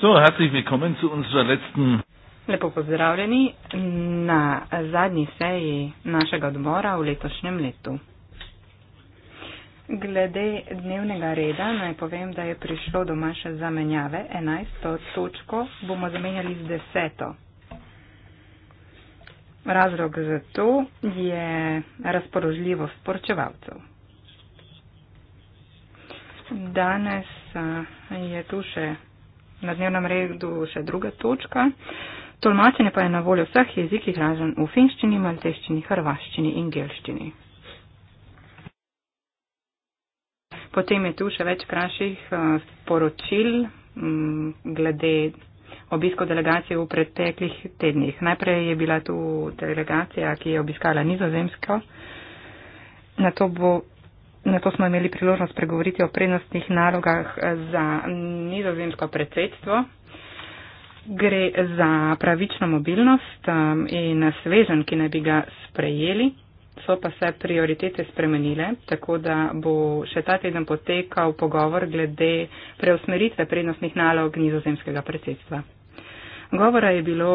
So, herzlich willkommen zu unserer letzten. Lepo pozdravljeni na zadnji seji našega odmora v letošnjem letu. Glede dnevnega reda naj povem, da je prišlo do maše zamenjave. 11. točko bomo zamenjali z 10. Razlog za to je razpoložljivost poročevalcev. Danes eh, je tu še na dnevnem redu še druga točka. Tolmačenje pa je na voljo vseh jezikih, razen v finščini, malteščini, hrvaščini in gelščini. Potem je tu še več krajših eh, sporočil mm, glede obisko delegacije v preteklih tednih. Najprej je bila tu delegacija, ki je obiskala nizozemsko, na to bo Na to smo imeli priložnost pregovoriti o prednostnih nalogah eh, za nizozemsko predsedstvo. Gre za pravično mobilnost ehm, in svežen, ki naj bi ga sprejeli. So pa se prioritete spremenile, tako da bo še ta teden potekal pogovor glede preusmeritve prednostnih nalog nizozemskega predsedstva. Govora je bilo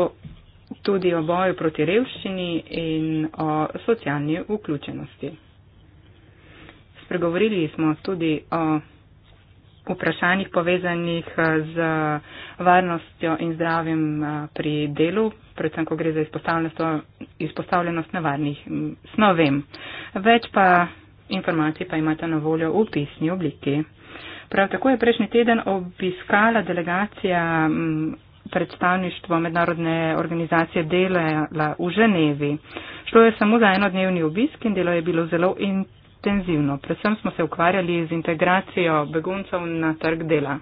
tudi o boju proti revščini in o socialni vključenosti. Spregovorili smo tudi o vprašanjih povezanih eh, z varnostjo in zdravjem eh, pri delu, predvsem, ko gre za izpostavljenost, izpostavljenost nevarnih snovem. Več pa informacij pa imate na voljo v pisni obliki. Prav tako je prejšnji teden obiskala delegacija predstavništvo mednarodne organizacije delala v Ženevi. Šlo je samo za enodnevni obisk in delo je bilo zelo intenzivno intenzivno. Predvsem smo se ukvarjali z integracijo beguncev na trg dela.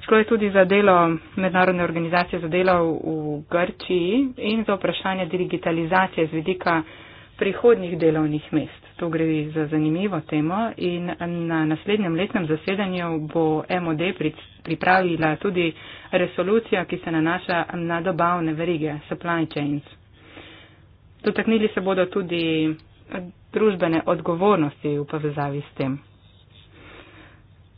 Šlo je tudi za delo Mednarodne organizacije za delo v Grčiji in za vprašanje digitalizacije z vidika prihodnih delovnih mest. To gre za zanimivo temo in na naslednjem letnem zasedanju bo MOD pripravila tudi resolucijo, ki se nanaša na dobavne verige, supply chains. Dotaknili se bodo tudi družbene odgovornosti v povezavi s tem.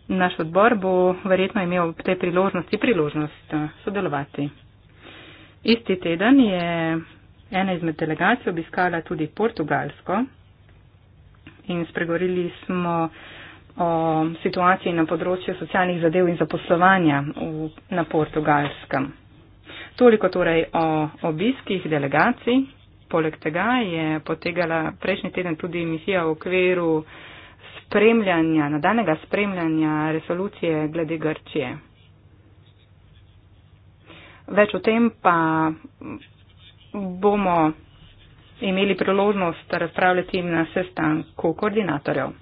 Naš odbor bo verjetno imel ob tej priložnosti priložnost eh, sodelovati. Isti teden je ena izmed delegacij obiskala tudi Portugalsko in spregovorili smo o situaciji na področju socialnih zadev in zaposlovanja v, na Portugalskem. Toliko torej o obiskih delegacij. Poleg tega je potegala prejšnji teden tudi misija v okviru spremljanja, nadaljnega spremljanja resolucije glede Grčije. Več o tem pa bomo imeli priložnost razpravljati na sestanku koordinatorjev.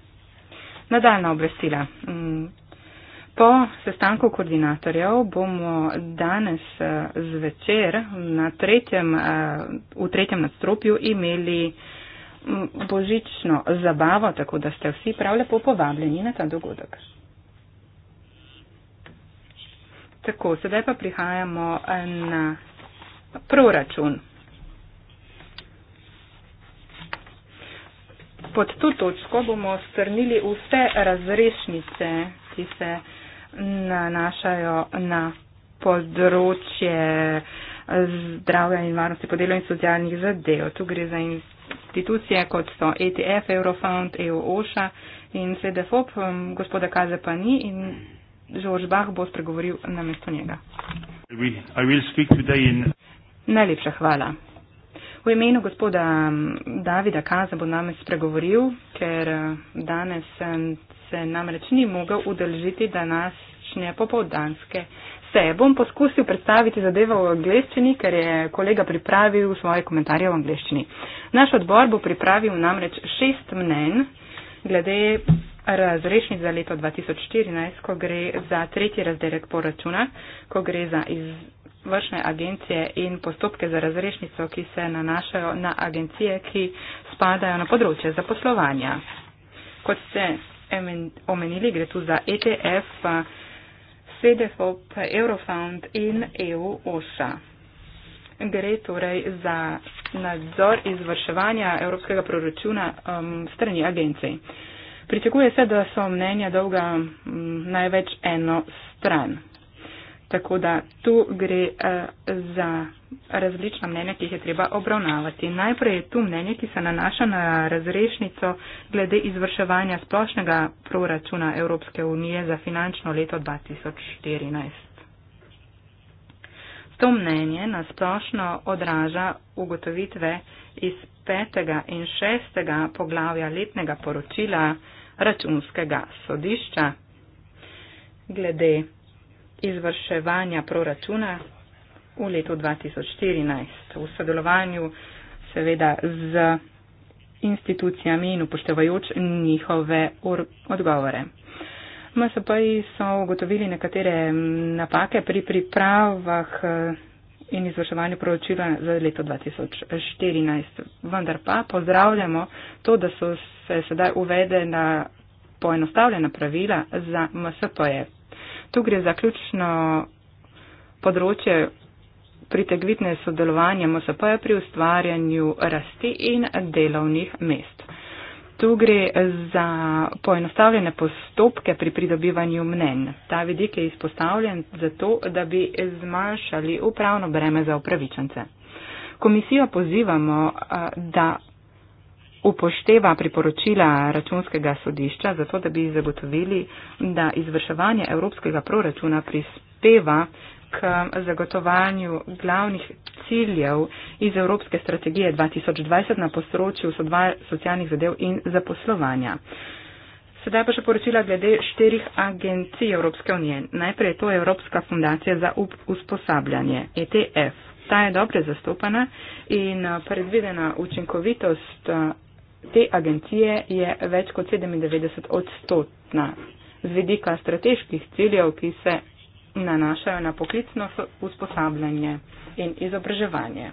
Nadaljna obvestila. Mm, Po sestanku koordinatorjev bomo danes eh, zvečer na tretjem, eh, v tretjem nadstropju imeli mm, božično zabavo, tako da ste vsi prav lepo povabljeni na ta dogodek. Tako, sedaj pa prihajamo eh, na proračun. Pod to točko bomo strnili vse razrešnice, ki se nanašajo na področje zdravja in varnosti podelo in socialnih zadev. Tu gre za institucije, kot so ETF, Eurofound, EOŠA in SEDEFOP, um, gospoda Kaze pa ni in Žorž Bach bo spregovoril na mesto njega. In... Najlepša hvala. V imenu gospoda um, Davida Kaza bo namreč spregovoril, ker uh, danes um, se namreč ni mogel udeležiti danes klasične popovdanske. Se bom poskusil predstaviti zadevo v angleščini, ker je kolega pripravil svoje komentarje v angleščini. Naš odbor bo pripravil namreč šest mnen glede razrešnic za leto 2014, ko gre za tretji razdelek poračuna, ko gre za izvršne agencije in postopke za razrešnico, ki se nanašajo na agencije, ki spadajo na področje zaposlovanja. Kot ste omenili, gre tu za ETF. Pa, Fedefop, Eurofound in EU OSA. Gre torej za nadzor izvrševanja evropskega proračuna um, strani agencij. Pričakuje se, da so mnenja dolga um, največ eno stran. Tako da tu gre uh, za različna mnenja, ki jih je treba obravnavati. Najprej je tu mnenje, ki se nanaša na razrešnico glede izvrševanja splošnega proračuna Evropske unije za finančno leto 2014. To mnenje na splošno odraža ugotovitve iz petega in šestega poglavja letnega poročila računskega sodišča glede izvrševanja proračuna v letu 2014 v sodelovanju seveda z institucijami in upoštevajoč njihove odgovore. MSP-ji so ugotovili nekatere napake pri pripravah eh, in izvrševanju proročila za leto 2014. Vendar pa pozdravljamo to, da so se sedaj uvedena poenostavljena pravila za MSP-je tu gre za ključno področje pritegvitne sodelovanja MSP-ja pri ustvarjanju rasti in delovnih mest. Tu gre za poenostavljene postopke pri pridobivanju mnen. Ta vidik je izpostavljen zato, da bi zmanjšali upravno breme za upravičence. Komisijo pozivamo, da upošteva priporočila računskega sodišča, zato da bi zagotovili, da izvrševanje evropskega proračuna prispeva k zagotovanju glavnih ciljev iz Evropske strategije 2020 na področju socialnih zadev in zaposlovanja. Sedaj pa še poročila glede štirih agencij Evropske unije. Najprej to je Evropska fundacija za usposabljanje, ETF. Ta je dobre zastopana in predvidena učinkovitost te agencije je več kot 97 odstotna. Z vidika strateških ciljev, ki se nanašajo na poklicno usposabljanje in izobraževanje.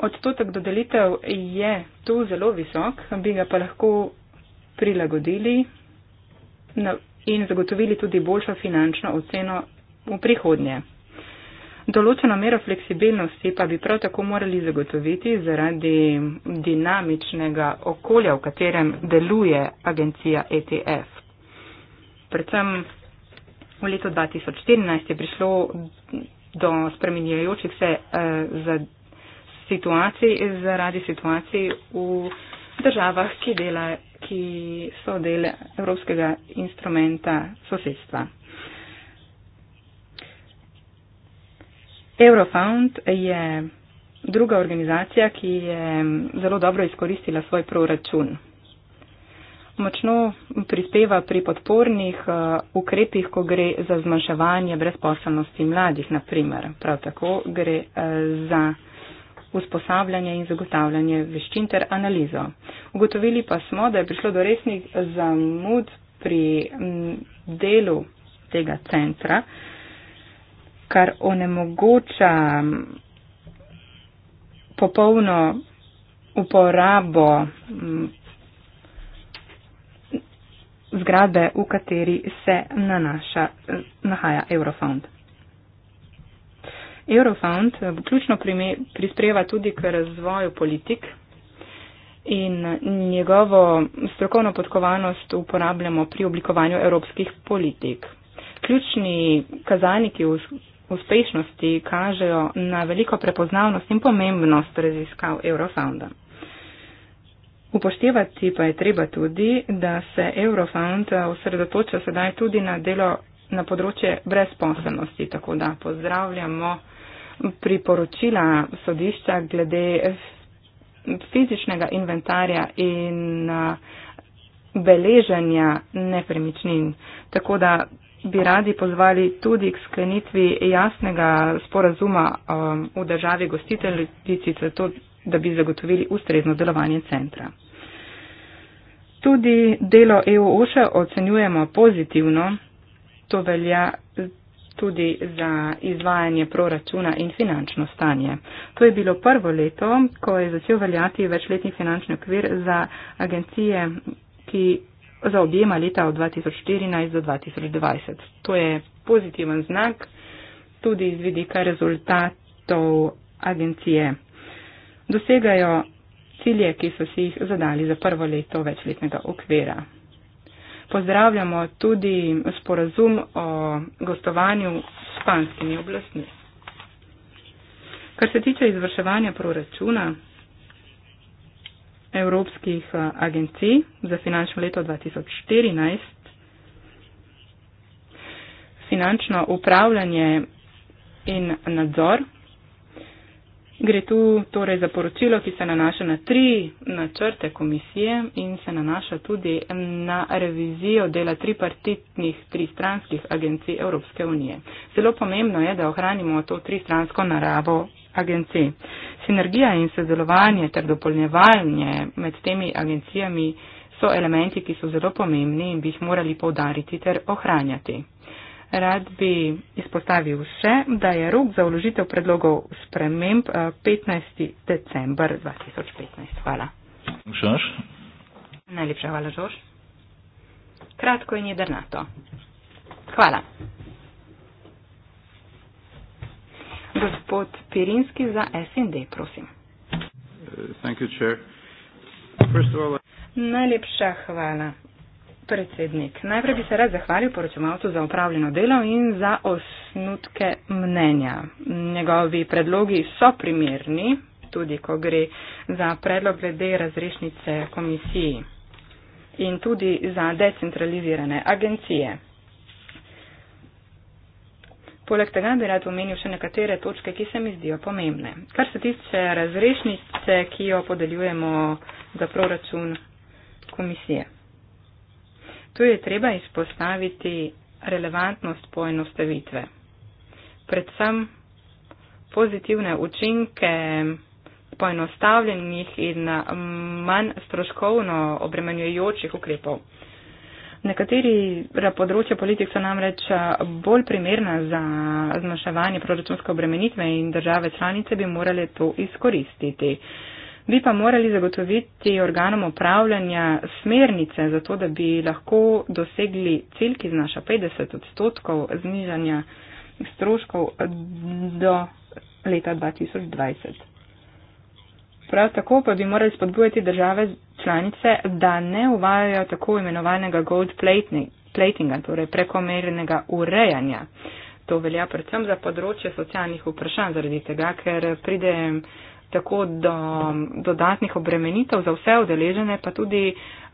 Odstotek dodelitev je tu zelo visok, bi ga pa lahko prilagodili in zagotovili tudi boljšo finančno oceno v prihodnje. Določeno mero fleksibilnosti pa bi prav tako morali zagotoviti zaradi dinamičnega okolja, v katerem deluje agencija ETF. Predvsem v letu 2014 je prišlo do spreminjajočih se eh, situacij zaradi situacij v državah, ki, dela, ki so del Evropskega instrumenta sosedstva. Eh, Eurofound je druga organizacija, ki je zelo dobro izkoristila svoj proračun. Močno prispeva pri podpornih uh, ukrepih, ko gre za zmanjševanje brezposelnosti mladih, naprimer. Prav tako gre uh, za usposabljanje in zagotavljanje veščin ter analizo. Ugotovili pa smo, da je prišlo do resnih zamud pri m, mm, delu tega centra, uh, kar onemogoča popolno uporabo mm, zgradbe, v kateri se nanaša, nahaja Eurofond. Eurofond eh, ključno prispreva tudi k razvoju politik in njegovo strokovno podkovanost uporabljamo pri oblikovanju evropskih politik. Ključni kazalniki, uspešnosti kažejo na veliko prepoznavnost in pomembnost raziskav Eurofounda. Upoštevati pa je treba tudi, da se Eurofound osredotoča sedaj tudi na delo na področje brezposobnosti, tako da pozdravljamo priporočila sodišča glede fizičnega inventarja in beleženja nepremičnin. Tako da bi radi pozvali tudi k sklenitvi jasnega sporazuma um, v državi gostiteljici, zato da bi zagotovili ustrezno delovanje centra. Tudi delo EU-OŠA e ocenjujemo pozitivno, to velja tudi za izvajanje proračuna in finančno stanje. To je bilo prvo leto, ko je začel veljati večletni finančni okvir za agencije, ki za objema leta od 2014 do 2020. To je pozitiven znak tudi iz vidika rezultatov agencije. Dosegajo cilje, ki so si jih zadali za prvo leto večletnega okvira. Pozdravljamo tudi sporazum o gostovanju s španskimi oblastmi. Kar se tiče izvrševanja proračuna, evropskih eh, agencij za finančno leto 2014. Finančno upravljanje in nadzor. Gre tu torej za poročilo, ki se nanaša na tri načrte komisije in se nanaša tudi na revizijo dela tripartitnih, tristranskih agencij Evropske unije. Zelo pomembno je, da ohranimo to tristransko naravo agencij. Sinergija in sodelovanje ter dopolnjevanje med temi agencijami so elementi, ki so zelo pomembni in bi jih morali povdariti ter ohranjati. Rad bi izpostavil še, da je rok za vložitev predlogov sprememb 15. Eh, december 2015. Hvala. Žož. Najlepša hvala, Žož. Kratko in jedrnato. Hvala. Gospod Pirinski za SND, prosim. Najlepša hvala, predsednik. Najprej bi se rad zahvalil poročevalcu za upravljeno delo in za osnutke mnenja. Njegovi predlogi so primerni, tudi ko gre za predlog glede razrešnice komisiji in tudi za decentralizirane agencije. Poleg tega bi rad omenil še nekatere točke, ki se mi zdijo pomembne. Kar se tiče razrešnice, ki jo podeljujemo za proračun komisije. Tu je treba izpostaviti relevantnost poenostavitve. Predvsem pozitivne učinke poenostavljenih in manj stroškovno obremenjujočih ukrepov. Nekateri področja politik so namreč eh, bolj primerna za zmaševanje proračunske obremenitve in države članice bi morali to izkoristiti. Bi pa morali zagotoviti organom upravljanja smernice za to, da bi lahko dosegli cilj, ki znaša 50 odstotkov znižanja stroškov do leta 2020. Prav tako pa bi morali spodbujati države članice, da ne uvajajo tako imenovanega gold platinga, torej prekomernega urejanja. To velja predvsem za področje socialnih vprašanj, zaradi tega, ker pride tako do dodatnih obremenitev za vse odeležene, pa tudi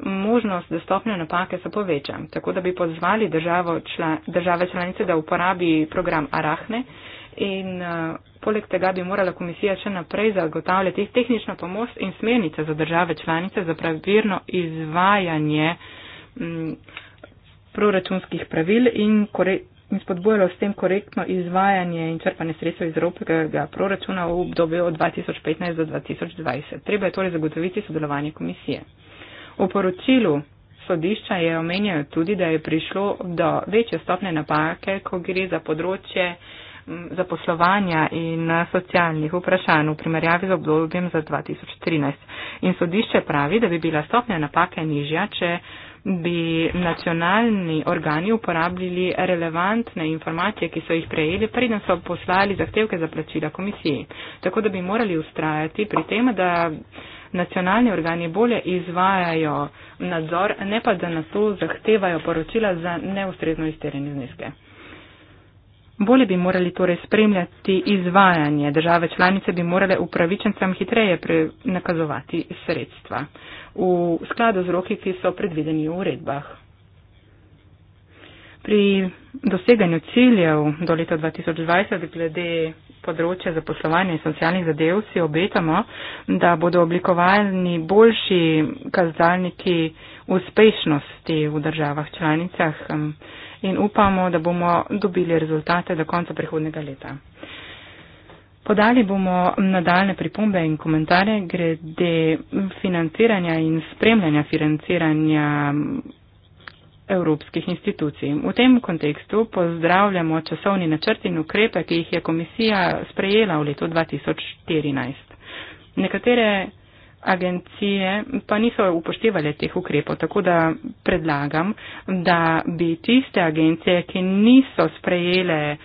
možnost, da stopnjo napake se poveča. Tako da bi pozvali član, države članice, da uporabi program Arahne, in uh, poleg tega bi morala komisija še naprej zagotavljati tehnično pomoč in smernice za države članice za pravirno izvajanje m, mm, proračunskih pravil in, in spodbujalo s tem korektno izvajanje in črpanje sredstev iz evropskega proračuna v obdobju od 2015 do 2020. Treba je torej zagotoviti sodelovanje komisije. V poročilu sodišča je omenjeno tudi, da je prišlo do večje stopne napake, ko gre za področje zaposlovanja in socialnih vprašanj v primerjavi z obdobjem za 2013. In sodišče pravi, da bi bila stopnja napake nižja, če bi nacionalni organi uporabljali relevantne informacije, ki so jih prejeli, preden so poslali zahtevke za plačila komisiji. Tako da bi morali ustrajati pri tem, da nacionalni organi bolje izvajajo nadzor, ne pa da na to zahtevajo poročila za neustrezno izterjene zneske. Bolje bi morali torej spremljati izvajanje. Države članice bi morale upravičencem hitreje nakazovati sredstva v skladu z roki, ki so predvideni v uredbah. Pri doseganju ciljev do leta 2020 glede področja zaposlovanja in socialnih zadev si obetamo, da bodo oblikovani boljši kazalniki uspešnosti v državah članicah in upamo, da bomo dobili rezultate do konca prihodnega leta. Podali bomo nadaljne pripombe in komentarje glede financiranja in spremljanja financiranja evropskih institucij. V tem kontekstu pozdravljamo časovni načrt in ukrepe, ki jih je komisija sprejela v letu 2014. Nekatere agencije pa niso upoštevali teh ukrepov, tako da predlagam, da bi tiste agencije, ki niso sprejele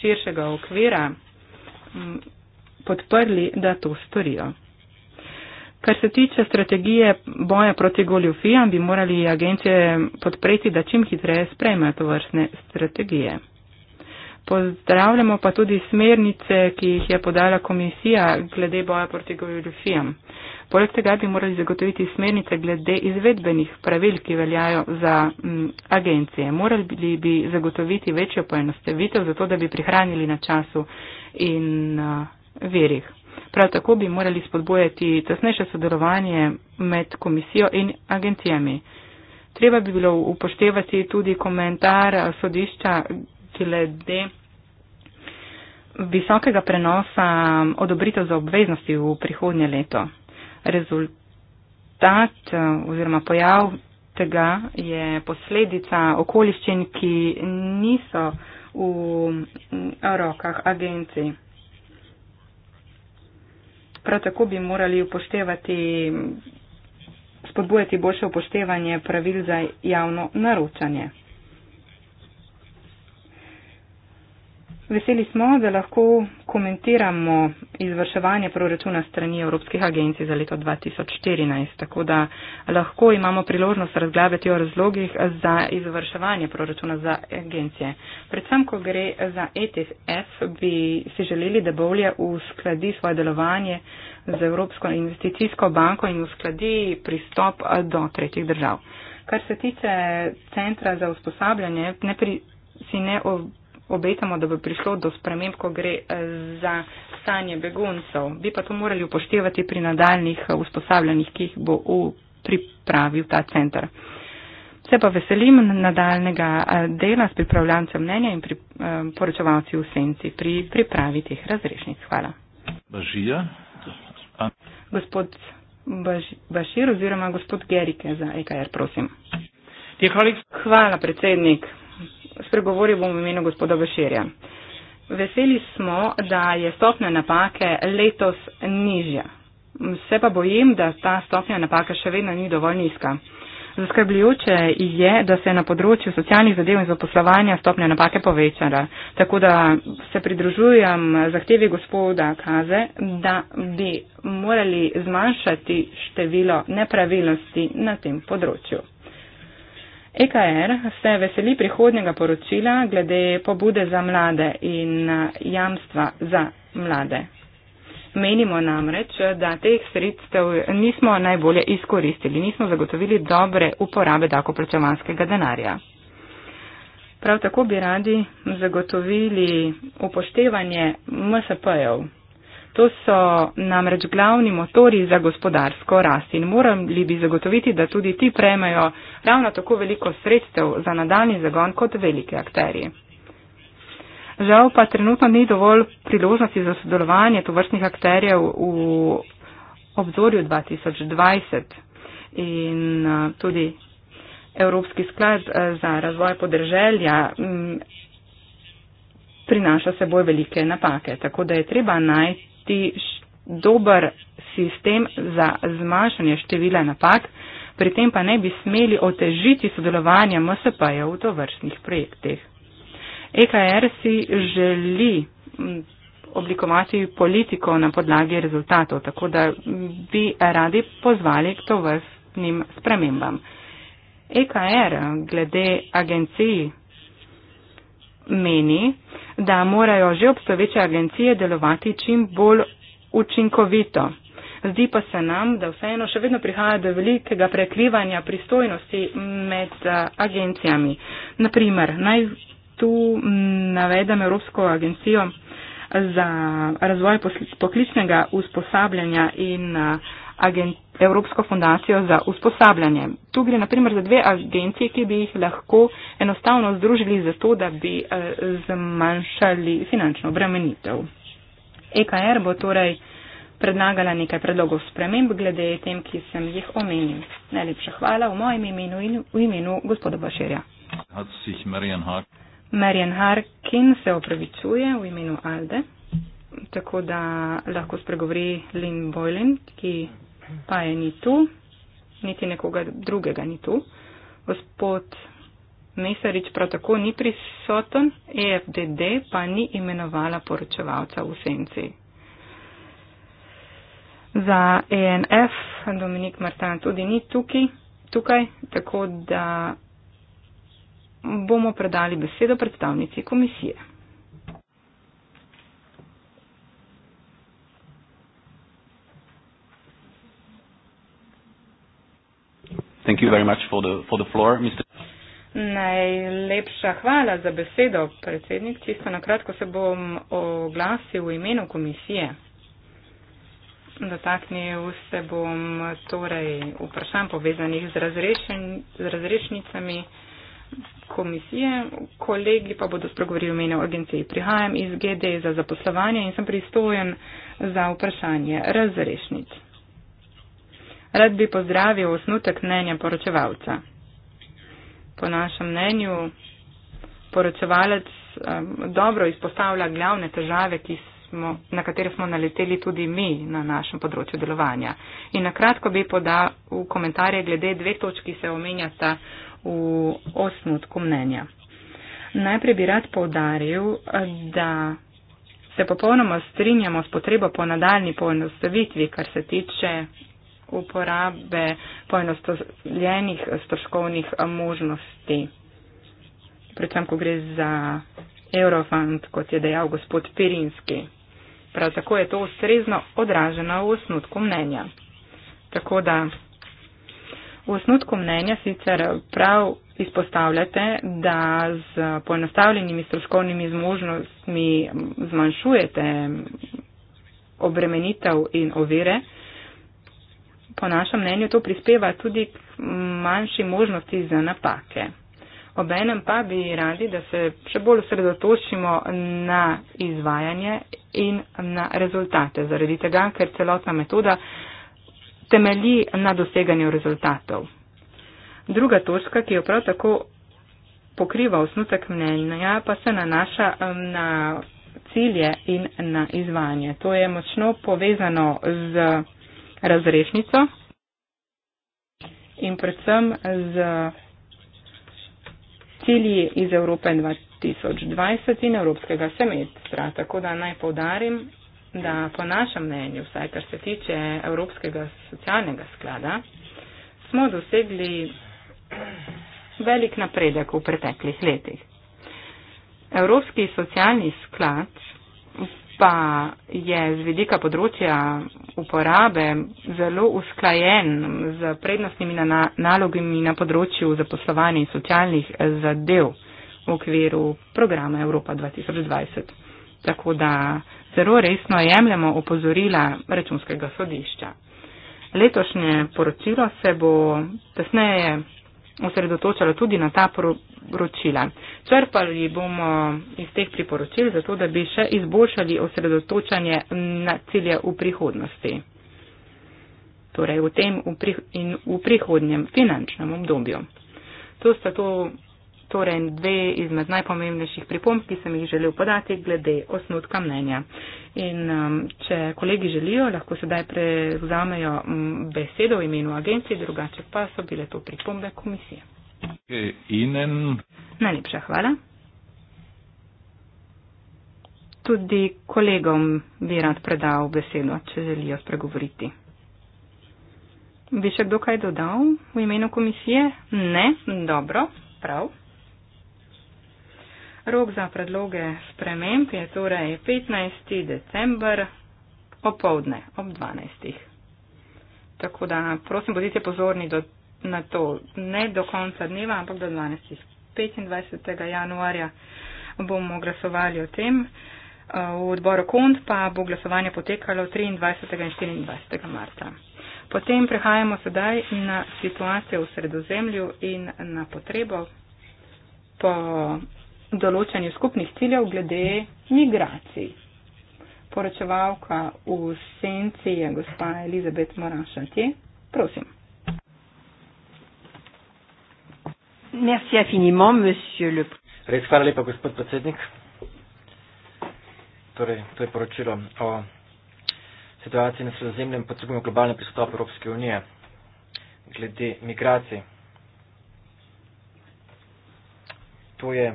širšega okvira, mm, podprli, da to storijo. Kar se tiče strategije boja proti goljofijam, bi morali agencije podpreti, da čim hitreje sprejmejo to vrstne strategije. Pozdravljamo pa tudi smernice, ki jih je podala komisija glede boja proti goljofijam. Poleg tega bi morali zagotoviti smernice glede izvedbenih pravil, ki veljajo za m, mm, agencije. Morali bi zagotoviti večjo poenostavitev, zato da bi prihranili na času in uh, verih. Prav tako bi morali spodbojati tesnejše sodelovanje med komisijo in agencijami. Treba bi bilo upoštevati tudi komentar sodišča glede visokega prenosa odobritev za obveznosti v prihodnje leto rezultat eh, oziroma pojav tega je posledica okoliščin, ki niso v rokah agencij. Prav tako bi morali upoštevati, spodbujati boljše upoštevanje pravil za javno naročanje. Veseli smo, da lahko komentiramo izvrševanje proračuna strani Evropskih agencij za leto 2014, tako da lahko imamo priložnost razglabljati o razlogih za izvrševanje proračuna za agencije. Predvsem, ko gre za ETF, bi si želeli, da bolje uskladi svoje delovanje z Evropsko investicijsko banko in uskladi pristop eh, do tretjih držav. Kar se tiče centra za usposabljanje, ne pri, si ne. Ob, obetamo, da bo prišlo do sprememb, ko gre eh, za stanje beguncev. Bi pa to morali upoštevati pri nadaljnih eh, usposabljanjih, ki jih bo v pripravil ta centr. Se pa veselim nadaljnega eh, dela s pripravljancem mnenja in pri, eh, poročevalci v senci pri pripravi teh razrešnic. Hvala. Bažija. An. Gospod Baži, Bašir oziroma gospod Gerike za EKR, prosim. Hvala, predsednik spregovoril bom v imenu gospoda Veširja. Veseli smo, da je stopnja napake letos nižja. Se pa bojim, da ta stopnja napake še vedno ni dovolj nizka. Zaskrbljujoče je, da se je na področju socialnih zadev in zaposlovanja stopnja napake povečala. Tako da se pridružujem zahtevi gospoda Kaze, da bi morali zmanjšati število nepravilnosti na tem področju. EKR se veseli prihodnjega poročila glede pobude za mlade in eh, jamstva za mlade. Menimo namreč, da teh sredstev nismo najbolje izkoristili, nismo zagotovili dobre uporabe dakoplačevanskega denarja. Prav tako bi radi zagotovili upoštevanje MSP-jev. To so namreč glavni motori za gospodarsko rast in morali bi zagotoviti, da tudi ti prejmejo ravno tako veliko sredstev za nadaljni zagon kot veliki akteri. Žal pa trenutno ni dovolj priložnosti za sodelovanje tovrstnih akterjev v obzorju 2020 in eh, tudi Evropski sklad eh, za razvoj podrželja mm, prinaša seboj velike napake, tako da je treba najti imeti dober sistem za zmanjšanje števila napak, pri tem pa ne bi smeli otežiti sodelovanja MSP-jev v tovrstnih projektih. EKR si želi oblikovati politiko na podlagi rezultatov, tako da bi radi pozvali k tovrstnim spremembam. EKR glede agenciji meni, da morajo že obstoječe agencije delovati čim bolj učinkovito. Zdi pa se nam, da vseeno še vedno prihaja do velikega prekrivanja pristojnosti med eh, agencijami. Naprimer, naj tu mm, navedem Evropsko agencijo za razvoj poklicnega usposabljanja in uh, Evropsko fundacijo za usposabljanje. Tu gre naprimer za dve agencije, ki bi jih lahko enostavno združili za to, da bi eh, zmanjšali finančno bremenitev. EKR er bo torej predlagala nekaj predlogov sprememb glede tem, ki sem jih omenil. Najlepša hvala v mojem imenu in v imenu gospoda Baširja. Marjan Harkin se opravičuje v imenu Alde, tako da lahko spregovori Lynn Boylan, ki pa je ni tu, niti nekoga drugega ni tu. Gospod Mesarič prav tako ni prisoten, EFDD pa ni imenovala poročevalca v senci. Za ENF Dominik Martan tudi ni tukaj, tukaj, tako da bomo predali besedo predstavnici komisije. Thank you very much for the, for the floor, Mr. Najlepša hvala za besedo, predsednik. Čisto na kratko se bom oglasil v imenu komisije. Dotaknil se bom torej vprašanj povezanih z, razrešen, z razrešnicami komisije, kolegi pa bodo spregovorili v imenu agencije. Prihajam iz GD za zaposlovanje in sem pristojen za vprašanje razrešnic rad bi pozdravil osnutek mnenja poročevalca. Po našem mnenju poročevalec eh, dobro izpostavlja glavne težave, smo, na katere smo naleteli tudi mi na našem področju delovanja. In na kratko bi podal komentarje glede dveh točk, ki se omenjata v osnutku mnenja. Najprej bi rad povdaril, da se popolnoma strinjamo s potrebo po nadaljni poenostavitvi, kar se tiče uporabe poenostavljenih stroškovnih možnosti. Predvsem, ko gre za eurofant, kot je dejal gospod Pirinski. Prav tako je to ustrezno odraženo v osnutku mnenja. Tako da v osnutku mnenja sicer prav izpostavljate, da z poenostavljenimi stroškovnimi zmožnostmi zmanjšujete obremenitev in ovire, po našem mnenju to prispeva tudi k manjši možnosti za napake. Obenem pa bi radi, da se še bolj osredotočimo na izvajanje in na rezultate, zaradi tega, ker celotna metoda temelji na doseganju rezultatov. Druga točka, ki jo prav tako pokriva osnutek mnenja, pa se nanaša um, na cilje in na izvajanje. To je močno povezano z razrešnico in predvsem z cilji iz Evrope 2020 in Evropskega semestra. Tako da naj povdarim, da po našem mnenju, vsaj kar se tiče Evropskega socialnega sklada, smo dosegli velik napredek v preteklih letih. Evropski socialni sklad pa je z vidika področja uporabe zelo usklajen z prednostnimi na nalogami na področju zaposlovanja in socialnih eh, zadev v okviru programa Evropa 2020. Tako da zelo resno jemljemo opozorila računskega sodišča. Letošnje poročilo se bo tesneje osredotočala tudi na ta poročila. Črpali bomo iz teh priporočil, zato da bi še izboljšali osredotočanje na cilje v prihodnosti, torej v tem in v prihodnjem finančnem obdobju. To sta to torej dve izmed najpomembnejših pripomb, ki sem jih želel podati glede osnutka mnenja. In um, če kolegi želijo, lahko sedaj prevzamejo um, besedo v imenu agencije, drugače pa so bile to pripombe komisije. Inen. Najlepša hvala. Tudi kolegom bi rad predal besedo, če želijo spregovoriti. Bi še kdo kaj dodal v imenu komisije? Ne? Dobro, prav. Rok za predloge sprememb je torej 15. december opovdne ob 12. Tako da prosim, bodite pozorni do, na to, ne do konca dneva, ampak do 12. 25. januarja bomo glasovali o tem. V odboru KONT pa bo glasovanje potekalo 23. in 24. marca. Potem prehajamo sedaj na situacijo v sredozemlju in na potrebo po določanju skupnih ciljev glede migracij. Poročevalka v senci je gospa Elizabet Morašati. Prosim. Merci infiniment, monsieur le Res hvala lepa, gospod predsednik. Torej, to je poročilo o situaciji na sredozemljem potrebujemo globalne pristope Evropske unije glede migracij. To je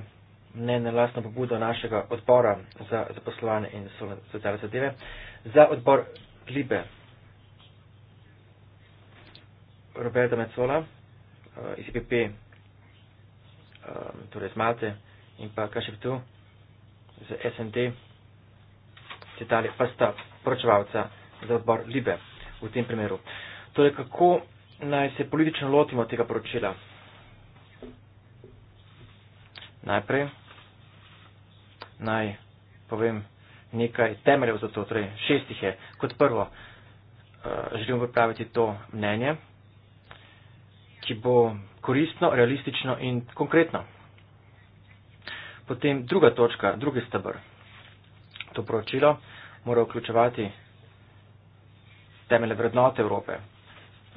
ne na lastno pobudo našega odbora za zaposlovanje in socialne zadeve, za odbor Libe. Roberta Mecola uh, iz IPP, e uh, eh, torej iz Malte in pa Kašeptu iz SND, citali, pa sta poročevalca za odbor Libe v tem primeru. Torej, kako naj se politično lotimo tega poročila? Najprej naj povem nekaj temeljev za to, torej šestih je. Kot prvo, eh, želim pripraviti to mnenje, ki bo koristno, realistično in konkretno. Potem druga točka, drugi stebr. To poročilo mora vključevati temelje vrednote Evrope.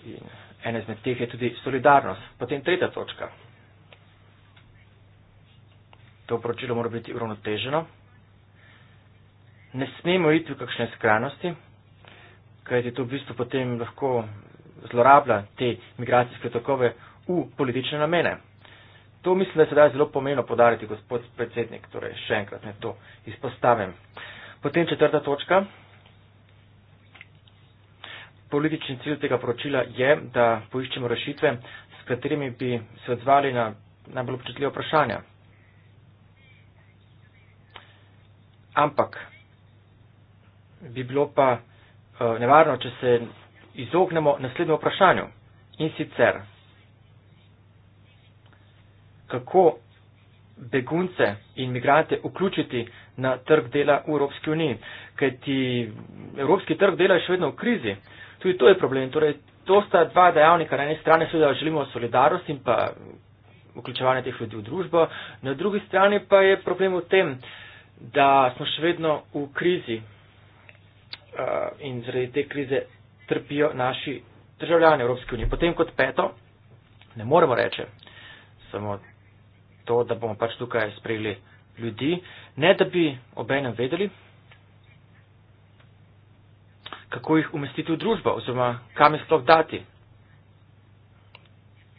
In ene izmed teh je tudi solidarnost. Potem tretja točka to poročilo mora biti uravnoteženo. Ne smemo iti v kakšne skrajnosti, kajti to v bistvu potem lahko zlorablja te migracijske tokove v politične namene. To mislim, da je sedaj zelo pomembno podariti, gospod predsednik, torej še enkrat ne to izpostavim. Potem četrta točka. Politični cilj tega poročila je, da poiščemo rešitve, s katerimi bi se odzvali na najbolj občutljiva vprašanja, ampak bi bilo pa eh, nevarno, če se izognemo naslednjemu vprašanju in sicer, kako begunce in migrante vključiti na trg dela v Evropski uniji, ker ti Evropski trg dela je še vedno v krizi. Tudi to je problem. Torej, to sta dva dejavnika. Na eni strani seveda želimo solidarnost in pa vključevanje teh ljudi v družbo, na drugi strani pa je problem v tem, uh, da smo še vedno v krizi eh, in zaradi te krize trpijo naši državljani Evropske unije. Potem kot peto, ne moremo reči samo to, da bomo pač tukaj sprejeli ljudi, ne da bi obenem vedeli, kako jih umestiti v družbo oziroma kam jih sploh dati,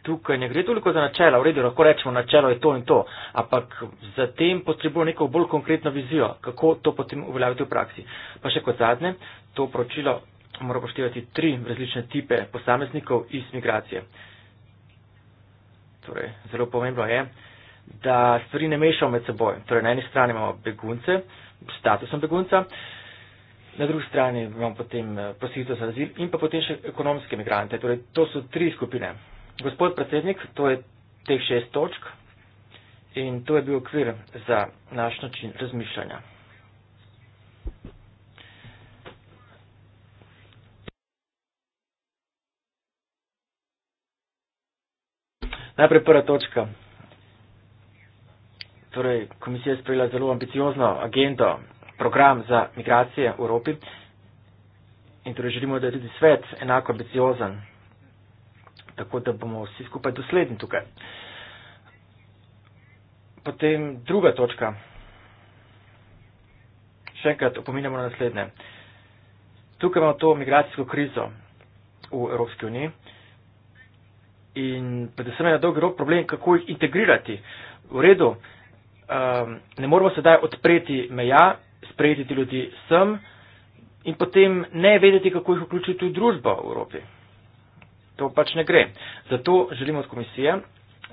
tukaj ne gre toliko za načela, v redu, lahko rečemo, načelo je to in to, ampak za tem potrebuje neko bolj konkretno vizijo, kako to potem uveljaviti v praksi. Pa še kot zadnje, to poročilo mora poštevati tri različne tipe posameznikov iz migracije. Torej, zelo pomembno je, da stvari ne mešamo med seboj. Torej, na eni strani imamo begunce, statusom begunca, na drugi strani imamo potem eh, prosilce za azil in pa potem še ekonomske migrante. Torej, to so tri skupine. Gospod predsednik, to je teh šest točk in to je bil okvir za naš način razmišljanja. Najprej prva točka. Torej, komisija je sprejela zelo ambiciozno agendo, program za migracije v Evropi in torej želimo, da je tudi svet enako ambiciozen tako da bomo vsi skupaj dosledni tukaj. Potem druga točka. Še enkrat opominjamo na naslednje. Tukaj imamo to migracijsko krizo v Evropski uniji in predvsem je na dolgi rok problem, kako jih integrirati. V redu, um, ne moramo sedaj odpreti meja, sprejeti ljudi sem in potem ne vedeti, kako jih vključiti v družbo v Evropi. To pač ne gre. Zato želimo od komisije,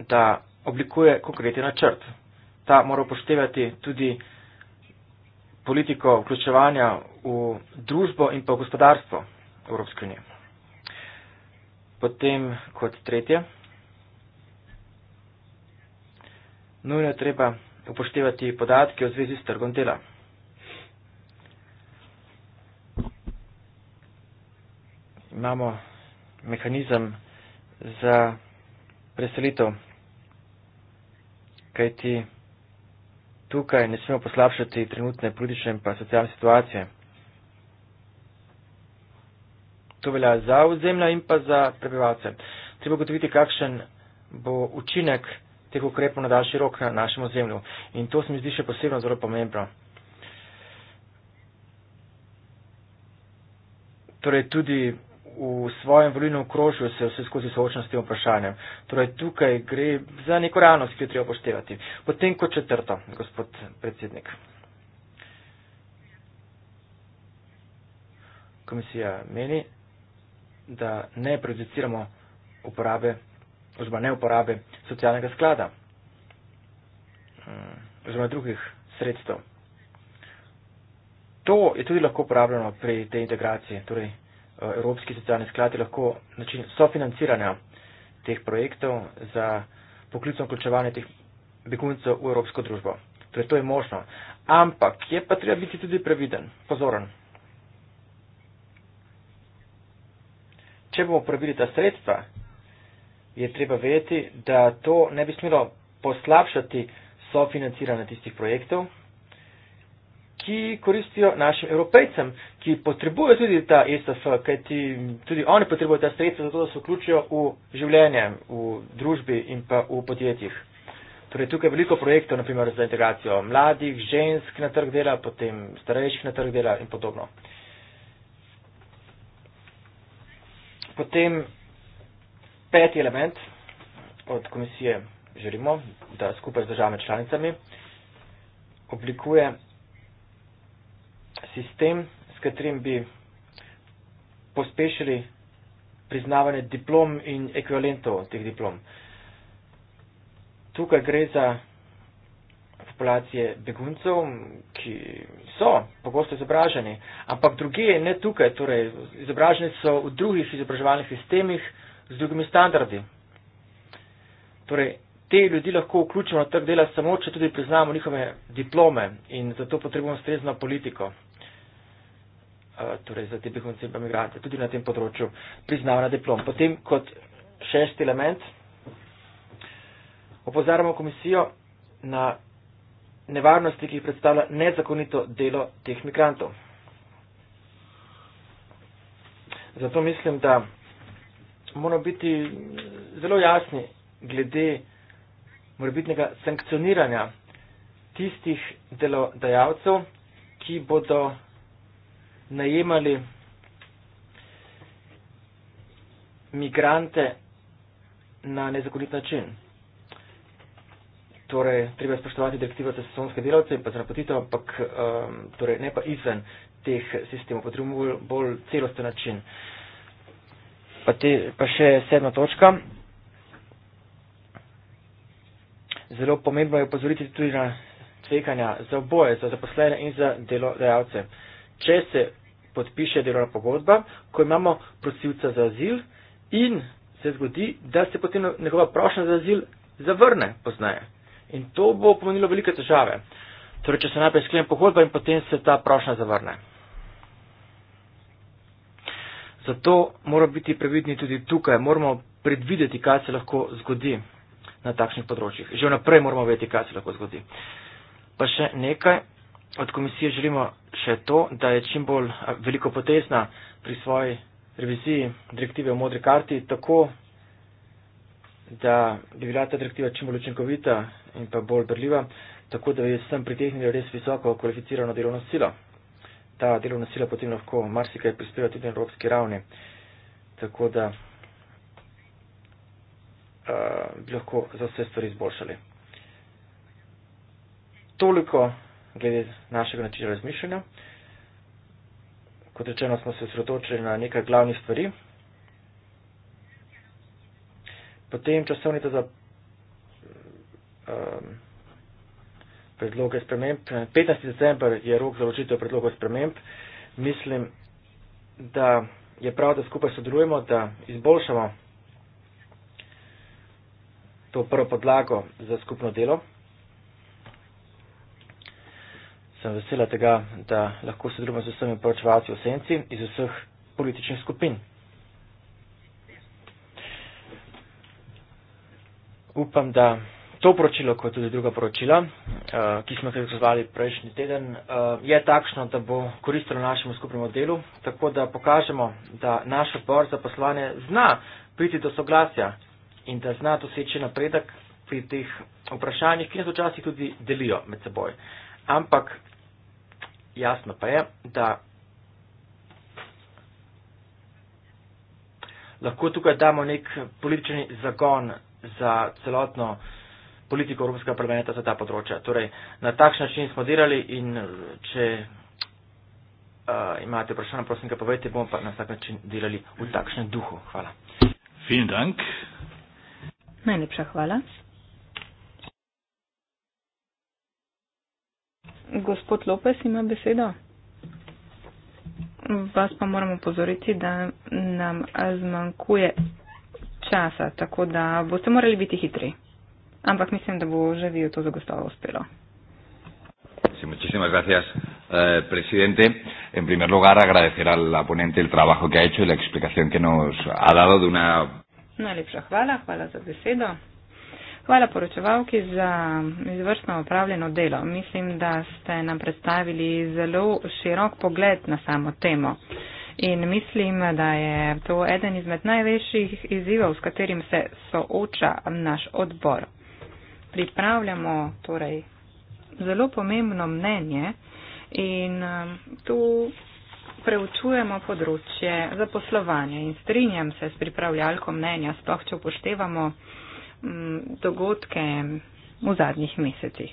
da oblikuje konkreten načrt. Ta mora upoštevati tudi politiko vključevanja v družbo in pa v gospodarstvo Evropske unije. Potem kot tretje. Nujno je treba upoštevati podatke v zvezi s trgom dela. Imamo mehanizem za preselitev. Kaj ti tukaj ne smemo poslabšati trenutne politične in pa socialne situacije. To velja za ozemlja in pa za prebivalce. Treba gotoviti, kakšen bo učinek teh ukrepov na daljši rok na našem ozemlju. In to se mi zdi še posebno zelo pomembno. Torej tudi v svojem volilnem okrožju se vse skozi soočam s tem vprašanjem. Torej, tukaj gre za neko realnost, ki jo treba poštevati. Potem kot četrto, gospod predsednik. Komisija meni, da ne prejudiciramo uporabe, oziroma ne uporabe socialnega sklada, mm, oziroma drugih sredstev. To je tudi lahko uporabljeno pri tej integraciji, torej Eh, Evropski socialni sklad je lahko način sofinanciranja teh projektov za poklicno vključevanje teh beguncev v evropsko družbo. Torej, to je možno. Ampak je pa treba biti tudi previden, pozoren. Če bomo uporabili ta sredstva, je treba vedeti, da to ne bi smelo poslabšati sofinanciranja tistih projektov, ki koristijo našim evropejcem, ki potrebujejo tudi ta ISF, e kajti tudi oni potrebujejo ta sredstva zato, da se vključijo v življenje, v družbi in pa v podjetjih. Torej, tukaj je veliko projektov, naprimer za integracijo mladih, žensk na trg dela, potem starejših na trg dela in podobno. Potem peti element od komisije želimo, da skupaj z državami članicami oblikuje sistem, s katerim bi pospešili priznavanje diplom in ekvivalentov teh diplom. Tukaj gre za populacije beguncev, ki so pogosto izobraženi, ampak druge ne tukaj, torej izobraženi so v drugih izobraževalnih sistemih z drugimi standardi. Torej, te ljudi lahko vključimo na trg dela samo, če tudi priznamo njihove diplome in zato potrebujemo strezno politiko. Eh, torej za te begunce in pa migrante, tudi na tem področju priznava na diplom. Potem kot šesti element opozarjamo komisijo na nevarnosti, ki jih predstavlja nezakonito delo teh migrantov. Zato mislim, da moramo biti zelo jasni glede morbitnega sankcioniranja tistih delodajalcev, ki bodo najemali migrante na nezakonit način. Torej, treba spoštovati direktivo za sezonske delavce in pa zrapotitev, ampak um, torej, ne pa izven teh sistemov, potrebujemo bolj, bolj celosten način. Pa, te, pa še sedma točka. Zelo pomembno je upozoriti tudi na tvekanja za oboje, za zaposlene in za delodajalce. Če se podpiše delovna pogodba, ko imamo prosilca za azil in se zgodi, da se potem njegova prošnja za azil zavrne poznaje. In to bo pomenilo velike težave. Torej, če se najprej sklene pogodba in potem se ta prošnja zavrne. Zato moramo biti previdni tudi tukaj, moramo predvideti, kaj se lahko zgodi na takšnih področjih. Že vnaprej moramo vedeti, kaj se lahko zgodi. Pa še nekaj, od komisije želimo še to, da je čim bolj veliko potesna pri svoji reviziji direktive o modri karti, tako da bi bila ta direktiva čim bolj učinkovita in pa bolj brljiva, tako da bi vsem pritehnili res visoko kvalificirano delovno silo. Ta delovna sila potem lahko marsikaj prispeva tudi na evropski ravni, tako da uh, bi lahko za vse stvari izboljšali. Toliko glede našega načina razmišljanja. Kot rečeno, smo se osredotočili na nekaj glavnih stvari. Potem časovnica za um, predloge sprememb. 15. december je rok za ločitev predlogov sprememb. Mislim, da je prav, da skupaj sodelujemo, da izboljšamo to prvo podlago za skupno delo. sem vesela tega, da lahko sodelujem z vsemi poročevalci v senci iz vseh političnih skupin. Upam, da to poročilo, kot tudi druga poročila, eh, ki smo jih izvali prejšnji teden, eh, je takšno, da bo koristilo našemu skupnemu delu, tako da pokažemo, da naš odbor za poslovanje zna priti do soglasja in da zna doseči napredek pri teh vprašanjih, ki nas včasih tudi delijo med seboj. Ampak jasno pa je, da lahko tukaj damo nek politični zagon za celotno politiko Evropskega parlamenta za ta področja. Torej, na takšen način smo delali in če uh, imate vprašanje, prosim, ga povejte, bomo pa na vsak način delali v takšnem duhu. Hvala. Fin dank. Najlepša hvala. Gospod Lopes ima besedo. Vas pa moramo pozoriti, da nam zmanjkuje časa, tako da boste morali biti hitri. Ampak mislim, da bo že vi to zagotovo uspelo. Muchísimas gracias, eh, presidente. En primer lugar, agradecer al ponente el trabajo que ha hecho y la explicación que nos ha dado de una. Najlepša hvala, hvala za besedo. Hvala poročevalki za izvrstno opravljeno delo. Mislim, da ste nam predstavili zelo širok pogled na samo temo. In mislim, da je to eden izmed največjih izzivov, s katerim se sooča naš odbor. Pripravljamo torej zelo pomembno mnenje in um, tu preučujemo področje zaposlovanja in strinjam se s pripravljalko mnenja, sploh če upoštevamo Mm, dogodke v zadnjih mesecih.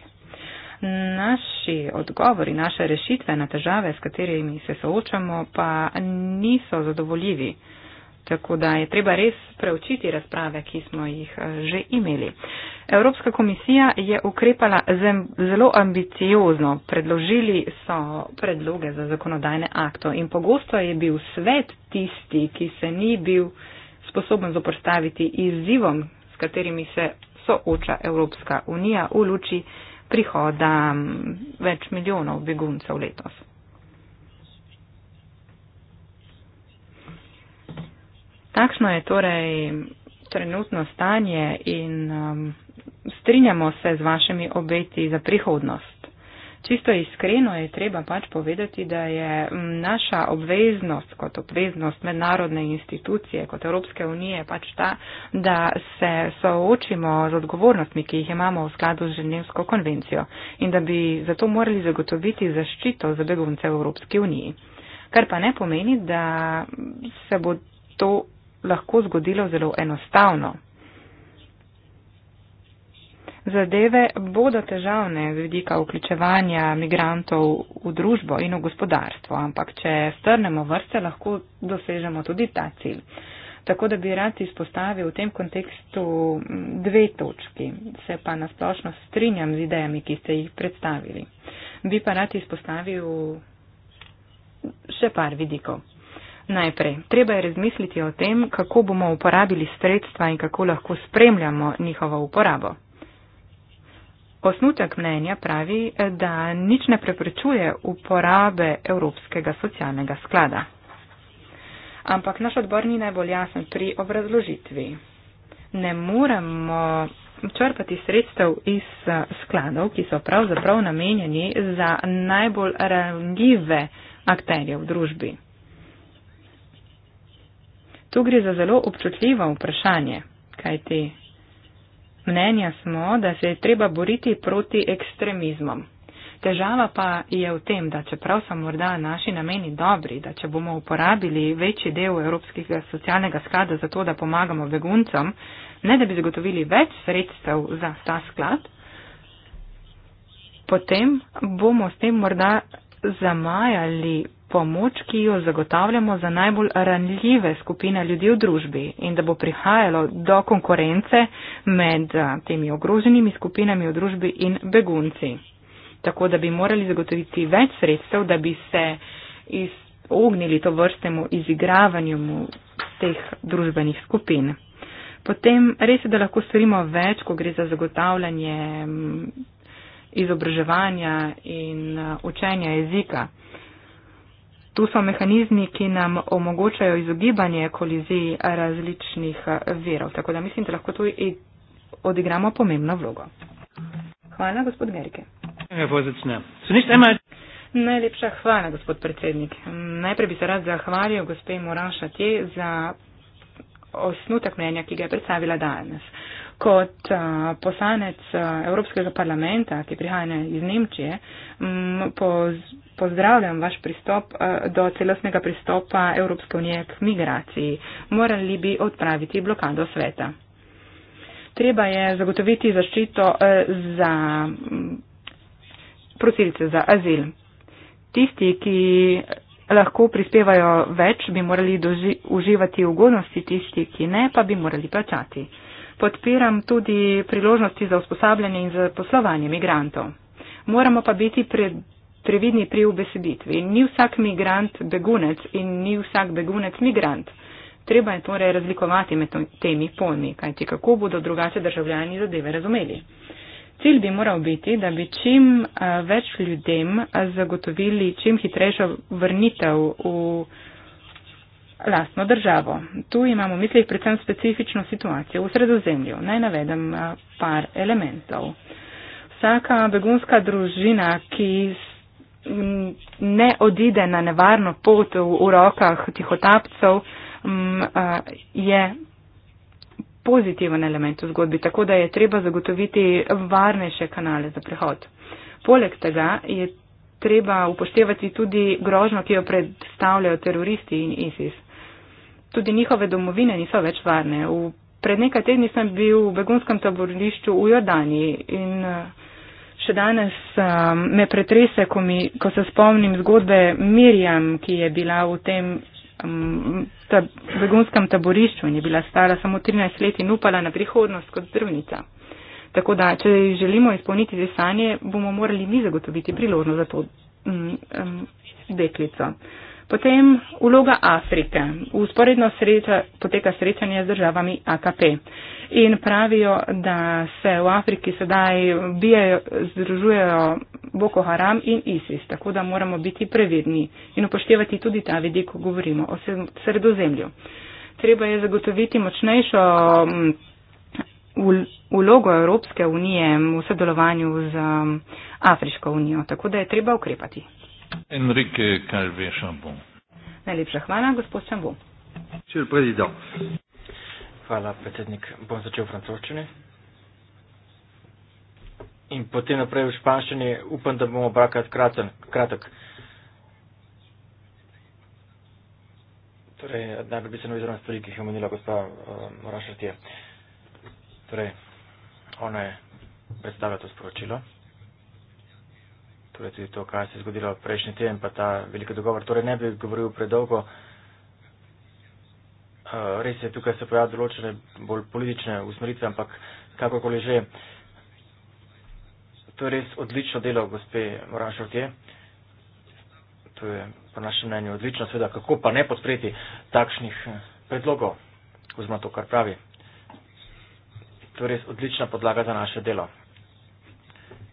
Naši odgovori, naše rešitve na težave, s katerimi se soočamo, pa niso zadovoljivi. Tako da je treba res preučiti razprave, ki smo jih eh, že imeli. Evropska komisija je ukrepala zelo ambiciozno. Predložili so predloge za zakonodajne akto in pogosto je bil svet tisti, ki se ni bil sposoben zoprstaviti izzivom, katerimi se sooča Evropska unija v luči prihoda več milijonov beguncev letos. Takšno je torej trenutno stanje in um, strinjamo se z vašimi obeti za prihodnost čisto iskreno je treba pač povedati, da je mm, naša obveznost kot obveznost mednarodne institucije, kot Evropske unije, pač ta, da se soočimo z odgovornostmi, ki jih imamo v skladu z Ženevsko konvencijo in da bi zato morali zagotoviti zaščito za begunce v Evropski uniji. Kar pa ne pomeni, da se bo to lahko zgodilo zelo enostavno zadeve bodo težavne z vidika vključevanja migrantov v družbo in v gospodarstvo, ampak če strnemo vrste, lahko dosežemo tudi ta cilj. Tako da bi rad izpostavil v tem kontekstu dve točki, se pa nasplošno strinjam z idejami, ki ste jih predstavili. Bi pa rad izpostavil še par vidikov. Najprej, treba je razmisliti o tem, kako bomo uporabili sredstva in kako lahko spremljamo njihovo uporabo. Osnutek mnenja pravi, da nič ne preprečuje uporabe Evropskega socialnega sklada. Ampak naš odbor ni najbolj jasen pri obrazložitvi. Ne moremo črpati sredstev iz eh, skladov, ki so pravzaprav namenjeni za najbolj ranljive akterje v družbi. Tu gre za zelo občutljivo vprašanje, kajti Mnenja smo, da se je treba boriti proti ekstremizmom. Težava pa je v tem, da čeprav so morda naši nameni dobri, da če bomo uporabili večji del Evropskega socialnega sklada za to, da pomagamo beguncem, ne da bi zagotovili več sredstev za ta sklad, potem bomo s tem morda zamajali pomoč, ki jo zagotavljamo za najbolj ranljive skupine ljudi v družbi in da bo prihajalo do konkurence med temi ogroženimi skupinami v družbi in begunci. Tako da bi morali zagotoviti več sredstev, da bi se izognili to vrstemu izigravanju teh družbenih skupin. Potem res je, da lahko storimo več, ko gre za zagotavljanje izobraževanja in učenja jezika. Tu so mehanizmi, ki nam omogočajo izogibanje koliziji različnih eh, verov. Tako da mislim, da lahko tu odigramo pomembno vlogo. Hvala, gospod Merike. Najlepša hvala, gospod predsednik. Najprej bi se rad zahvalil gospe Moran Šatje za osnutek mnenja, ki ga je predstavila danes. Kot uh, poslanec uh, Evropskega parlamenta, ki prihaja iz Nemčije, m, poz, pozdravljam vaš pristop uh, do celostnega pristopa Evropske unije k migraciji. Morali bi odpraviti blokado sveta. Treba je zagotoviti zaščito uh, za prosilce za azil. Tisti, ki lahko prispevajo več, bi morali doži, uživati ugodnosti, tisti, ki ne, pa bi morali plačati podpiram tudi priložnosti za usposabljanje in za poslovanje migrantov. Moramo pa biti pred. Previdni pri ubesebitvi. Ni vsak migrant begunec in ni vsak begunec migrant. Treba je torej razlikovati med temi pojmi, kajti kako bodo drugače državljani zadeve razumeli. Cilj bi moral biti, da bi čim eh, več ljudem eh, zagotovili čim hitrejšo vrnitev v lastno državo. Tu imamo v mislih predvsem specifično situacijo v sredozemlju. Naj navedem eh, par elementov. Vsaka begunska družina, ki ne odide na nevarno pot v rokah tihotapcev, eh, je pozitiven element v zgodbi, tako da je treba zagotoviti varnejše kanale za prehod. Poleg tega je treba upoštevati tudi grožno, ki jo predstavljajo teroristi in ISIS tudi njihove domovine niso več varne. V pred nekaj tedni sem bil v begunskem taborišču v Jordaniji in eh, še danes eh, me pretrese, ko, mi, ko se spomnim zgodbe Mirjam, ki je bila v tem mm, tab, begunskem taborišču in je bila stara samo 13 let in upala na prihodnost kot zdravnica. Tako da, če želimo izpolniti te sanje, bomo morali mi zagotoviti priložnost za to um, um, deklico. Potem vloga Afrike. Usporedno sreča, poteka srečanje z državami AKP. In pravijo, da se v Afriki sedaj bijajo, združujejo Boko Haram in ISIS, tako da moramo biti previdni in upoštevati tudi ta vidik, ko govorimo o sredozemlju. Treba je zagotoviti močnejšo vlogo Evropske unije v sodelovanju z Afriško unijo, tako da je treba ukrepati. Enrique Calvé Chambon. Najlepša hvala, gospod Chambon. Monsieur le Président. Hvala, predsednik. Bom začel v francoščini. In potem naprej v španščini. Upam, da bomo obrakati kraten, kratek. Torej, najbolj bistveno izrazno stvari, ki jih je omenila gospa uh, eh, Rašartije. Torej, ona je predstavila to sporočilo torej tudi to, kaj se je zgodilo prejšnji teden, pa ta veliki dogovor. Torej ne bi govoril predolgo. Eh, res je, tukaj se pojavljajo določene bolj politične usmeritve, ampak kakorkoli že. To je res odlično delo gospe Morašovtje. To je po našem mnenju odlično, seveda kako pa ne podpreti takšnih eh, predlogov, oziroma to, kar pravi. To je res odlična podlaga za naše delo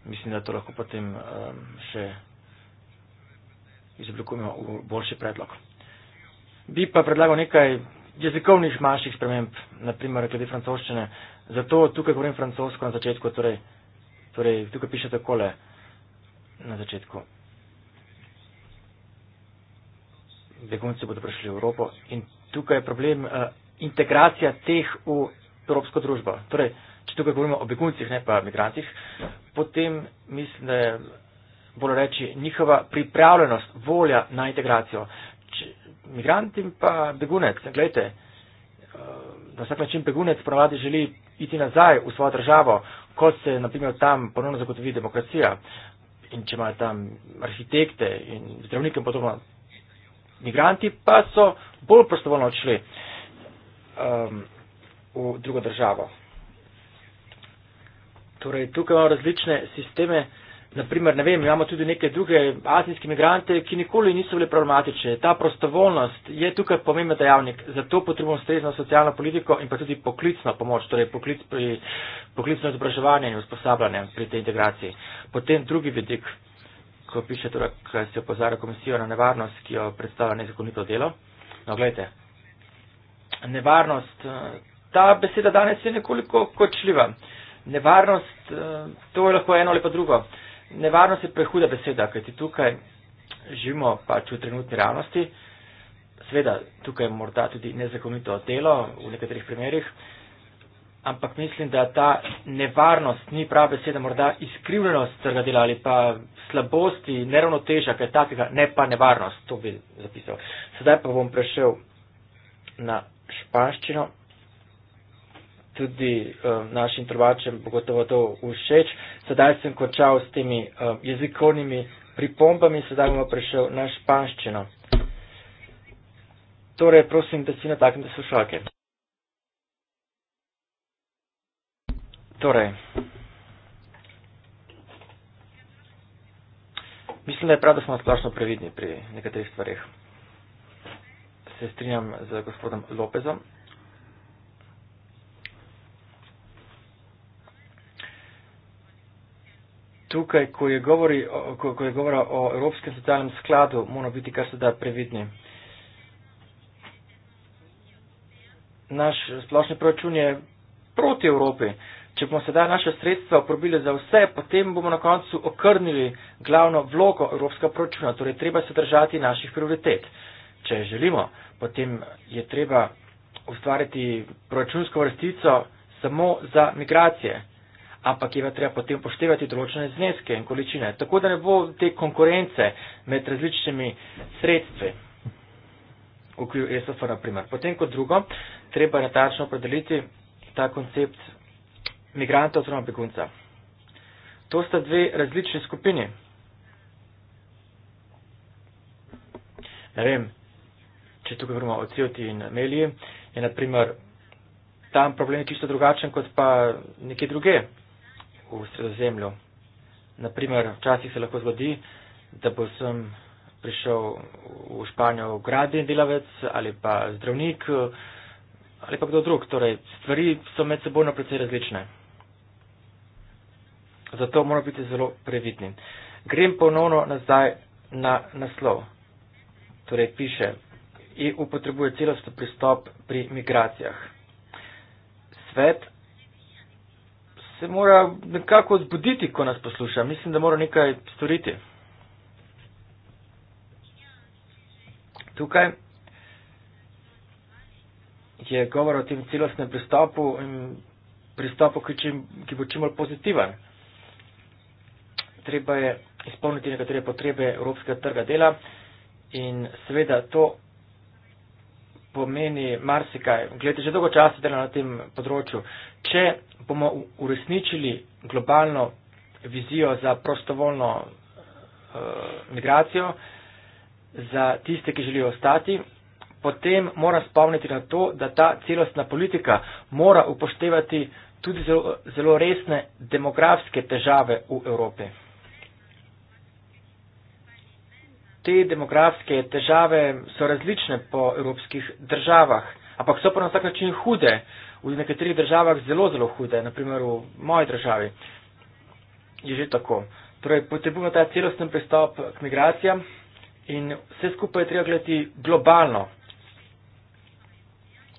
mislim, da to lahko potem um, še izoblikujemo v boljši predlog. Bi pa predlagal nekaj jezikovnih manjših sprememb, naprimer glede francoščine. Zato tukaj govorim francosko na začetku, torej, torej tukaj piše takole na začetku. Begunci bodo prišli v Evropo in tukaj je problem uh, integracija teh v evropsko družbo. Torej, če tukaj govorimo o beguncih, ne pa migrantih, potem mislim, da je bolj reči njihova pripravljenost, volja na integracijo. Če, migrant in pa begunec, gledajte, eh, na vsak način begunec pravadi želi iti nazaj v svojo državo, ko se naprimer tam ponovno zagotovi demokracija in če imajo tam arhitekte in zdravnike in podobno. Migranti pa so bolj prostovoljno odšli um, v drugo državo. Torej, tukaj imamo različne sisteme, naprimer, ne vem, imamo tudi neke druge azijske imigrante, ki nikoli niso bile problematične. Ta prostovoljnost je tukaj pomemben dejavnik, zato potrebujemo strezno socialno politiko in pa tudi poklicno pomoč, torej poklic pri, poklicno izobraževanje in usposabljanje pri tej integraciji. Potem drugi vidik, ko piše, torej, kaj se opozarja komisijo na nevarnost, ki jo predstavlja nezakonito delo. No, gledajte, nevarnost, eh, ta beseda danes je nekoliko kočljiva nevarnost, eh, to je lahko eno ali pa drugo. Nevarnost je prehuda beseda, kajti tukaj živimo pač v trenutni realnosti. Sveda, tukaj je morda tudi nezakonito delo v nekaterih primerjih, ampak mislim, da ta nevarnost ni prava beseda, morda izkrivljenost trga dela ali pa slabosti, neravnoteža, kaj takega, ne pa nevarnost, to bi zapisal. Sedaj pa bom prešel na španščino tudi uh, našim trvačem gotovo to všeč. Sedaj sem končal s temi uh, jezikovnimi pripombami, sedaj bomo prešel na španščino. Torej, prosim, da si nataknete slušalke. Torej. Mislim, da je prav, da smo splošno previdni pri nekaterih stvarih. Se strinjam z gospodom Lopezom. tukaj, ko je, govori, ko, ko je govora o Evropskem socialnem skladu, moramo biti kar se da previdni. Naš splošni proračun je proti Evropi. Če bomo sedaj naše sredstva uporabili za vse, potem bomo na koncu okrnili glavno vlogo Evropska proračuna. Torej, treba se držati naših prioritet. Če želimo, potem je treba ustvariti proračunsko vrstico samo za migracije ampak je treba potem poštevati določene zneske in količine, tako da ne bo te konkurence med različnimi sredstvi v okviru ESF-a na primer. Potem kot drugo, treba natačno opredeliti ta koncept migranta oziroma begunca. To sta dve različni skupini. Ne vem, če tukaj govorimo o Cioti in Meliji, je na primer tam problem čisto drugačen kot pa nekje druge v sredozemlju. Naprimer, včasih se lahko zgodi, da bo sem prišel v Španijo gradben delavec ali pa zdravnik ali pa kdo drug. Torej, stvari so med sebojno precej različne. Zato moramo biti zelo previdni. Grem ponovno nazaj na naslov. Torej, piše in e upotrebuje celostno pristop pri migracijah. Svet se mora nekako zbuditi, ko nas posluša. Mislim, da mora nekaj storiti. Tukaj je govor o tem celostnem pristopu in pristopu, ki, čim, ki bo čim bolj pozitiven. Treba je izpolniti nekatere potrebe evropskega trga dela in seveda to pomeni marsikaj. Gledajte, že dolgo časa delam na tem področju. Če bomo uresničili globalno vizijo za prostovoljno uh, migracijo, za tiste, ki želijo ostati, potem mora spomniti na to, da ta celostna politika mora upoštevati tudi zelo, zelo resne demografske težave v Evropi. te demografske težave so različne po evropskih državah, ampak so pa na vsak način hude. V nekaterih državah zelo, zelo hude, naprimer v moji državi je že tako. Torej, potrebujemo ta celosten pristop k migracijam in vse skupaj je treba gledati globalno.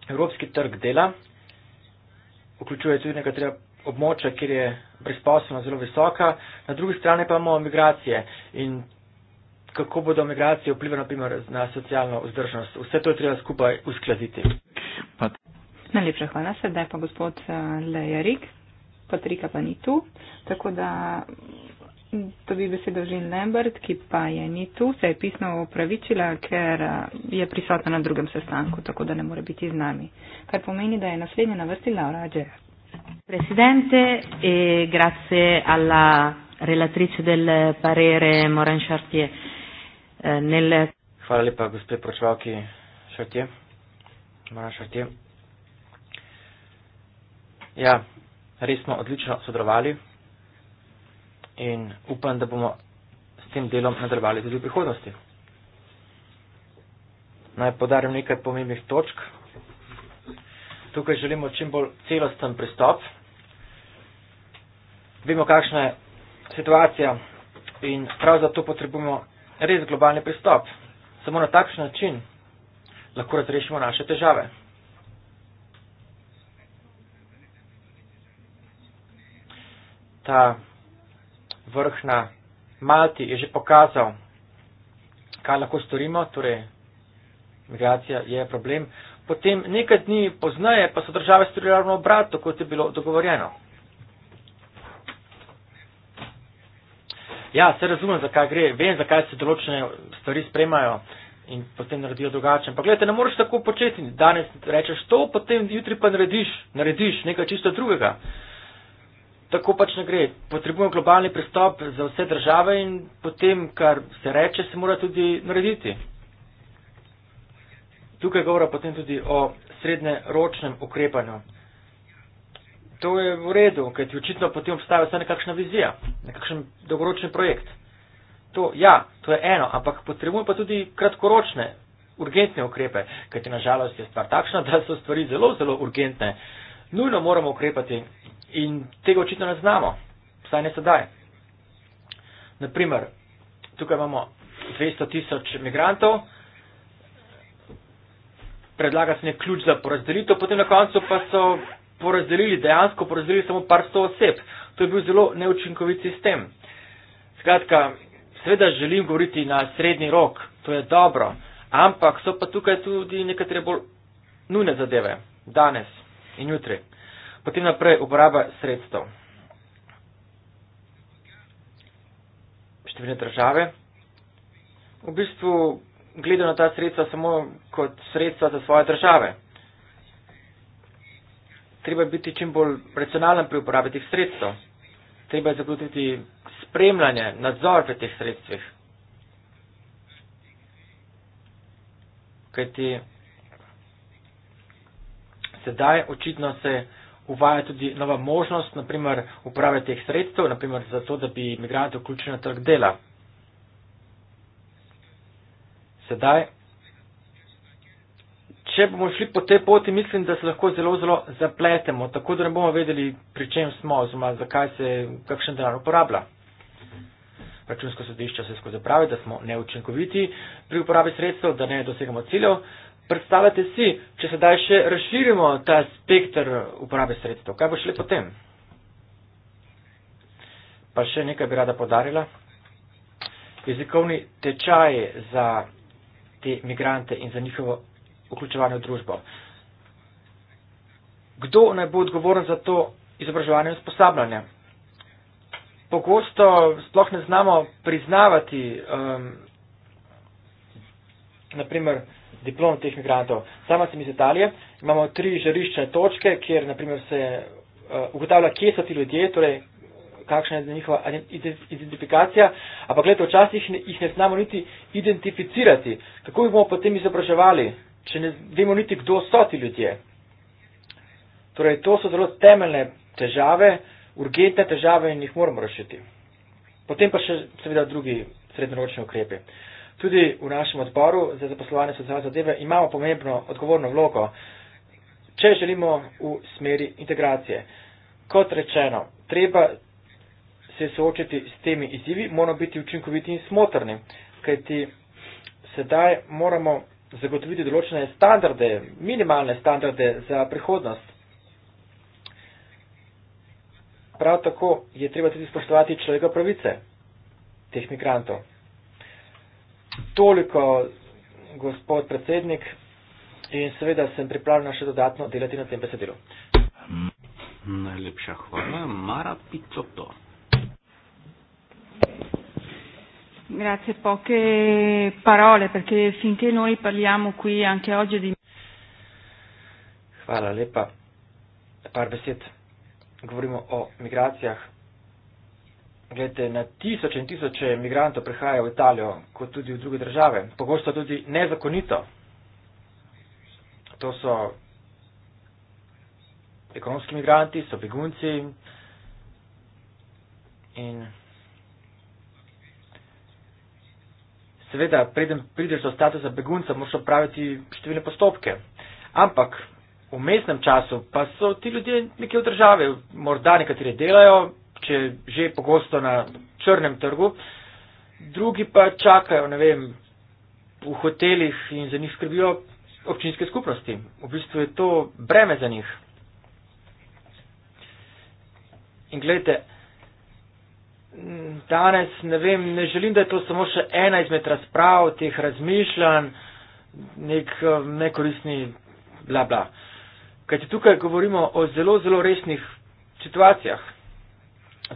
Evropski trg dela vključuje tudi nekatera območja, kjer je brezposobnost zelo visoka, na drugi strani pa imamo migracije in kako bodo migracije vplivali naprimer na socialno vzdržnost. Vse to je treba skupaj uskladiti. Najlepša hvala, sedaj pa gospod eh, Lejarik, Patrika pa ni tu, tako da mm, dobi besedo Žin Lambert, ki pa je ni tu, se je pisno upravičila, ker eh, je prisotna na drugem sestanku, tako da ne more biti z nami. Kar pomeni, da je naslednja na vrsti Laura Ađer. Presidente, eh, grazie alla relatrice del parere Moran Chartier. Eh, ne le. Hvala lepa, gospe pročvalki, šatje, moja šatje. Ja, res smo odlično sodelovali in upam, da bomo s tem delom nadaljevali tudi v prihodnosti. Naj podarim nekaj pomembnih točk. Tukaj želimo čim bolj celosten pristop. Vemo, kakšna je situacija in prav zato potrebujemo res globalni pristop. Samo na takšen način lahko razrešimo naše težave. Ta vrh na Malti je že pokazal, kaj lahko storimo, torej migracija je problem. Potem nekaj dni pozneje pa so države storile ravno obratno, kot je bilo dogovorjeno. Ja, se razumem, zakaj gre, vem, zakaj se določene stvari spremajo in potem naredijo drugače. Ampak gledajte, ne moreš tako početi. Danes rečeš to, potem jutri pa narediš, narediš nekaj čisto drugega. Tako pač ne gre. Potrebujemo globalni pristop za vse države in potem, kar se reče, se mora tudi narediti. Tukaj govora potem tudi o srednjeročnem ukrepanju to je v redu, ker ti očitno potem obstaja vsaj nekakšna vizija, nekakšen dolgoročen projekt. To, ja, to je eno, ampak potrebujem pa tudi kratkoročne, urgentne ukrepe, ker ti nažalost je stvar takšna, da so stvari zelo, zelo urgentne. Nujno moramo ukrepati in tega očitno ne znamo, vsaj ne sedaj. Naprimer, tukaj imamo 200 tisoč migrantov, predlaga se nek ključ za porazdelitev, potem na koncu pa so porazdelili, dejansko porazdelili samo par sto oseb. To je bil zelo neučinkovit sistem. Skratka, sveda želim govoriti na srednji rok, to je dobro, ampak so pa tukaj tudi nekatere bolj nujne zadeve, danes in jutri. Potem naprej uporaba sredstev. Številne države. V bistvu gledajo na ta sredstva samo kot sredstva za svoje države treba biti čim bolj racionalen pri uporabi teh sredstev. Treba je zagotoviti spremljanje, nadzor pri teh sredstvih. Kajti sedaj očitno se uvaja tudi nova možnost, naprimer, uporabe teh sredstev, naprimer, zato, da bi imigranti vključili na trg dela. Sedaj če bomo šli po tej poti, mislim, da se lahko zelo, zelo zapletemo, tako da ne bomo vedeli, pri čem smo oziroma zakaj se kakšen denar uporablja. Računsko sodišče se skozi pravi, da smo neučinkoviti pri uporabi sredstev, da ne dosegamo ciljev. Predstavljate si, če sedaj še razširimo ta spektr uporabe sredstev, kaj bo šli potem? Pa še nekaj bi rada podarila. Jezikovni tečaj za te migrante in za njihovo vključevanje v družbo. Kdo naj bo odgovoren za to izobraževanje in usposabljanje? Pogosto sploh ne znamo priznavati, um, naprimer, diplom teh migrantov. Sama sem iz Italije, imamo tri žarišče točke, kjer naprimer, se uh, ugotavlja, kje so ti ljudje, torej kakšna je njihova identifikacija, ampak gledajte, včasih jih ne, jih ne znamo niti identificirati. Kako jih bomo potem izobraževali? če ne vemo niti, kdo so ti ljudje. Torej, to so zelo temeljne težave, urgentne težave in jih moramo rešiti. Potem pa še seveda drugi srednjeročni ukrepi. Tudi v našem odboru za zaposlovanje socialne zadeve imamo pomembno odgovorno vlogo, če želimo v smeri integracije. Kot rečeno, treba se soočiti s temi izzivi, moramo biti učinkoviti in smotrni, kajti sedaj moramo zagotoviti določene standarde, minimalne standarde za prihodnost. Prav tako je treba tudi spoštovati človeka pravice teh migrantov. Toliko, gospod predsednik, in seveda sem pripravljen še dodatno delati na tem besedilu. Najlepša hvala, Mara Picotto. Grazie, poche parole perché finché noi parliamo qui anche oggi di. Hvala lepa. Par besed. Govorimo o migracijah. Glede, na tisoče in tisoče migrantov prihaja v Italijo, kot tudi v druge države. Pogosto tudi nezakonito. To so ekonomski migranti, so begunci in Seveda, preden prideš do statusa begunca, moraš opraviti številne postopke. Ampak v mestnem času pa so ti ljudje nekje v državi, morda nekatere delajo, če že pogosto na črnem trgu, drugi pa čakajo, ne vem, v hotelih in za njih skrbijo občinske skupnosti. V bistvu je to breme za njih. In gledajte, Mm, danes ne vem, ne želim, da je to samo še ena izmed razprav, teh razmišljanj, nek eh, nekoristni bla bla. Kaj ti tukaj govorimo o zelo, zelo resnih situacijah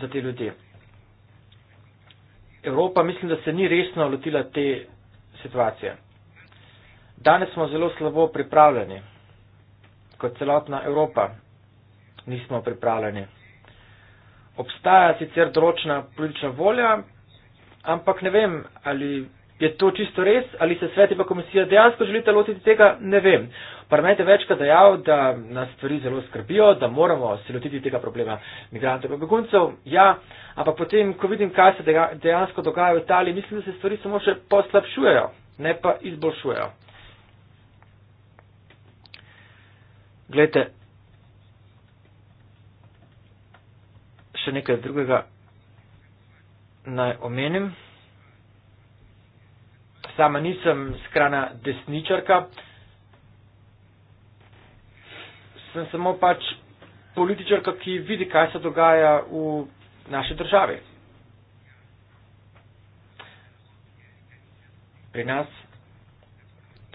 za te ljudi. Evropa mislim, da se ni resno lotila te situacije. Danes smo zelo slabo pripravljeni, kot celotna Evropa nismo pripravljeni obstaja sicer določena politična volja, ampak ne vem, ali je to čisto res, ali se svet in pa komisija dejansko želite lotiti tega, ne vem. Parlament je večkrat dejal, da nas stvari zelo skrbijo, da moramo se lotiti tega problema migrantov in beguncev. Ja, ampak potem, ko vidim, kaj se dejansko dogaja v Italiji, mislim, da se stvari samo še poslabšujejo, ne pa izboljšujejo. Glede, še nekaj drugega naj omenim. Sama nisem skrana desničarka, sem samo pač političarka, ki vidi, kaj se dogaja v naši državi. Pri nas,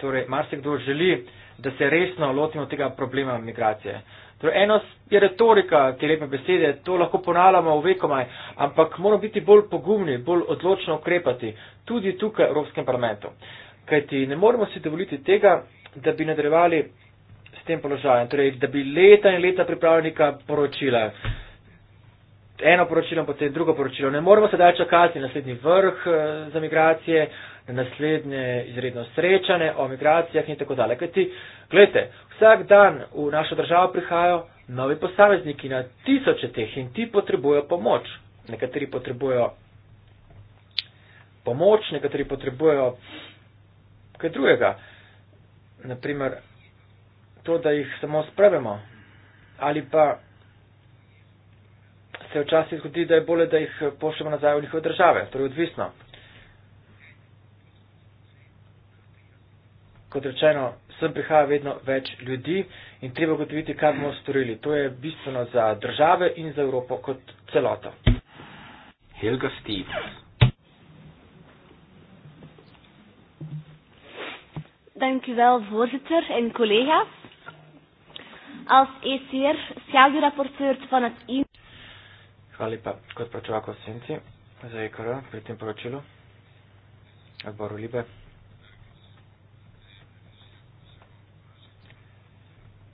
torej, marsikdo želi, da se resno lotimo tega problema migracije. Uh, Torej, eno je retorika, ki je lepe besede, to lahko ponavljamo v vekomaj, ampak moramo biti bolj pogumni, bolj odločno ukrepati, tudi tukaj v Evropskem parlamentu. Kajti ne moremo si dovoliti tega, da bi nadaljevali s tem položajem, torej, da bi leta in leta pripravljenika poročila. Eno poročilo, potem drugo poročilo. Ne moremo sedaj čakati na naslednji vrh eh, za migracije, naslednje izredno srečanje o migracijah in tako dalje. Kajti, gledajte, vsak dan v našo državo prihajajo novi posamezniki na tisoče teh in ti potrebujo pomoč. Nekateri potrebujo pomoč, nekateri potrebujo kaj drugega. Naprimer, to, da jih samo spravemo. Ali pa se včasih zgodi, da je bolje, da jih pošljemo nazaj v njihove države. Torej, odvisno. kot rečeno, sem prihaja vedno več ljudi in treba gotoviti, kaj bomo storili. To je bistveno za države in za Evropo kot celoto. Helga Stevens. Dankjewel, voorzitter en collega's. Als ECR schaduwrapporteur van het IN. Hallipa, kort praatje over Sinti, zei ik al, voor het inproductie. Het Libe.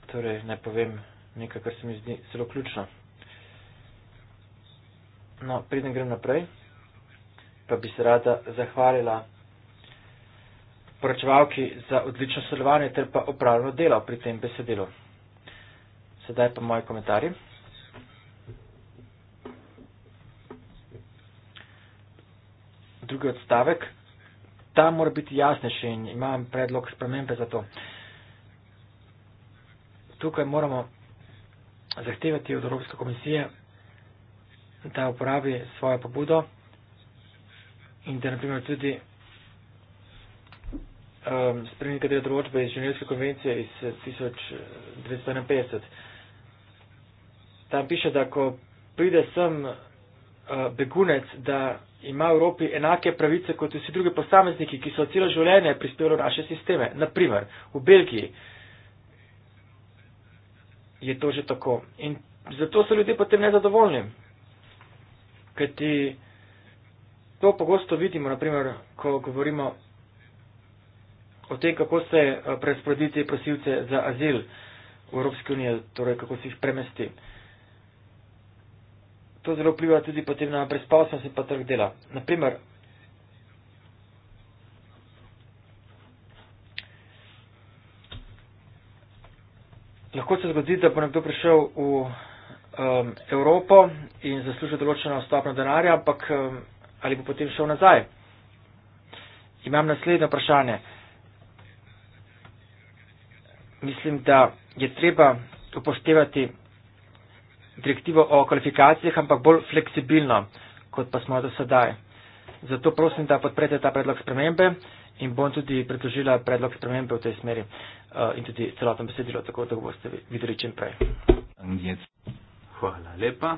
torej naj povem nekaj, kar se mi zdi zelo ključno. No, preden grem naprej, pa bi se rada zahvalila poročevalki za odlično sodelovanje ter pa opravljeno delo pri tem besedilu. Sedaj pa moji komentarji. Drugi odstavek. Ta mora biti jasnejši in imam predlog spremembe za to tukaj moramo zahtevati od Evropske komisije, da uporabi svojo pobudo in da naprimer tudi um, spremi nekatere določbe iz Ženevske konvencije iz 1951. Eh, eh, Tam piše, da ko pride sem uh, begunec, da ima v Evropi enake pravice kot vsi drugi posamezniki, ki so celo življenje prispevali v naše sisteme. Naprimer, v Belgiji uh, je to že tako. In zato so ljudje potem nezadovoljni. Kajti to pogosto vidimo, naprimer, ko govorimo o tem, kako se eh, presporediti prosilce za azil v Evropski uniji, torej kako se jih premesti. To zelo vpliva tudi potem na brezposobnost in pa trg dela. Naprimer, lahko se zgodi, da bo nekdo prišel v um, Evropo in zaslužil določeno stopno denarja, ampak um, ali bo potem šel nazaj? Imam naslednje vprašanje. Mislim, da je treba upoštevati direktivo o kvalifikacijah, ampak bolj fleksibilno, kot pa smo do sedaj. Zato prosim, da podprete ta predlog spremembe in bom tudi predložila predlog spremembe v tej smeri eh, in tudi celoten besedilo, tako da ga boste videli čim prej. Hvala lepa.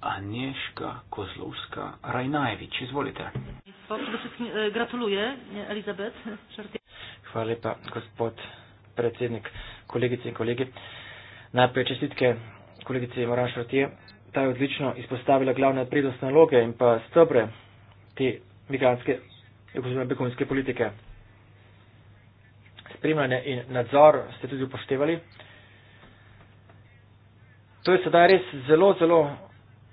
Anješka Kozlovska Rajnajevič, izvolite. Hvala lepa, gospod predsednik, kolegice in kolegi. Najprej čestitke kolegice Moran Šrotje. Ta je odlično izpostavila glavne prednostne naloge in pa stobre te migranske oziroma begunske politike. Spremljanje in nadzor ste tudi upoštevali. To je sedaj res zelo, zelo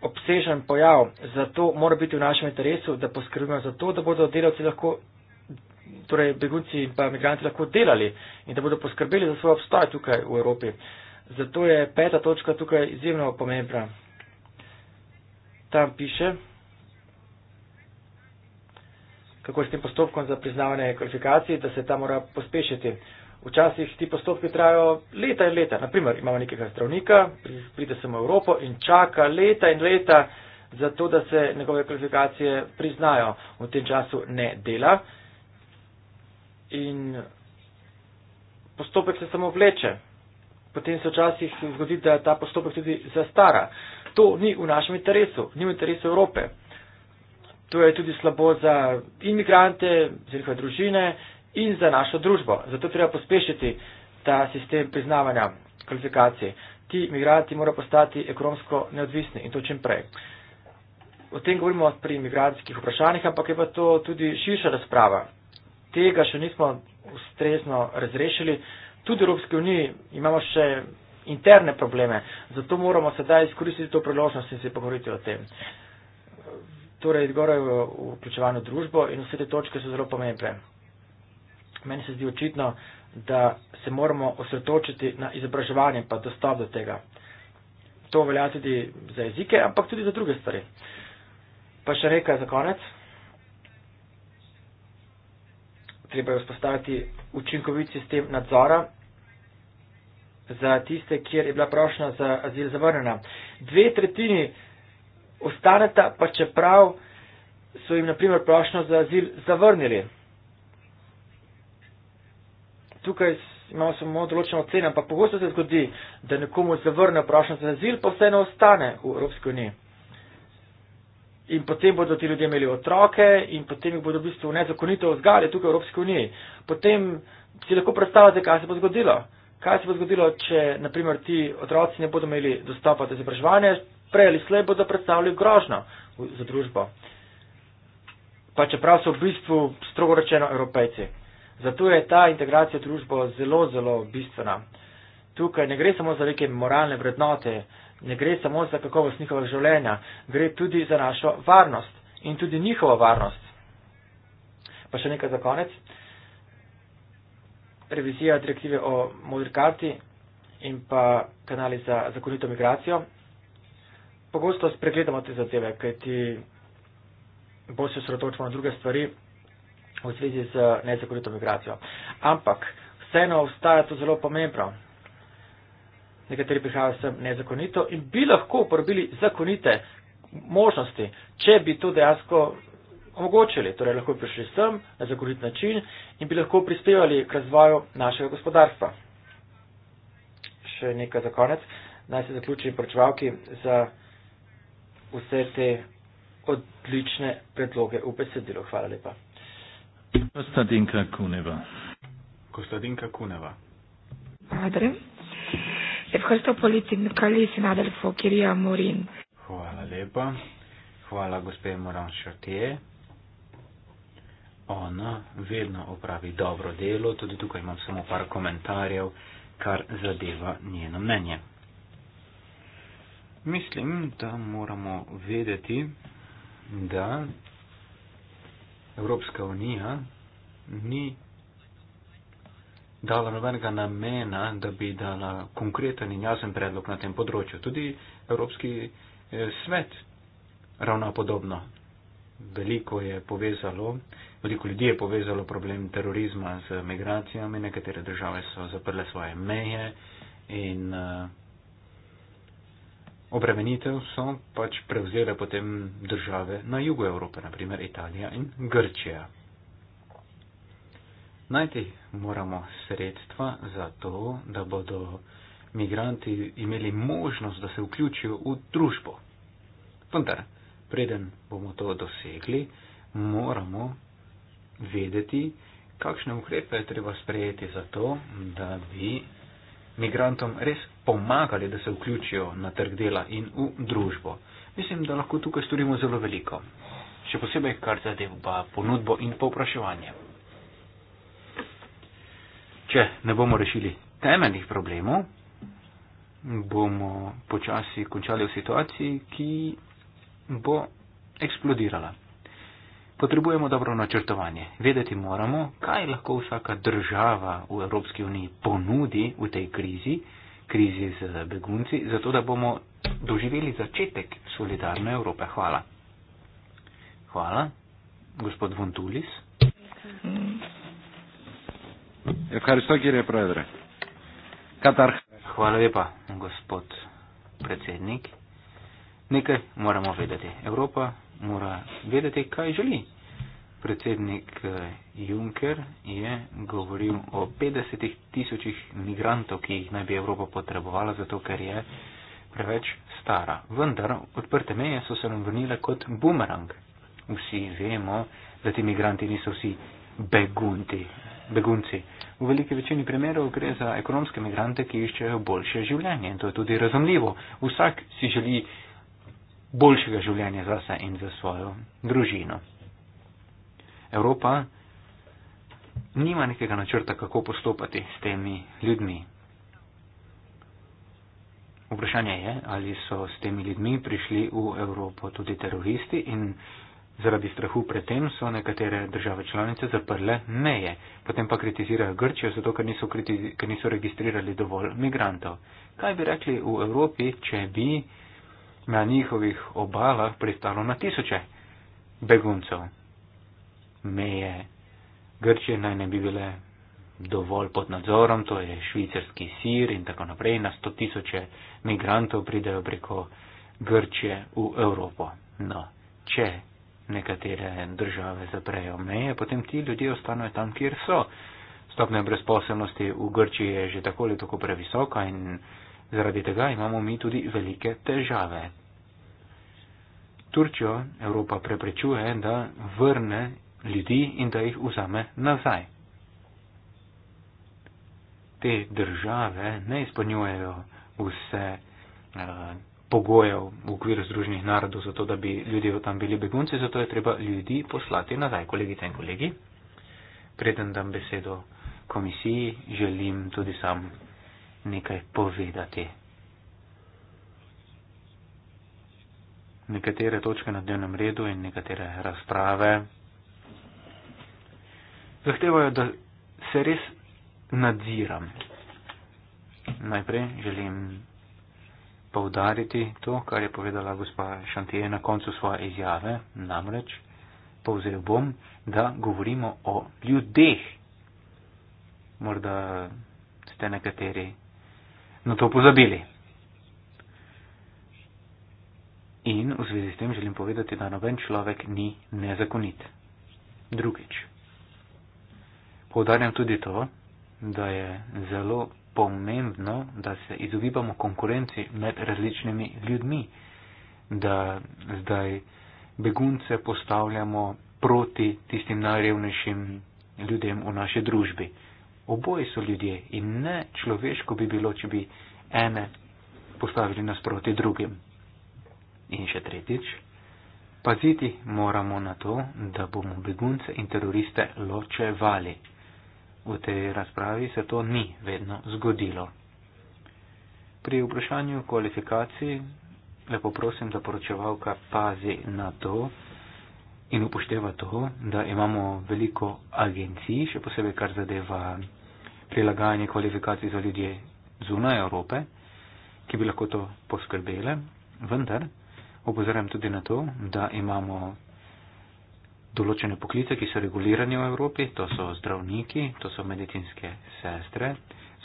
obsežen pojav, zato mora biti v našem interesu, da poskrbimo za to, da bodo delavci lahko, torej begunci in pa imigranti lahko delali in da bodo poskrbeli za svoj obstoj tukaj v Evropi. Zato je peta točka tukaj izjemno pomembna. Tam piše kako s tem postopkom za priznavanje kvalifikacij, da se ta mora pospešiti. Včasih ti postopki trajajo leta in leta. Naprimer, imamo nekega zdravnika, pride sem v Evropo in čaka leta in leta za to, da se njegove kvalifikacije priznajo. V tem času ne dela in postopek se samo vleče. Potem se včasih zgodi, da ta postopek tudi zastara. To ni v našem interesu, ni v interesu Evrope. To je tudi slabo za imigrante, za njihove družine in za našo družbo. Zato treba pospešiti ta sistem priznavanja kvalifikacij. Ti imigranti morajo postati ekonomsko neodvisni in to čim prej. O tem govorimo pri imigrantskih vprašanjih, ampak je pa to tudi širša razprava. Tega še nismo ustrezno razrešili. Tudi v Evropski uniji imamo še interne probleme, zato moramo sedaj izkoristiti to priložnost in se pogovoriti o tem torej zgoraj v, v vključevanju družbo in vse te točke so zelo pomembne. Meni se zdi očitno, da se moramo osredotočiti na izobraževanje pa dostop do tega. To velja tudi za jezike, ampak tudi za druge stvari. Pa še reka za konec. Treba je vzpostaviti učinkovit sistem nadzora za tiste, kjer je bila prošnja za azil zavrnjena. Dve tretjini ostaneta, pa čeprav so jim naprimer prošnjo za azil zavrnili. Tukaj imamo samo določeno ceno, pa pogosto se zgodi, da nekomu zavrne prošnjo za azil, pa vseeno ostane v Evropski uniji. In potem bodo ti ljudje imeli otroke in potem jih bodo v bistvu nezakonito vzgajali tukaj v Evropski uniji. Potem si lahko predstavljate, kaj se bo zgodilo. Kaj se bo zgodilo, če naprimer ti otroci ne bodo imeli dostopa do izobraževanja, prej ali slej bodo predstavljali grožno za družbo. Pa čeprav so v bistvu strogo rečeno evropejci. Zato je ta integracija družbo zelo, zelo bistvena. Tukaj ne gre samo za neke moralne vrednote, ne gre samo za kakovost njihovega življenja, gre tudi za našo varnost in tudi njihovo varnost. Pa še nekaj za konec. Revizija direktive o modri karti in pa kanali za zakonito migracijo pogosto spregledamo te zadeve, kajti bolj se osredotočamo na druge stvari v zvezi z nezakonito migracijo. Ampak vseeno ostaja to zelo pomembno. Nekateri prihajajo sem nezakonito in bi lahko uporabili zakonite možnosti, če bi to dejansko omogočili. Torej, lahko bi prišli sem na zakonit način in bi lahko prispevali k razvoju našega gospodarstva. Še nekaj za konec. Naj se zaključim poročevalki za vse te odlične predloge v besedilu. Hvala lepa. Kostadinka Kuneva. Kostadinka Kuneva. Madre. Ευχαριστώ πολύ την καλή συνάδελφο, κυρία Μωρίν. Χουάλα λέπα. Χουάλα, γκοσπέ Μωράν Σορτιέ. Ona vedno opravi dobro delo, tudi tukaj imam samo par komentarjev, kar zadeva njeno mnenje. Mislim, da moramo vedeti, da Evropska unija ni dala nobenega namena, da bi dala konkreten in jasen predlog na tem področju. Tudi Evropski eh, svet ravna podobno. Veliko, je povezalo, veliko ljudi je povezalo problem terorizma z migracijami, nekatere države so zaprle svoje meje in uh, obremenitev so pač prevzele potem države na jugu Evrope, naprimer Italija in Grčija. Najti moramo sredstva za to, da bodo migranti imeli možnost, da se vključijo v družbo. Vendar, preden bomo to dosegli, moramo vedeti, kakšne ukrepe je treba sprejeti za to, da bi migrantom res pomagali, da se vključijo na trg dela in v družbo. Mislim, da lahko tukaj storimo zelo veliko, še posebej kar zadeva ponudbo in povpraševanje. Če ne bomo rešili temeljnih problemov, bomo počasi končali v situaciji, ki bo eksplodirala. Potrebujemo dobro načrtovanje. Vedeti moramo, kaj lahko vsaka država v Evropski uniji ponudi v tej krizi, krizi z begunci, zato da bomo doživeli začetek solidarne Evrope. Hvala. Hvala. Gospod Vontulis. Hvala lepa, gospod predsednik. Nekaj moramo vedeti. Evropa mora vedeti, kaj želi predsednik eh, Juncker je govoril o 50 tisočih migrantov, ki jih naj bi Evropa potrebovala, zato ker je preveč stara. Vendar odprte meje so se nam vrnile kot bumerang. Vsi vemo, da ti migranti niso vsi begunti, begunci. V veliki večini primerov gre za ekonomske migrante, ki iščejo boljše življenje in to je tudi razumljivo. Vsak si želi boljšega življenja zase in za svojo družino. Evropa nima nekega načrta, kako postopati s temi ljudmi. Vprašanje je, ali so s temi ljudmi prišli v Evropo tudi teroristi in zaradi strahu predtem so nekatere države članice zaprle meje. Potem pa kritizirajo Grčijo, zato ker niso, ker niso registrirali dovolj migrantov. Kaj bi rekli v Evropi, če bi na njihovih obalah pristalo na tisoče beguncev? meje Grčije naj ne bi bile dovolj pod nadzorom, to je švicarski sir in tako naprej. Na sto tisoče migrantov pridejo preko Grčije v Evropo. No, če nekatere države zaprejo meje, potem ti ljudje ostanejo tam, kjer so. Stopnja brezposobnosti v Grčiji je že tako ali tako previsoka in zaradi tega imamo mi tudi velike težave. Turčjo Evropa preprečuje, da vrne ljudi in da jih vzame nazaj. Te države ne izpolnjujejo vse eh, pogojev v okviru združenih narodov, zato da bi ljudje tam bili begunci, zato je treba ljudi poslati nazaj, kolegice in kolegi. Preden dam besedo komisiji, želim tudi sam nekaj povedati. Nekatere točke na dnevnem redu in nekatere razprave zahtevajo, da se res nadziram. Najprej želim povdariti to, kar je povedala gospa Šantije na koncu svoje izjave, namreč povzel bom, da govorimo o ljudeh. Morda ste nekateri na to pozabili. In v zvezi s tem želim povedati, da noben človek ni nezakonit. Drugič. Poudarjam tudi to, da je zelo pomembno, da se izogibamo konkurenci med različnimi ljudmi, da zdaj begunce postavljamo proti tistim najrevnejšim ljudem v naši družbi. Oboji so ljudje in ne človeško bi bilo, če bi ene postavili nasproti drugim. In še tretjič, paziti moramo na to, da bomo begunce in teroriste ločevali v tej razpravi se to ni vedno zgodilo. Pri vprašanju kvalifikacij lepo prosim, da poročevalka pazi na to in upošteva to, da imamo veliko agencij, še posebej kar zadeva prilagajanje kvalifikacij za ljudje zunaj Evrope, ki bi lahko to poskrbele, vendar opozorujem tudi na to, da imamo določene poklice, ki so regulirani v Evropi, to so zdravniki, to so medicinske sestre.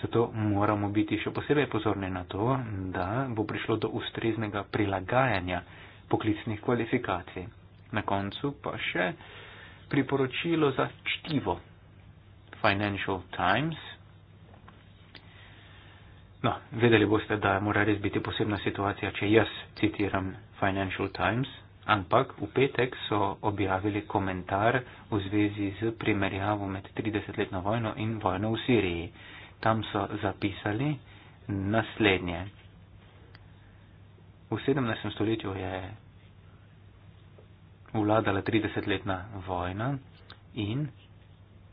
Zato moramo biti še posebej pozorni na to, da bo prišlo do ustreznega prilagajanja poklicnih kvalifikacij. Na koncu pa še priporočilo za čtivo Financial Times. No, vedeli boste, da mora res biti posebna situacija, če jaz citiram Financial Times ampak v petek so objavili komentar v zvezi z primerjavo med 30-letno vojno in vojno v Siriji. Tam so zapisali naslednje. V 17. stoletju je vladala 30-letna vojna in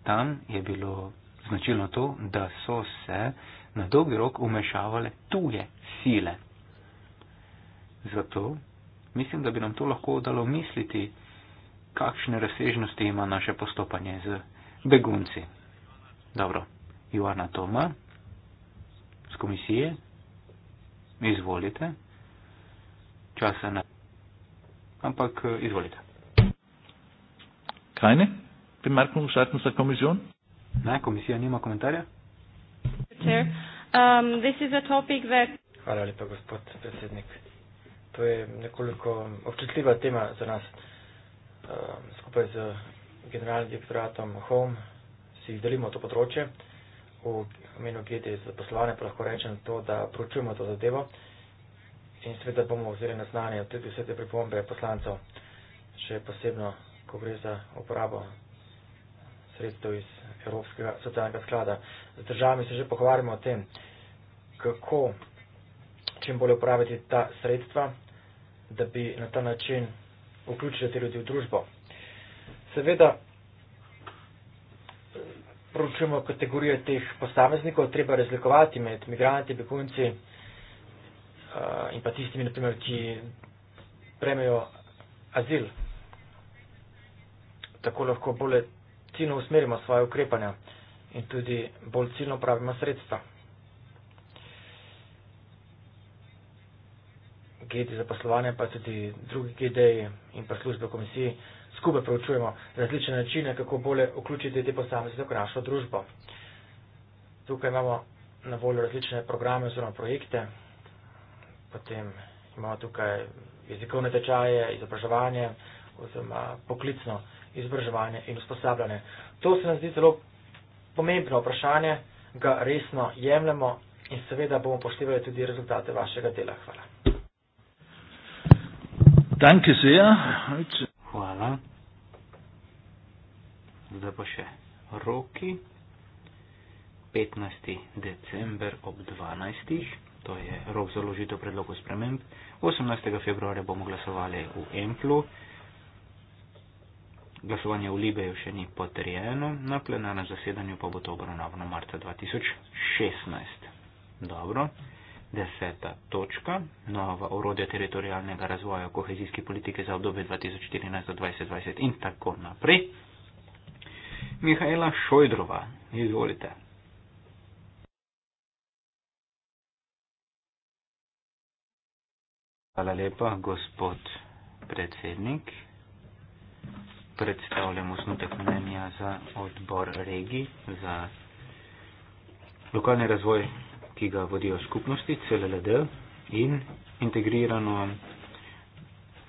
tam je bilo značilno to, da so se na dolgi rok umešavale tuje sile. Zato Mislim, da bi nam to lahko dalo misliti, kakšne razsežnosti ima naše postopanje z begunci. Dobro, Joana Toma z komisije, izvolite. Časa na. Ampak eh, izvolite. Kaj ne? Bemerkung seitens der Kommission? Na, komisija nima komentarja. Um, this is a topic that... Hvala lepa, gospod predsednik to je nekoliko občutljiva tema za nas. Um, skupaj z generalnim direktoratom Home si delimo to področje. V imenu GD za poslovanje pa lahko rečem to, da pročujemo to zadevo in seveda bomo vzeli na znanje tudi vse te pripombe poslancev, še posebno, ko gre za uporabo sredstev iz Evropskega socialnega sklada. Z državami se že pohvarjamo o tem, kako čim bolje uporabiti ta sredstva, da bi na ta način vključili te ljudi v družbo. Seveda, proučujemo kategorije teh posameznikov, treba razlikovati med migranti, begunci eh, in pa tistimi, naprimer, ki prejmejo azil. Tako lahko bolje ciljno usmerimo svoje ukrepanja in tudi bolj ciljno pravimo sredstva. geti zaposlovanja, pa tudi drugi GDI in pa službe v komisiji skupaj preučujemo različne načine, kako bolje vključiti te posameznike v našo družbo. Tukaj imamo na voljo različne programe oziroma projekte, potem imamo tukaj jezikovne tečaje, izobraževanje oziroma poklicno izobraževanje in usposabljanje. To se nam zdi zelo pomembno vprašanje, ga resno jemljemo in seveda bomo poštevali tudi rezultate vašega dela. Hvala. Danke sehr. Heute. Hvala. Zdaj pa še roki. 15. december ob 12. To je rok za ložitev predlogov sprememb. 18. februarja bomo glasovali v Emplu. Glasovanje v Libeju še ni potrjeno, na plenarnem zasedanju pa bo to obravnavano marca 2016. Dobro. Deseta točka, nova urodja teritorijalnega razvoja kohezijske politike za obdobje 2014-2020 in tako naprej. Mihajla Šojdrova, izvolite. Hvala lepa, gospod predsednik. Predstavljam osnutek mnenja za odbor regij za lokalni razvoj ki ga vodijo skupnosti, CLLD in integrirano,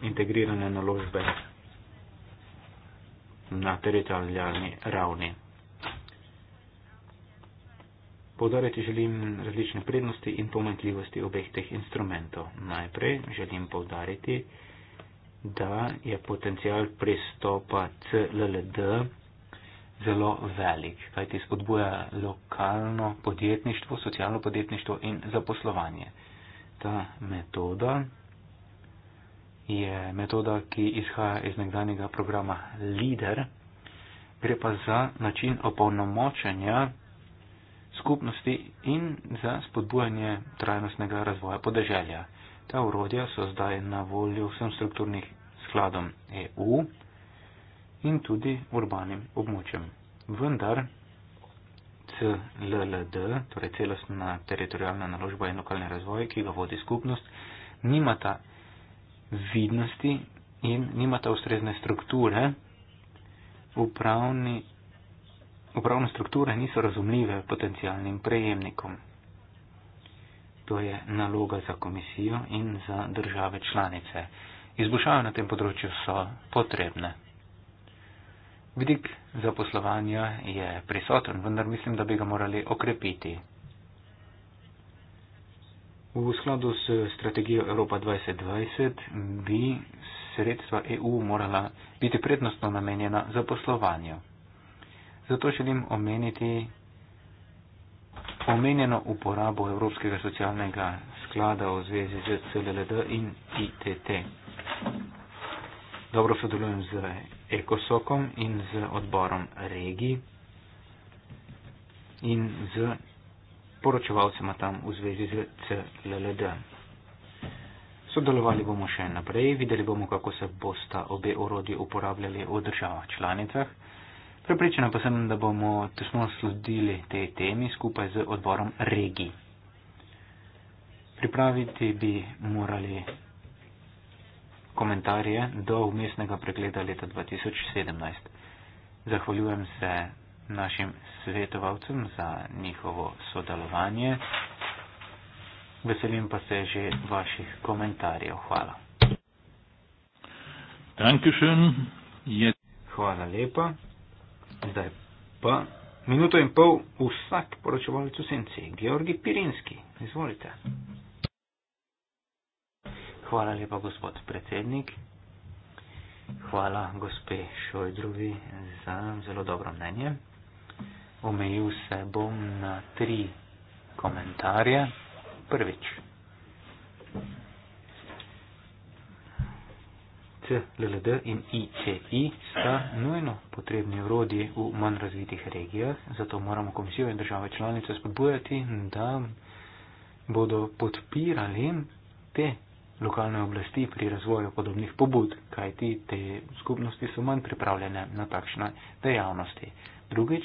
integrirane naložbe na teritorijalni ravni. Povdariti želim različne prednosti in pomanjkljivosti obeh teh instrumentov. Najprej želim povdariti, da je potencial pristopa CLLD zelo velik, kajti spodbuja lokalno podjetništvo, socialno podjetništvo in zaposlovanje. Ta metoda je metoda, ki izhaja iz nekdanjega programa LIDER, gre pa za način opolnomočenja skupnosti in za spodbujanje trajnostnega razvoja podeželja. Ta urodja so zdaj na voljo vsem strukturnih skladom EU in tudi urbanim območjem. Vendar CLLD, torej celostna teritorijalna naložba in lokalni razvoj, ki ga vodi skupnost, nimata vidnosti in nimata ustrezne strukture, upravni, upravne strukture niso razumljive potencijalnim prejemnikom. To je naloga za komisijo in za države članice. Izboljšave na tem področju so potrebne. Vidik zaposlovanja je prisoten, vendar mislim, da bi ga morali okrepiti. V skladu s strategijo Evropa 2020 bi sredstva EU morala biti prednostno namenjena zaposlovanju. Zato želim omeniti omenjeno uporabo Evropskega socialnega sklada v zvezi z CLLD in ITT dobro sodelujem z Ekosokom in z odborom Regi in z poročevalcema tam v zvezi z CLLD. Sodelovali bomo še naprej, videli bomo, kako se bosta obe orodje uporabljali v državah članicah. Prepričana pa sem, da bomo tesno sledili tej temi skupaj z odborom Regi. Pripraviti bi morali komentarje do umestnega pregleda leta 2017. Zahvaljujem se našim svetovalcem za njihovo sodelovanje. Veselim pa se že vaših komentarjev. Hvala. Hvala lepa. Zdaj pa minuto in pol vsak poročevalec v senci. Georgi Pirinski, izvolite. Hvala lepa, gospod predsednik. Hvala, gospe Šojdrovi, za zelo dobro mnenje. Omejil se bom na tri komentarje. Prvič. CLLD in ICI sta nujno potrebni urodje v manj razvitih regijah, zato moramo komisijo in države članice spodbujati, da bodo podpirali te lokalne oblasti pri razvoju podobnih pobud, kajti te skupnosti so manj pripravljene na takšne dejavnosti. Drugič,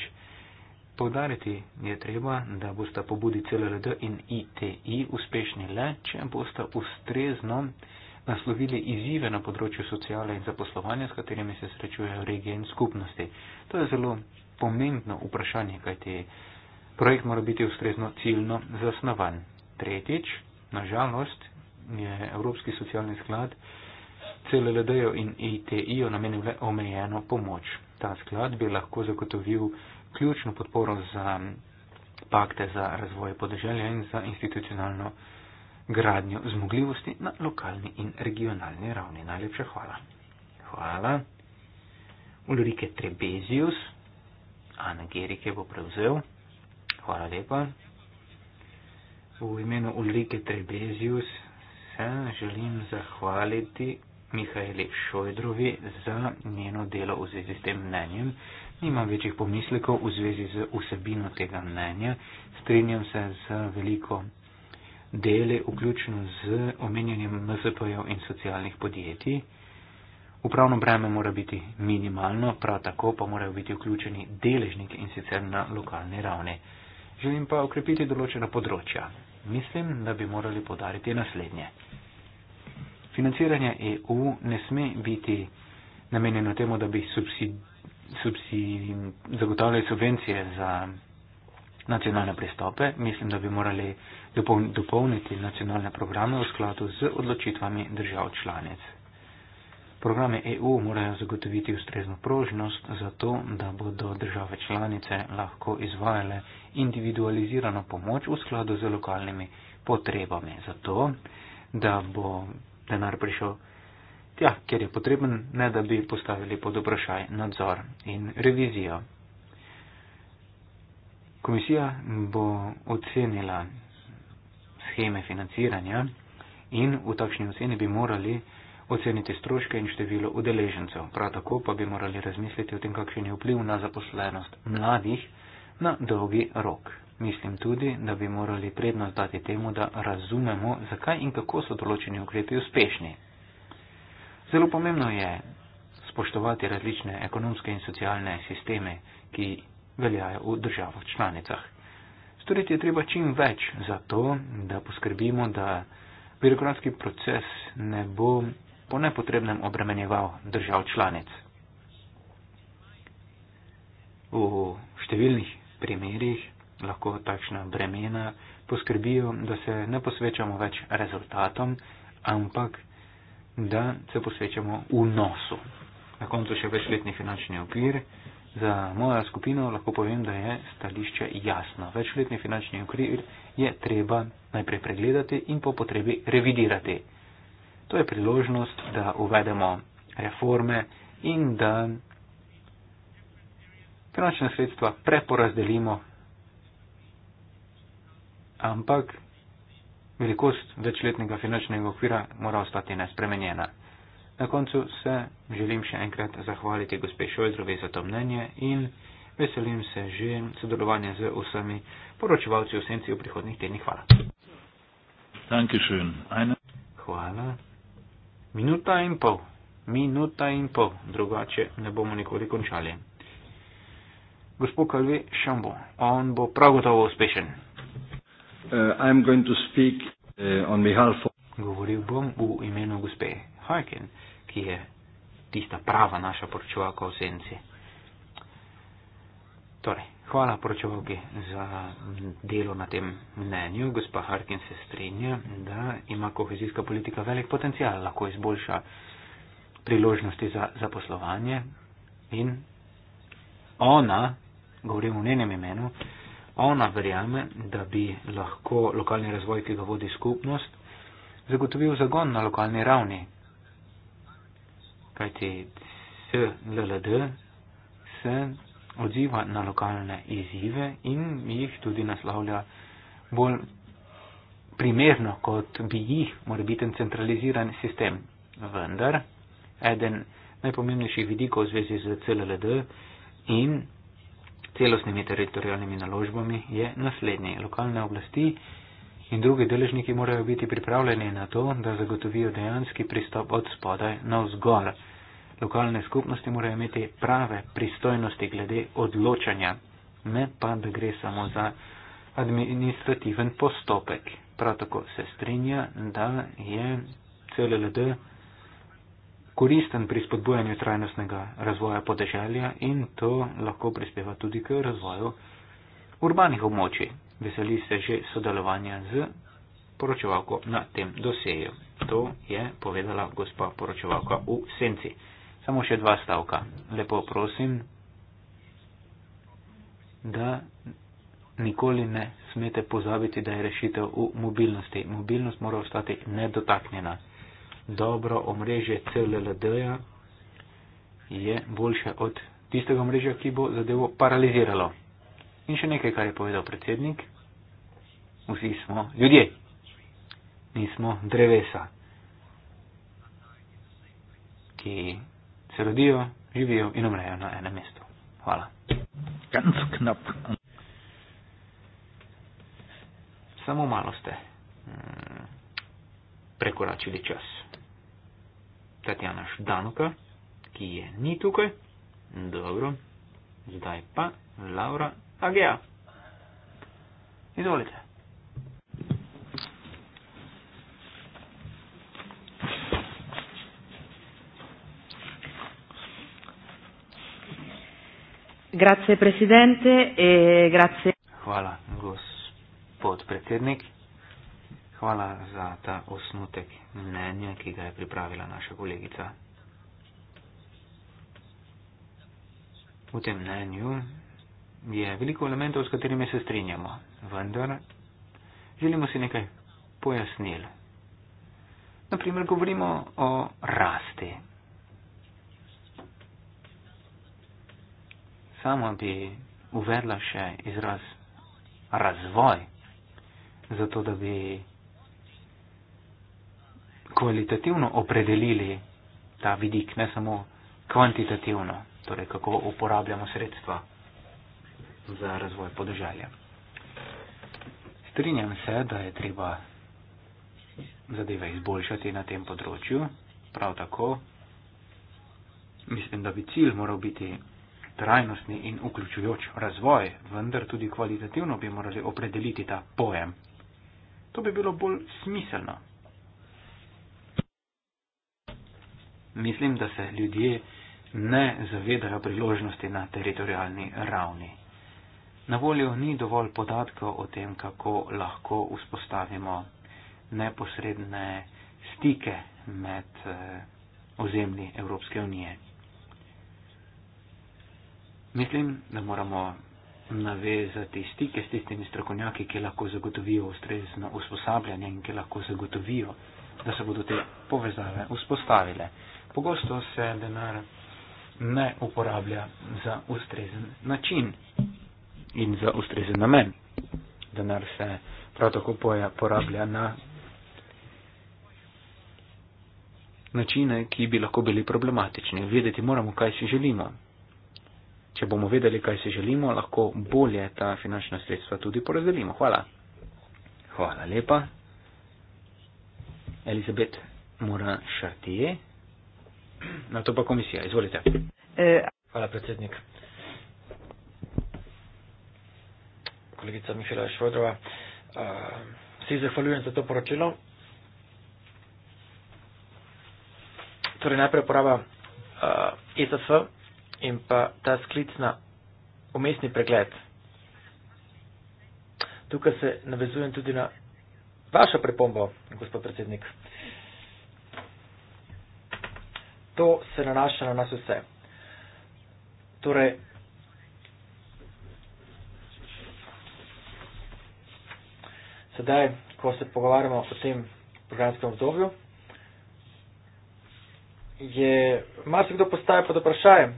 povdariti je treba, da bosta pobudi CLRD in ITI uspešni le, če bosta ustrezno naslovili izzive na področju sociale in zaposlovanja, s katerimi se srečujejo regije in skupnosti. To je zelo pomembno vprašanje, kajti projekt mora biti ustrezno ciljno zasnovan. Tretjič, nažalost, je Evropski socialni sklad CLLD-ju in ITI-ju namenil le omejeno pomoč. Ta sklad bi lahko zagotovil ključno podporo za pakte za razvoj podeželja in za institucionalno gradnjo zmogljivosti na lokalni in regionalni ravni. Najlepša hvala. Hvala. Ulrike Trebezius, Ana Gerike bo prevzel. Hvala lepa. V imenu Ulrike Trebezius se želim zahvaliti Mihajli Šojdrovi za njeno delo v zvezi s tem mnenjem. Nimam večjih pomislekov v zvezi z vsebino tega mnenja. Strinjam se z veliko dele, vključno z omenjanjem MSP-jev in socialnih podjetij. Upravno breme mora biti minimalno, prav tako pa morajo biti vključeni deležniki in sicer na lokalni ravni. Želim pa okrepiti določena področja mislim, da bi morali podariti naslednje. Financiranje EU ne sme biti namenjeno temu, da bi zagotavljali subvencije za nacionalne pristope. Mislim, da bi morali dopolniti nacionalne programe v skladu z odločitvami držav članic. Programe EU morajo zagotoviti ustrezno prožnost, zato da bodo države članice lahko izvajale individualizirano pomoč v skladu z lokalnimi potrebami, zato da bo denar prišel tja, kjer je potreben, ne da bi postavili pod vprašaj nadzor in revizijo. Komisija bo ocenila scheme financiranja in v takšni oceni bi morali oceniti stroške in število udeležencev. Prav tako pa bi morali razmisliti o tem, kakšen je vpliv na zaposlenost mladih na dolgi rok. Mislim tudi, da bi morali prednost dati temu, da razumemo, zakaj in kako so določeni ukrepi uspešni. Zelo pomembno je spoštovati različne ekonomske in socialne sisteme, ki veljajo v državah članicah. Storiti je treba čim več za to, da poskrbimo, da birokratski proces ne bo po nepotrebnem obremenjeval držav članic. V številnih primerjih lahko takšna bremena poskrbijo, da se ne posvečamo več rezultatom, ampak da se posvečamo vnosu. Na koncu še večletni finančni okvir. Za mojo skupino lahko povem, da je stališče jasno. Večletni finančni okvir je treba najprej pregledati in po potrebi revidirati. To je priložnost, da uvedemo reforme in da finančne sredstva preporazdelimo, ampak velikost večletnega finančnega okvira mora ostati nespremenjena. Na koncu se želim še enkrat zahvaliti gospe Šojzrovi za to mnenje in veselim se že sodelovanja z vsemi poročevalci v senci v prihodnih tednih. Hvala. Hvala. Minuta in pol, minuta in pol, drugače ne bomo nikoli končali. Gospod Kalvi Šambo, on bo prav gotovo uspešen. Uh, uh of... Govoril bom v imenu gospe Haken, ki je tista prava naša poročevalka v senci. Torej, Hvala poročevalki za delo na tem mnenju. Gospa Harkin se strinja, da ima kohezijska politika velik potencial, lahko izboljša priložnosti za zaposlovanje in ona, govorim v njenem imenu, ona verjame, da bi lahko lokalni razvoj, ki ga vodi skupnost, zagotovil zagon na lokalni ravni. Kajti s LLD se odziva na lokalne izzive in jih tudi naslavlja bolj primerno, kot bi jih morebiten centraliziran sistem. Vendar, eden najpomembnejših vidikov v zvezi z CLLD in celostnimi teritorijalnimi naložbami je naslednji. Lokalne oblasti in drugi deležniki morajo biti pripravljeni na to, da zagotovijo dejanski pristop od spodaj na vzgor lokalne skupnosti morajo imeti prave pristojnosti glede odločanja, ne pa, da gre samo za administrativen postopek. Prav tako se strinja, da je CLLD koristen pri spodbujanju trajnostnega razvoja podeželja in to lahko prispeva tudi k razvoju urbanih območij. Veseli se že sodelovanja z poročevalko na tem doseju. To je povedala gospa poročevalka v senci. Samo še dva stavka. Lepo prosim, da nikoli ne smete pozabiti, da je rešitev v mobilnosti. Mobilnost mora ostati nedotaknjena. Dobro omrežje CLLD-ja je boljše od tistega omrežja, ki bo zadevo paraliziralo. In še nekaj, kar je povedal predsednik. Vsi smo ljudje. Nismo drevesa, ki se rodijo, živijo in umrejo na enem mestu. Hvala. Ganz knap. Samo malo ste mm, prekoračili čas. Tatjana Šdanuka, ki je ni tukaj. Dobro, zdaj pa Laura Agea. Izvolite. Grazie presidente e grazie. Hvala, gospod predsednik. Hvala za ta osnutek mnenja, ki ga je pripravila naša kolegica. V tem mnenju je veliko elementov, s katerimi se strinjamo, vendar želimo si nekaj pojasnil. Naprimer, govorimo o rasti. samo bi uvedla še izraz razvoj, zato da bi kvalitativno opredelili ta vidik, ne samo kvantitativno, torej kako uporabljamo sredstva za razvoj podeželja. Strinjam se, da je treba zadeve izboljšati na tem področju, prav tako mislim, da bi cilj moral biti trajnostni in vključujoč razvoj, vendar tudi kvalitativno bi morali opredeliti ta pojem. To bi bilo bolj smiselno. Mislim, da se ljudje ne zavedajo priložnosti na teritorijalni ravni. Na voljo ni dovolj podatkov o tem, kako lahko vzpostavimo neposredne stike med eh, ozemlji Evropske unije. Mislim, da moramo navezati stike s tistimi strokovnjaki, ki lahko zagotovijo ustrezno usposabljanje in ki lahko zagotovijo, da se bodo te povezave vzpostavile. Pogosto se denar ne uporablja za ustrezen način in za ustrezen namen. Denar se prav tako porablja na načine, ki bi lahko bili problematični. Vedeti moramo, kaj si želimo če bomo vedeli, kaj si želimo, lahko bolje ta finančna sredstva tudi porazdelimo. Hvala. Hvala lepa. Elizabet mora šartije. Na to pa komisija. Izvolite. E, Hvala, predsednik. Kolegica Mihajla Švodrova, uh, si zahvaljujem za to poročilo. Torej, najprej poraba uh, ESF in pa ta sklic na umestni pregled. Tukaj se navezujem tudi na vašo pripombo, gospod predsednik. To se nanaša na nas vse. Torej, sedaj, ko se pogovarjamo o tem programskem obdobju, je marsikdo postaje pod vprašajem,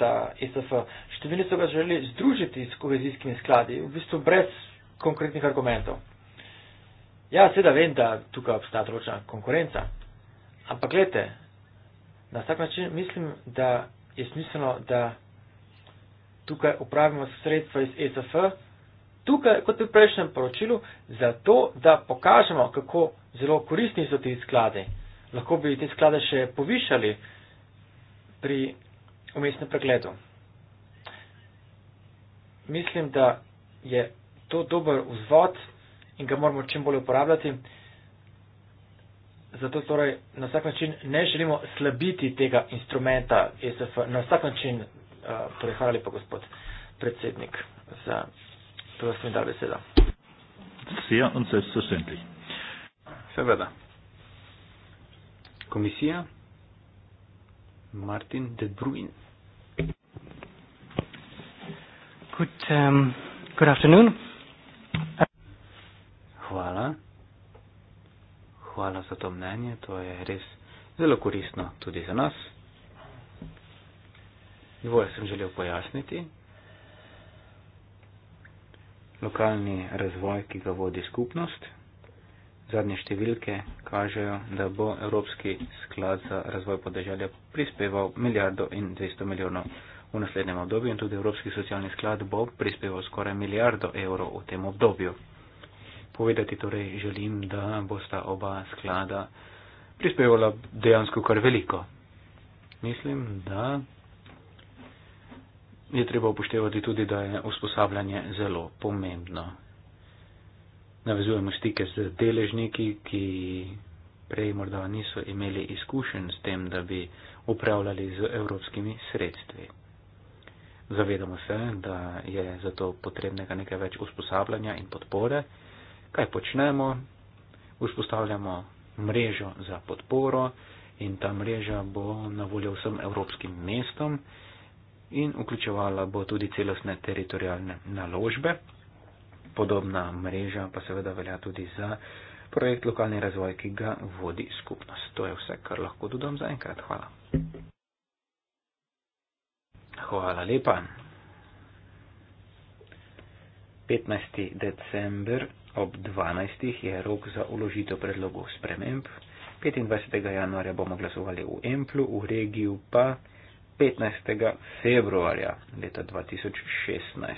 ta ISF. E številni so ga želeli združiti s kohezijskimi skladi, v bistvu brez konkretnih argumentov. Ja, seveda vem, da tukaj obstaja določena konkurenca, ampak gledajte, na vsak način mislim, da je smiselno, da tukaj upravimo sredstva iz ESF, tukaj, kot v prejšnjem poročilu, zato, da pokažemo, kako zelo koristni so ti skladi. Lahko bi te sklade še povišali pri umestnem pregledu. Mislim, da je to dober vzvod in ga moramo čim bolje uporabljati. Zato torej na vsak način ne želimo slabiti tega instrumenta ESF, na vsak način, uh, torej hvala lepa gospod predsednik za to, da ste mi dali besedo. Sija in se sosedli. Seveda. Komisija Martin de Bruins. Good, um, good afternoon. Hvala. Hvala za to mnenje, to je res zelo koristno tudi za nas. Dvoje sem želel pojasniti. Lokalni razvoj, ki ga vodi skupnost. Zadnje številke kažejo, da bo Evropski sklad za razvoj podeželja prispeval milijardo in 200 milijonov V naslednjem obdobju in tudi Evropski socialni sklad bo prispeval skoraj milijardo evrov v tem obdobju. Povedati torej želim, da bosta oba sklada prispevala dejansko kar veliko. Mislim, da je treba upoštevati tudi, da je usposabljanje zelo pomembno. Navezujemo stike z deležniki, ki prej morda niso imeli izkušenj s tem, da bi upravljali z evropskimi sredstvi. Zavedamo se, da je zato potrebnega nekaj več usposabljanja in podpore. Kaj počnemo? Vzpostavljamo mrežo za podporo in ta mreža bo na voljo vsem evropskim mestom in vključevala bo tudi celostne teritorijalne naložbe. Podobna mreža pa seveda velja tudi za projekt lokalni razvoj, ki ga vodi skupnost. To je vse, kar lahko dodam zaenkrat. Hvala. Hvala lepa. 15. december ob 12. je rok za uložitev predlogov sprememb. 25. januarja bomo glasovali v Emplu, v regiju pa 15. februarja leta 2016.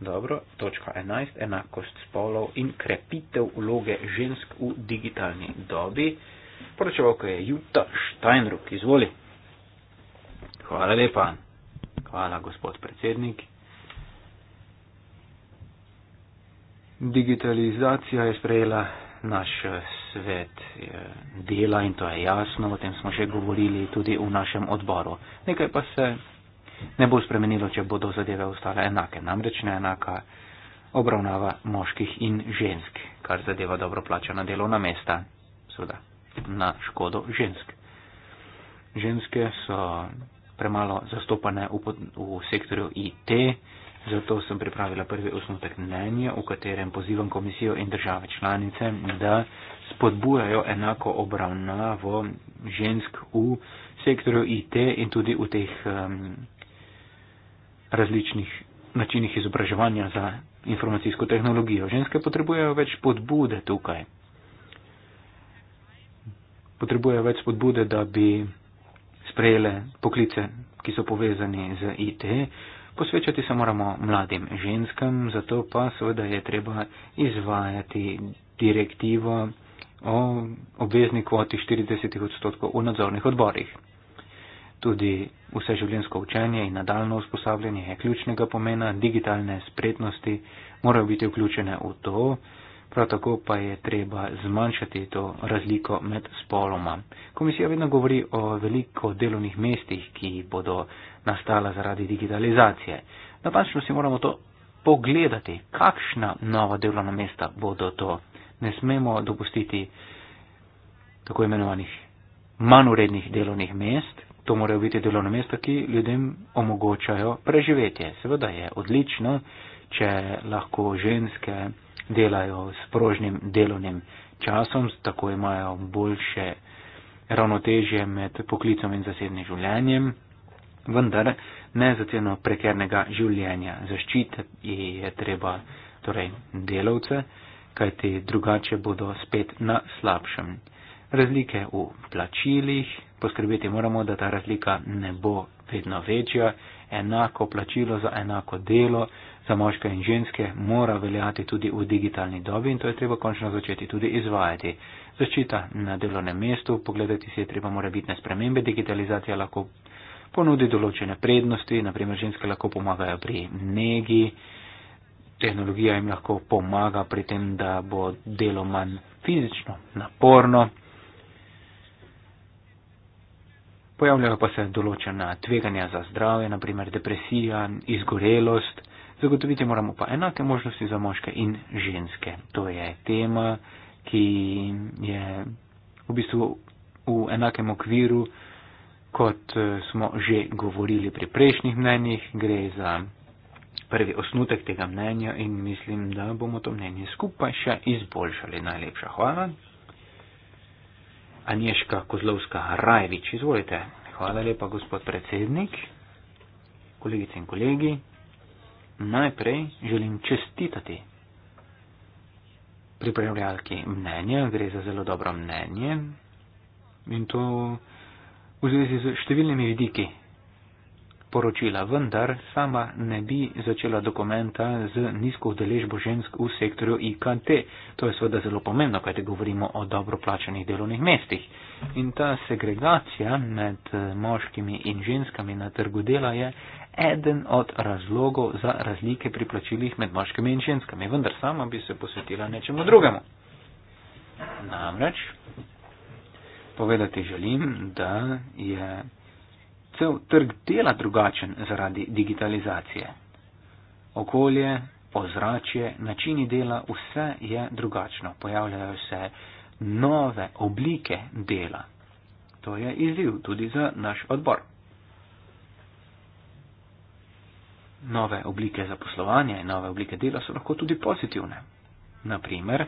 Dobro, točka 11. Enakost spolov in krepitev vloge žensk v digitalni dobi. Poročevalka je Juta Steinruck. Izvoli. Hvala lepa. Hvala, gospod predsednik. Digitalizacija je sprejela naš eh, svet eh, dela in to je jasno, o tem smo že govorili tudi v našem odboru. Nekaj pa se ne bo spremenilo, če bodo zadeve ostale enake, namreč ne enaka obravnava moških in žensk, kar zadeva dobro plačana delovna mesta, seveda na škodo žensk. Ženske so premalo zastopane v, v sektorju IT, zato sem pripravila prvi osnutek mnenja, v katerem pozivam komisijo in države članice, da spodbujajo enako obravnavo žensk v sektorju IT in tudi v teh um, različnih načinih izobraževanja za informacijsko tehnologijo. Ženske potrebujejo več spodbude tukaj. Potrebujejo več spodbude, da bi sprejele poklice, ki so povezani z IT, posvečati se moramo mladim ženskam, zato pa seveda je treba izvajati direktivo o obvezni kvoti 40 odstotkov v nadzornih odborih. Tudi vse življensko učenje in nadaljno usposabljanje je ključnega pomena, digitalne spretnosti morajo biti vključene v to, Prav tako pa je treba zmanjšati to razliko med spoloma. Komisija vedno govori o veliko delovnih mestih, ki bodo nastala zaradi digitalizacije. Natančno si moramo to pogledati, kakšna nova delovna mesta bodo to. Ne smemo dopustiti tako imenovanih manurednih delovnih mest. To morajo biti delovne mesta, ki ljudem omogočajo preživetje. Seveda je odlično, če lahko ženske delajo s prožnim delovnim časom, tako imajo boljše ravnotežje med poklicom in zasebnim življenjem, vendar ne za ceno prekernega življenja. Zaščititi je treba torej delavce, kajti drugače bodo spet na slabšem. Razlike v plačilih, poskrbeti moramo, da ta razlika ne bo vedno večja, enako plačilo za enako delo, za moške in ženske mora veljati tudi v digitalni dobi in to je treba končno začeti tudi izvajati. Zaščita na delovnem mestu, pogledati si je treba mora biti na spremembe, digitalizacija lahko ponudi določene prednosti, naprimer ženske lahko pomagajo pri negi, tehnologija jim lahko pomaga pri tem, da bo delo manj fizično naporno. Pojavljajo pa se določena tveganja za zdravje, naprimer depresija, izgorelost, Zagotoviti moramo pa enake možnosti za moške in ženske. To je tema, ki je v bistvu v enakem okviru, kot eh, smo že govorili pri prejšnjih mnenjih. Gre za prvi osnutek tega mnenja in mislim, da bomo to mnenje skupaj še izboljšali. Najlepša hvala. Anješka Kozlovska Rajevič, izvolite. Hvala lepa, gospod predsednik. Kolegice in kolegi najprej želim čestitati pripravljalki mnenja, gre za zelo dobro mnenje in to v zvezi z številnimi vidiki poročila, vendar sama ne bi začela dokumenta z nizko udeležbo žensk v sektorju IKT. To je seveda zelo pomembno, kajte govorimo o dobro plačanih delovnih mestih. In ta segregacija med moškimi in ženskami na trgu dela je eden od razlogov za razlike pri plačilih med moškimi in ženskami. Vendar sama bi se posvetila nečemu drugemu. Namreč, povedati želim, da je cel trg dela drugačen zaradi digitalizacije. Okolje, ozračje, načini dela, vse je drugačno. Pojavljajo se nove oblike dela. To je izziv tudi za naš odbor. nove oblike zaposlovanja in nove oblike dela so lahko tudi pozitivne. Naprimer,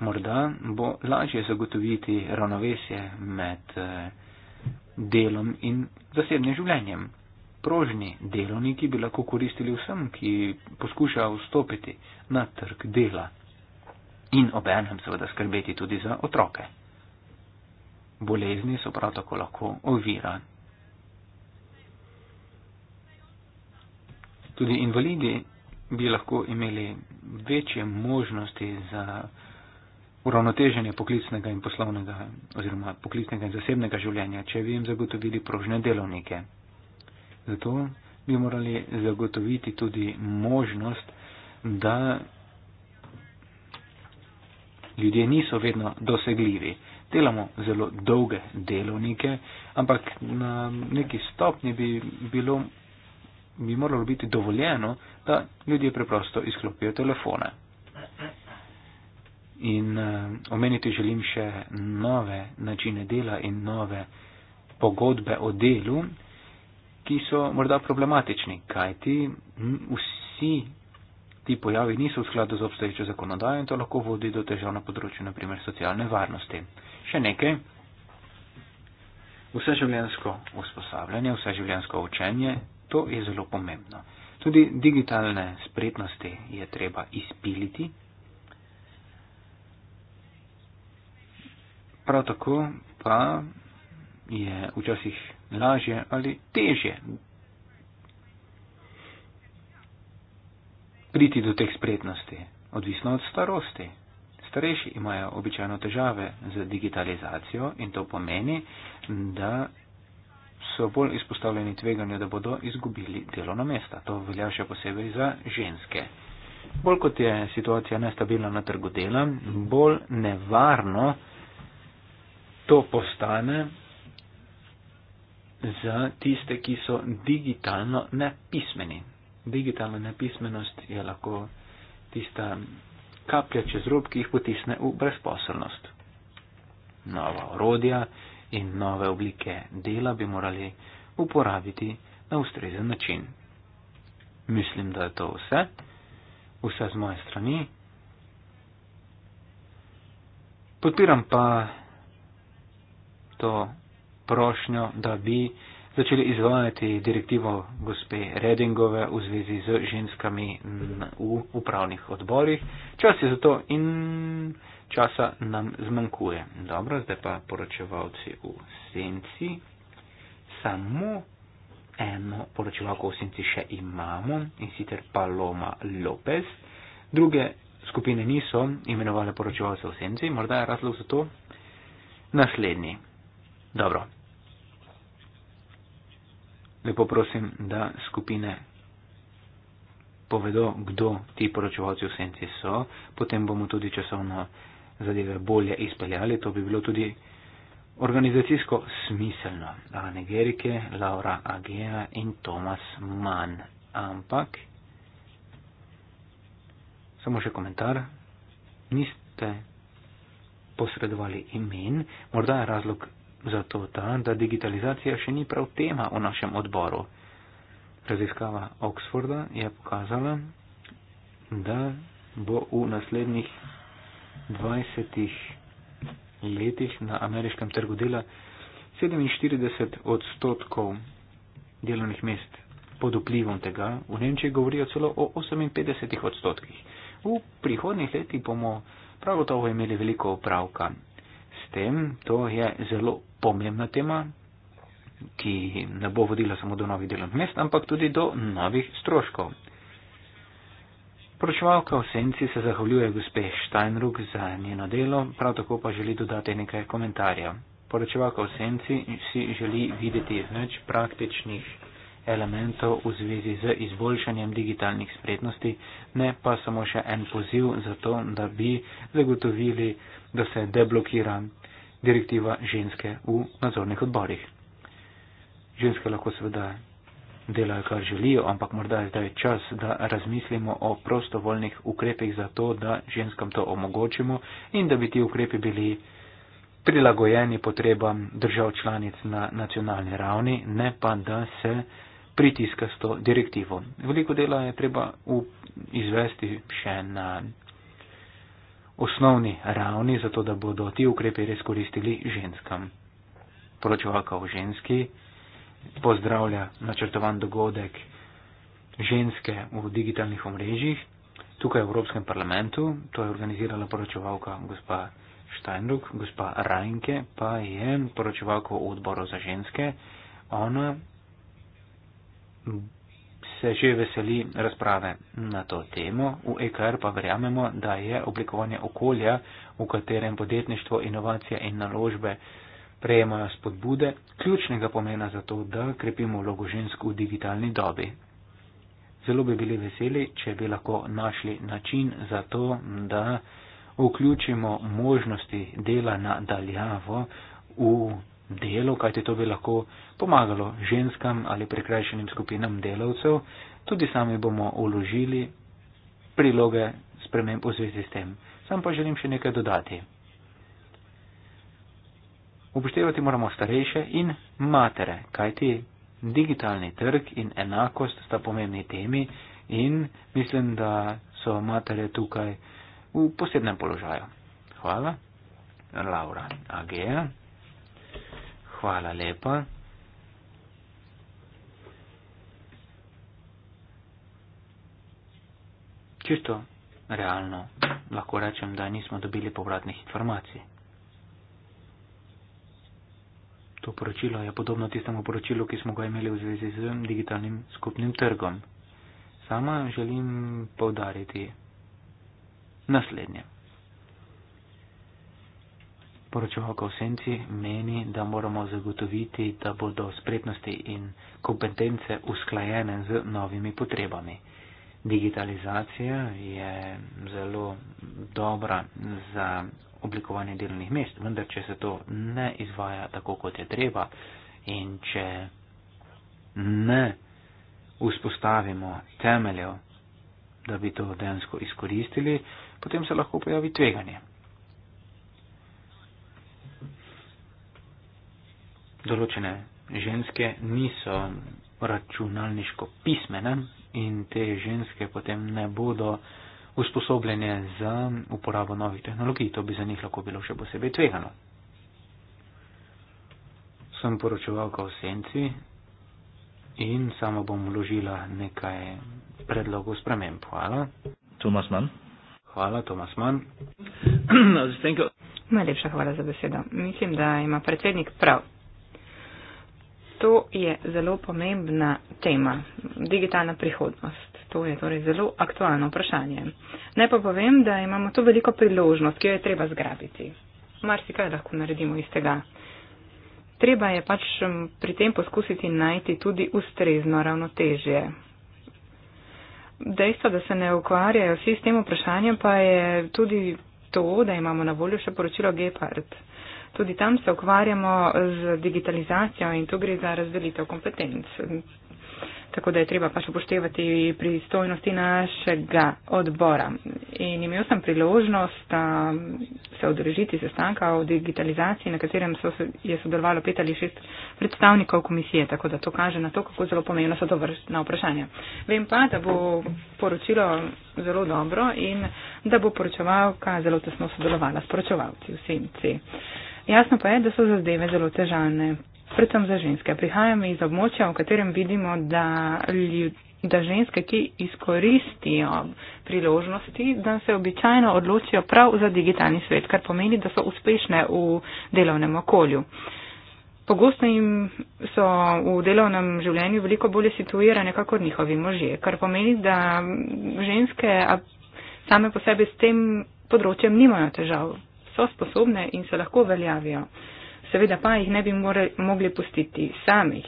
morda bo lažje zagotoviti ravnovesje med eh, delom in zasebnim življenjem. Prožni delovniki bi lahko koristili vsem, ki poskušajo vstopiti na trg dela in obenem seveda skrbeti tudi za otroke. Bolezni so prav tako lahko ovira Tudi invalidi bi lahko imeli večje možnosti za uravnoteženje poklicnega in poslovnega oziroma poklicnega in zasebnega življenja, če bi jim zagotovili prožne delovnike. Zato bi morali zagotoviti tudi možnost, da ljudje niso vedno dosegljivi. Delamo zelo dolge delovnike, ampak na neki stopni bi bilo bi moralo biti dovoljeno, da ljudje preprosto izklopijo telefone. In uh, omeniti želim še nove načine dela in nove pogodbe o delu, ki so morda problematični, kajti vsi ti pojavi niso v skladu z obstoječo zakonodajo in to lahko vodi do težav na področju, naprimer, socialne varnosti. Še nekaj. Vse življensko usposabljanje, vse življensko učenje to je zelo pomembno. Tudi digitalne spretnosti je treba izpiliti. Prav tako pa je včasih lažje ali težje priti do teh spretnosti, odvisno od starosti. Starejši imajo običajno težave z digitalizacijo in to pomeni, da so bolj izpostavljeni tveganju, da bodo izgubili delovna mesta. To velja še posebej za ženske. Bolj kot je situacija nestabilna na trgu dela, bolj nevarno to postane za tiste, ki so digitalno nepismeni. Digitalna nepismenost je lahko tista kaplja čez rob, ki jih potisne v brezposobnost. Nova orodja, in nove oblike dela bi morali uporabiti na ustrezen način. Mislim, da je to vse. Vse z moje strani. Podpiram pa to prošnjo, da bi začeli izvajati direktivo gospe Redingove v zvezi z ženskami v upravnih odborih. Čas je za to in časa nam zmanjkuje. Dobro, zdaj pa poročevalci v senci. Samo eno poročevalko v senci še imamo in sicer Paloma Lopez. Druge skupine niso imenovali poročevalce v senci, morda je razlog za to naslednji. Dobro. Lepo prosim, da skupine povedo, kdo ti poročevalci v senci so, potem bomo tudi časovno zadeve bolje izpeljali, to bi bilo tudi organizacijsko smiselno. Ane Gerike, Laura Agea in Tomas Mann. Ampak, samo še komentar, niste posredovali imen, morda je razlog za to ta, da digitalizacija še ni prav tema v našem odboru. Raziskava Oxforda je pokazala, da bo v naslednjih 20 letih na ameriškem trgu dela 47 odstotkov delovnih mest pod vplivom tega. V Nemčiji govorijo celo o 58 odstotkih. V prihodnih letih bomo prav gotovo imeli veliko opravka s tem. To je zelo pomembna tema, ki ne bo vodila samo do novih delovnih mest, ampak tudi do novih stroškov. Poročevalka v senci se zahvaljuje gospe Steinruck za njeno delo, prav tako pa želi dodati nekaj komentarjev. Poročevalka v senci si želi videti več praktičnih elementov v zvezi z izboljšanjem digitalnih spretnosti, ne pa samo še en poziv za to, da bi zagotovili, da se deblokira direktiva ženske v nadzornih odborih. Ženske lahko seveda delajo, kar želijo, ampak morda je zdaj čas, da razmislimo o prostovoljnih ukrepih za to, da ženskam to omogočimo in da bi ti ukrepi bili prilagojeni potrebam držav članic na nacionalni ravni, ne pa da se pritiska s to direktivo. Veliko dela je treba izvesti še na osnovni ravni, zato da bodo ti ukrepi res koristili ženskam. Poročevalka o ženski pozdravlja načrtovan dogodek ženske v digitalnih omrežjih tukaj v Evropskem parlamentu. To je organizirala poročevalka gospa Steinruck, gospa Rajnke pa je poročevalka v odboru za ženske. Ona se že veseli razprave na to temo. V EKR pa verjamemo, da je oblikovanje okolja, v katerem podjetništvo, inovacija in naložbe prejemajo spodbude, ključnega pomena za to, da krepimo vlogo žensk v digitalni dobi. Zelo bi bili veseli, če bi lahko našli način za to, da vključimo možnosti dela na daljavo v delo, kajti to bi lahko pomagalo ženskam ali prekrajšenim skupinam delavcev. Tudi sami bomo uložili priloge sprememb v zvezi s tem. Sam pa želim še nekaj dodati. Upoštevati moramo starejše in matere, kajti digitalni trg in enakost sta pomembni temi in mislim, da so matere tukaj v posebnem položaju. Hvala. Laura Agea. Hvala lepa. Čisto realno lahko rečem, da nismo dobili povratnih informacij. To poročilo je podobno tistemu poročilu, ki smo ga imeli v zvezi z digitalnim skupnim trgom. Sama želim povdariti naslednje. Poročevalka v senci meni, da moramo zagotoviti, da bodo spretnosti in kompetence usklajene z novimi potrebami. Digitalizacija je zelo dobra za oblikovanje delovnih mest, vendar če se to ne izvaja tako, kot je treba in če ne vzpostavimo temeljev, da bi to dejansko izkoristili, potem se lahko pojavi tveganje. Določene ženske niso računalniško pismene in te ženske potem ne bodo usposobljene za uporabo novih tehnologij. To bi za njih lahko bilo še posebej tvegano. Sem poročevalka v senci in sama bom vložila nekaj predlogov sprememb. Hvala. Tomas Mann. Hvala, Tomas Mann. Najlepša hvala za besedo. Mislim, da ima predsednik prav. To je zelo pomembna tema, digitalna prihodnost. To je torej zelo aktualno vprašanje. Naj pa povem, da imamo tu veliko priložnost, ki jo je treba zgrabiti. Marsikaj lahko naredimo iz tega. Treba je pač pri tem poskusiti najti tudi ustrezno ravnotežje. Dejstvo, da se ne ukvarjajo vsi s tem vprašanjem, pa je tudi to, da imamo na voljo še poročilo Gepard. Tudi tam se ukvarjamo z digitalizacijo in tu gre za razdelitev kompetenc tako da je treba pač upoštevati pristojnosti našega odbora. In imel sem priložnost um, se odrežiti sestanka o digitalizaciji, na katerem so, je sodelovalo pet ali šest predstavnikov komisije, tako da to kaže na to, kako zelo pomembno so to vrstna vprašanja. Vem pa, da bo poročilo zelo dobro in da bo poročevalka zelo tesno sodelovala s poročevalci v SMC. Jasno pa je, da so zadeve zelo težane predvsem za ženske. Prihajam iz območja, v katerem vidimo, da, ljud, da ženske, ki izkoristijo priložnosti, da se običajno odločijo prav za digitalni svet, kar pomeni, da so uspešne v delovnem okolju. Pogosto jim so v delovnem življenju veliko bolje situirane, kakor njihovi možje, kar pomeni, da ženske same po sebi s tem področjem nimajo težav, so sposobne in se lahko veljavijo. Seveda pa jih ne bi more, mogli pustiti samih.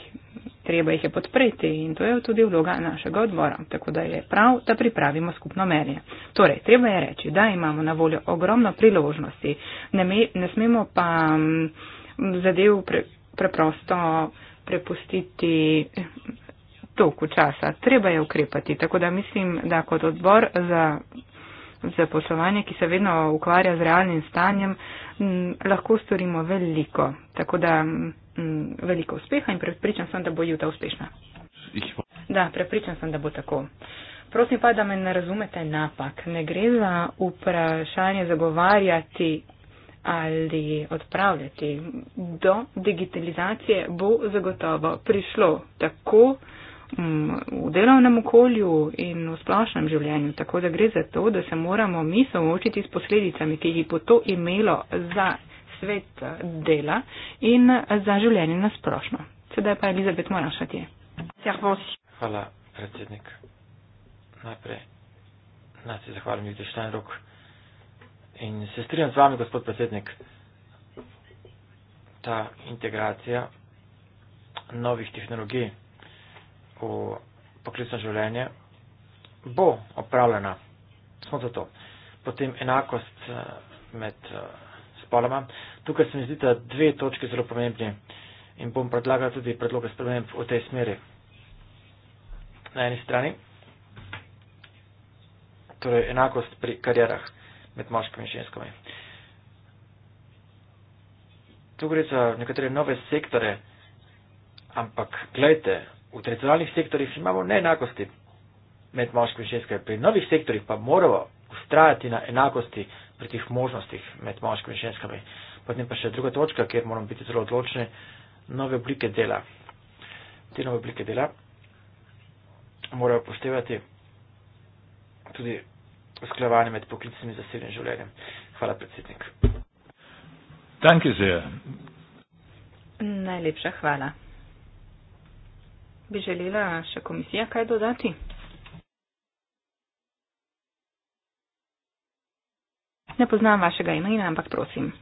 Treba jih je podpreti in to je tudi vloga našega odbora. Tako da je prav, da pripravimo skupno merje. Torej, treba je reči, da imamo na voljo ogromno priložnosti. Ne, me, ne smemo pa mm, zadev pre, preprosto prepustiti toku časa. Treba je ukrepati. Tako da mislim, da kot odbor za zaposlovanje, ki se vedno ukvarja z realnim stanjem, lahko storimo veliko. Tako da veliko uspeha in prepričan sem, da bo Juta uspešna. Da, prepričan sem, da bo tako. Prosim pa, da me ne razumete napak. Ne gre za vprašanje zagovarjati ali odpravljati. Do digitalizacije bo zagotovo prišlo tako, Mm, v delovnem okolju in v splošnem življenju. Tako da gre za to, da se moramo mi soočiti s posledicami, ki jih bo to imelo za svet dela in za življenje na splošno. Sedaj pa Elizabet Morašatje. Hvala, predsednik. Najprej naj se zahvalim, Jutri Štajnrok. In se strinjam z vami, gospod predsednik, ta integracija novih tehnologij v poklicno življenje, bo opravljena. Smo za to. Potem enakost eh, med eh, spoloma. Tukaj se mi zdi, da dve točke zelo pomembni in bom predlagal tudi predloge sprememb v tej smeri. Na eni strani, torej enakost pri karjerah med moškimi in ženskami. Tu gre za nekatere nove sektore, ampak gledajte, u tradicionalnih sektorih imamo nejednakosti med moškom i ženskom. Pri novih sektorih pa moramo ustrajati na enakosti pri tih možnostih med moškom i ženskom. Potem pa še druga točka, kjer moramo biti zelo odločni, nove oblike dela. Te nove oblike dela morajo poštevati tudi usklajevanje med poklicnim in zasebnim življenjem. Hvala, predsednik. Danke sehr. Najlepša hvala. Bi želela še komisija kaj dodati? Ne poznam vašega imena, ampak prosim.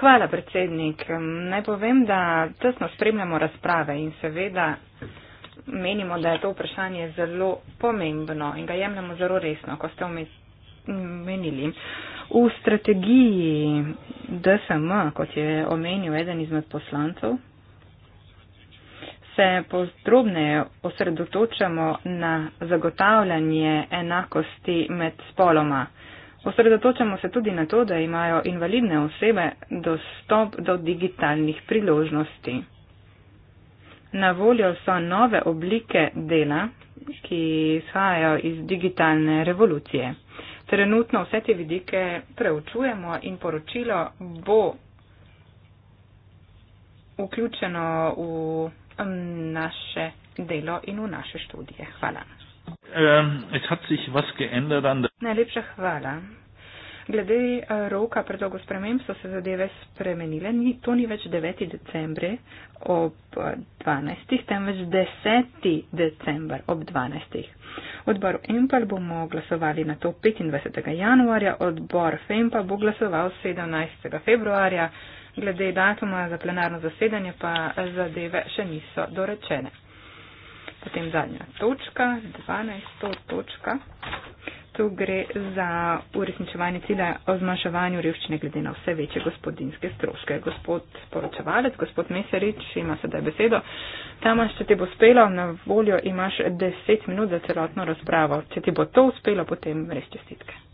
Hvala, predsednik. Naj povem, da tesno spremljamo razprave in seveda menimo, da je to vprašanje zelo pomembno in ga jemljamo zelo resno, ko ste omenili. V strategiji DSM, kot je omenil eden izmed poslancov, se podrobneje osredotočamo na zagotavljanje enakosti med spoloma. Osredotočamo se tudi na to, da imajo invalidne osebe dostop do digitalnih priložnosti. Na voljo so nove oblike dela, ki izhajajo iz digitalne revolucije. Trenutno vse te vidike preučujemo in poročilo bo vključeno v Um, naše delo in v naše študije. Hvala. Ähm, Najlepša hvala. Glede eh, roka predlogu sprememb so se zadeve spremenile. Ni, to ni več 9. december ob 12. Eh, temveč 10. december ob 12. Odbor EMPAL bomo glasovali na to 25. januarja, odbor FEMPA bo glasoval 17. februarja Glede datuma za plenarno zasedanje pa zadeve še niso dorečene. Potem zadnja točka, 12. točka. Tu gre za uresničevanje cilja o zmanjševanju revščine glede na vse večje gospodinske stroške. Gospod poročevalec, gospod Meserič, ima sedaj besedo. Tamaš, če ti bo spelo, na voljo imaš 10 minut za celotno razpravo. Če ti bo to uspelo, potem res čestitke.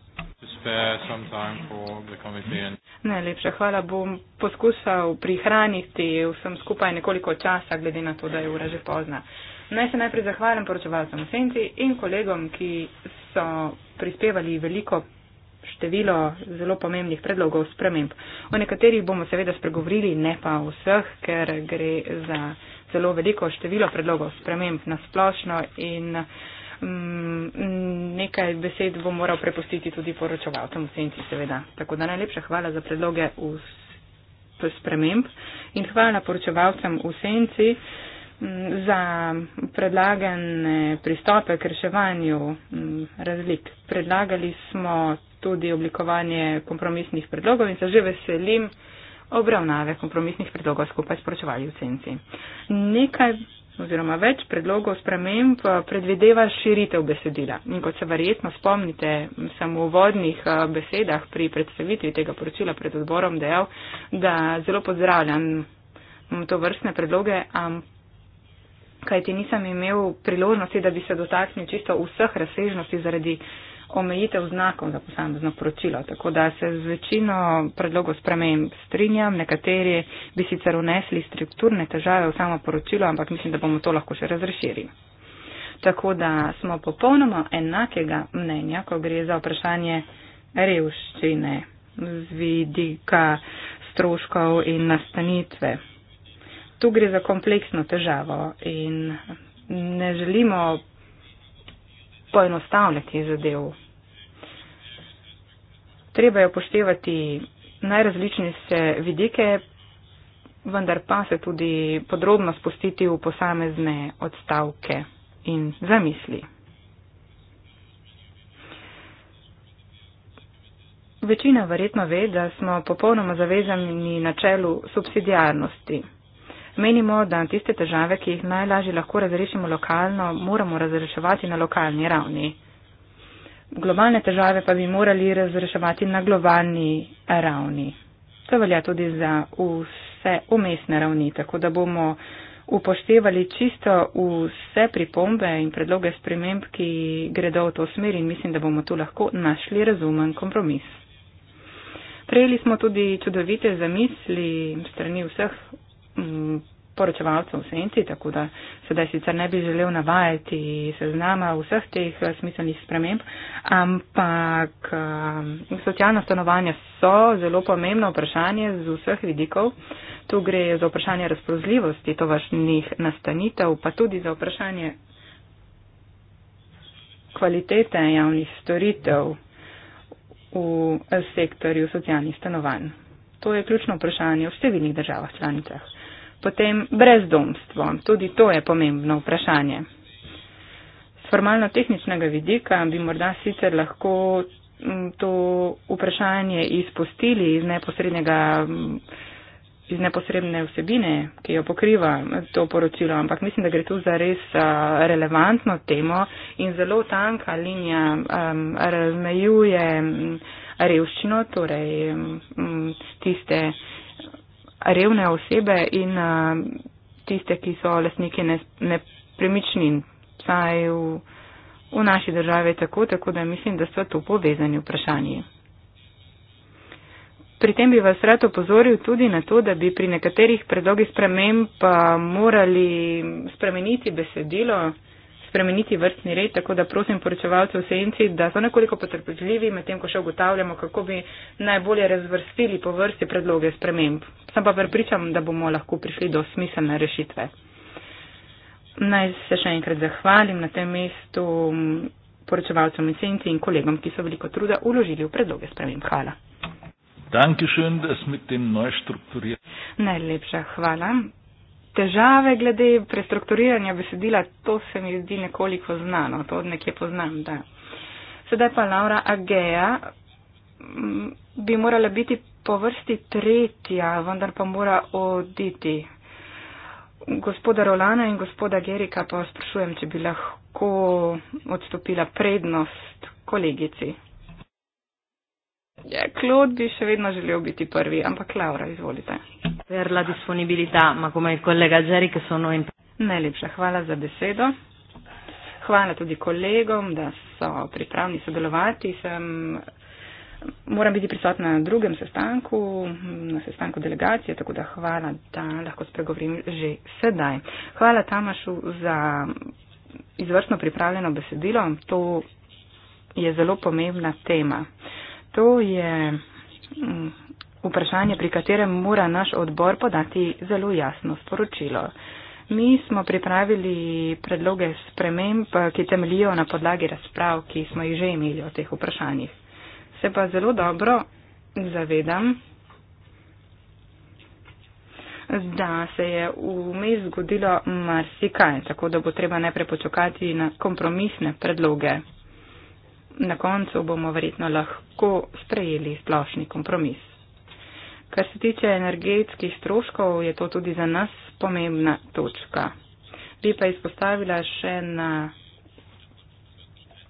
Najlepša hvala. Bom poskušal prihraniti vsem skupaj nekoliko časa, glede na to, da je ura že pozna. Naj se najprej zahvalim poročevalcem v senci in kolegom, ki so prispevali veliko število zelo pomembnih predlogov sprememb. O nekaterih bomo seveda spregovorili, ne pa o vseh, ker gre za zelo veliko število predlogov sprememb na splošno in Mm, nekaj besed bo moral prepustiti tudi poročevalcem v senci, seveda. Tako da najlepša hvala za predloge v sprememb in hvala poročevalcem v senci mm, za predlagane pristope k reševanju mm, razlik. Predlagali smo tudi oblikovanje kompromisnih predlogov in se že veselim obravnave kompromisnih predlogov skupaj s poročevalji v senci. Nekaj oziroma več predlogov sprememb eh, predvideva širitev besedila. In kot se verjetno spomnite, sem v uvodnih eh, besedah pri predstavitvi tega poročila pred odborom dejal, da zelo pozdravljam mm, to vrstne predloge, kajti nisem imel priložnosti, da bi se dotaknil čisto vseh razsežnosti zaradi omejitev znakov za posamezno poročilo. Tako da se z večino predlogov spremem strinjam, nekateri bi sicer unesli strukturne težave v samo poročilo, ampak mislim, da bomo to lahko še razreširili. Tako da smo popolnoma enakega mnenja, ko gre za vprašanje revščine z vidika stroškov in nastanitve. Tu gre za kompleksno težavo in ne želimo poenostavljati zadev treba je upoštevati najrazličnejše vidike, vendar pa se tudi podrobno spustiti v posamezne odstavke in zamisli. Večina verjetno ve, da smo popolnoma zavezani načelu subsidiarnosti. Menimo, da tiste težave, ki jih najlažje lahko razrešimo lokalno, moramo razreševati na lokalni ravni globalne težave pa bi morali razreševati na globalni ravni. To velja tudi za vse umestne ravni, tako da bomo upoštevali čisto vse pripombe in predloge sprememb, ki gredo v to smer in mislim, da bomo tu lahko našli razumen kompromis. Prejeli smo tudi čudovite zamisli strani vseh mm, poročevalcev v senci, tako da sedaj sicer ne bi želel navajati seznama vseh teh smiselnih sprememb, ampak um, socialna stanovanja so zelo pomembno vprašanje z vseh vidikov. Tu gre za vprašanje razprozljivosti tovršnih nastanitev, pa tudi za vprašanje kvalitete javnih storitev v sektorju socialnih stanovanj. To je ključno vprašanje v številnih državah članicah potem brezdomstvo. Tudi to je pomembno vprašanje. Z formalno-tehničnega vidika bi morda sicer lahko mm, to vprašanje izpustili iz neposrednega mm, iz neposredne vsebine, ki jo pokriva to poročilo, ampak mislim, da gre tu za res relevantno temo in zelo tanka linija um, razmejuje mm, revščino, torej um, tiste revne osebe in eh, tiste, ki so lasniki nepremičnin. Saj v, v naši državi je tako, tako da mislim, da so to povezani vprašanji. Pri tem bi vas rad opozoril tudi na to, da bi pri nekaterih predlogih sprememb eh, morali spremeniti besedilo spremeniti vrstni red, tako da prosim poročevalce v senci, da so nekoliko potrpežljivi, medtem ko še ugotavljamo, kako bi najbolje razvrstili po vrsti predloge sprememb. Sem pa prepričam, da bomo lahko prišli do smiselne rešitve. Naj se še enkrat zahvalim na tem mestu poročevalcem v senci in kolegom, ki so veliko truda uložili v predloge sprememb. Hvala. Danke schön, dass mit dem Neustrukturieren. Nein, liebscher, hvala težave glede prestrukturiranja besedila, to se mi zdi nekoliko znano, to nekje poznam, da. Sedaj pa Laura Ageja bi morala biti po vrsti tretja, vendar pa mora oditi. Gospoda Rolana in gospoda Gerika pa sprašujem, če bi lahko odstopila prednost kolegici. Ja, Klod bi še vedno želel biti prvi, ampak Laura, izvolite. Per la disponibilità, ma come il collega Jerry, che sono in. Najlepša hvala za besedo. Hvala tudi kolegom, da so pripravni sodelovati. Sem, moram biti prisotna na drugem sestanku, na sestanku delegacije, tako da hvala, da lahko spregovorim že sedaj. Hvala Tamašu za izvršno pripravljeno besedilo. To je zelo pomembna tema. Uh, to je mm, vprašanje, pri katerem mora naš odbor podati zelo jasno sporočilo. Mi smo pripravili predloge sprememb, ki temelijo na podlagi razprav, ki smo jih že imeli o teh vprašanjih. Se pa zelo dobro zavedam, da se je vmes zgodilo marsikaj, tako da bo treba najprej počakati na kompromisne predloge na koncu bomo verjetno lahko sprejeli splošni kompromis. Kar se tiče energetskih stroškov, je to tudi za nas pomembna točka. Bi pa izpostavila še na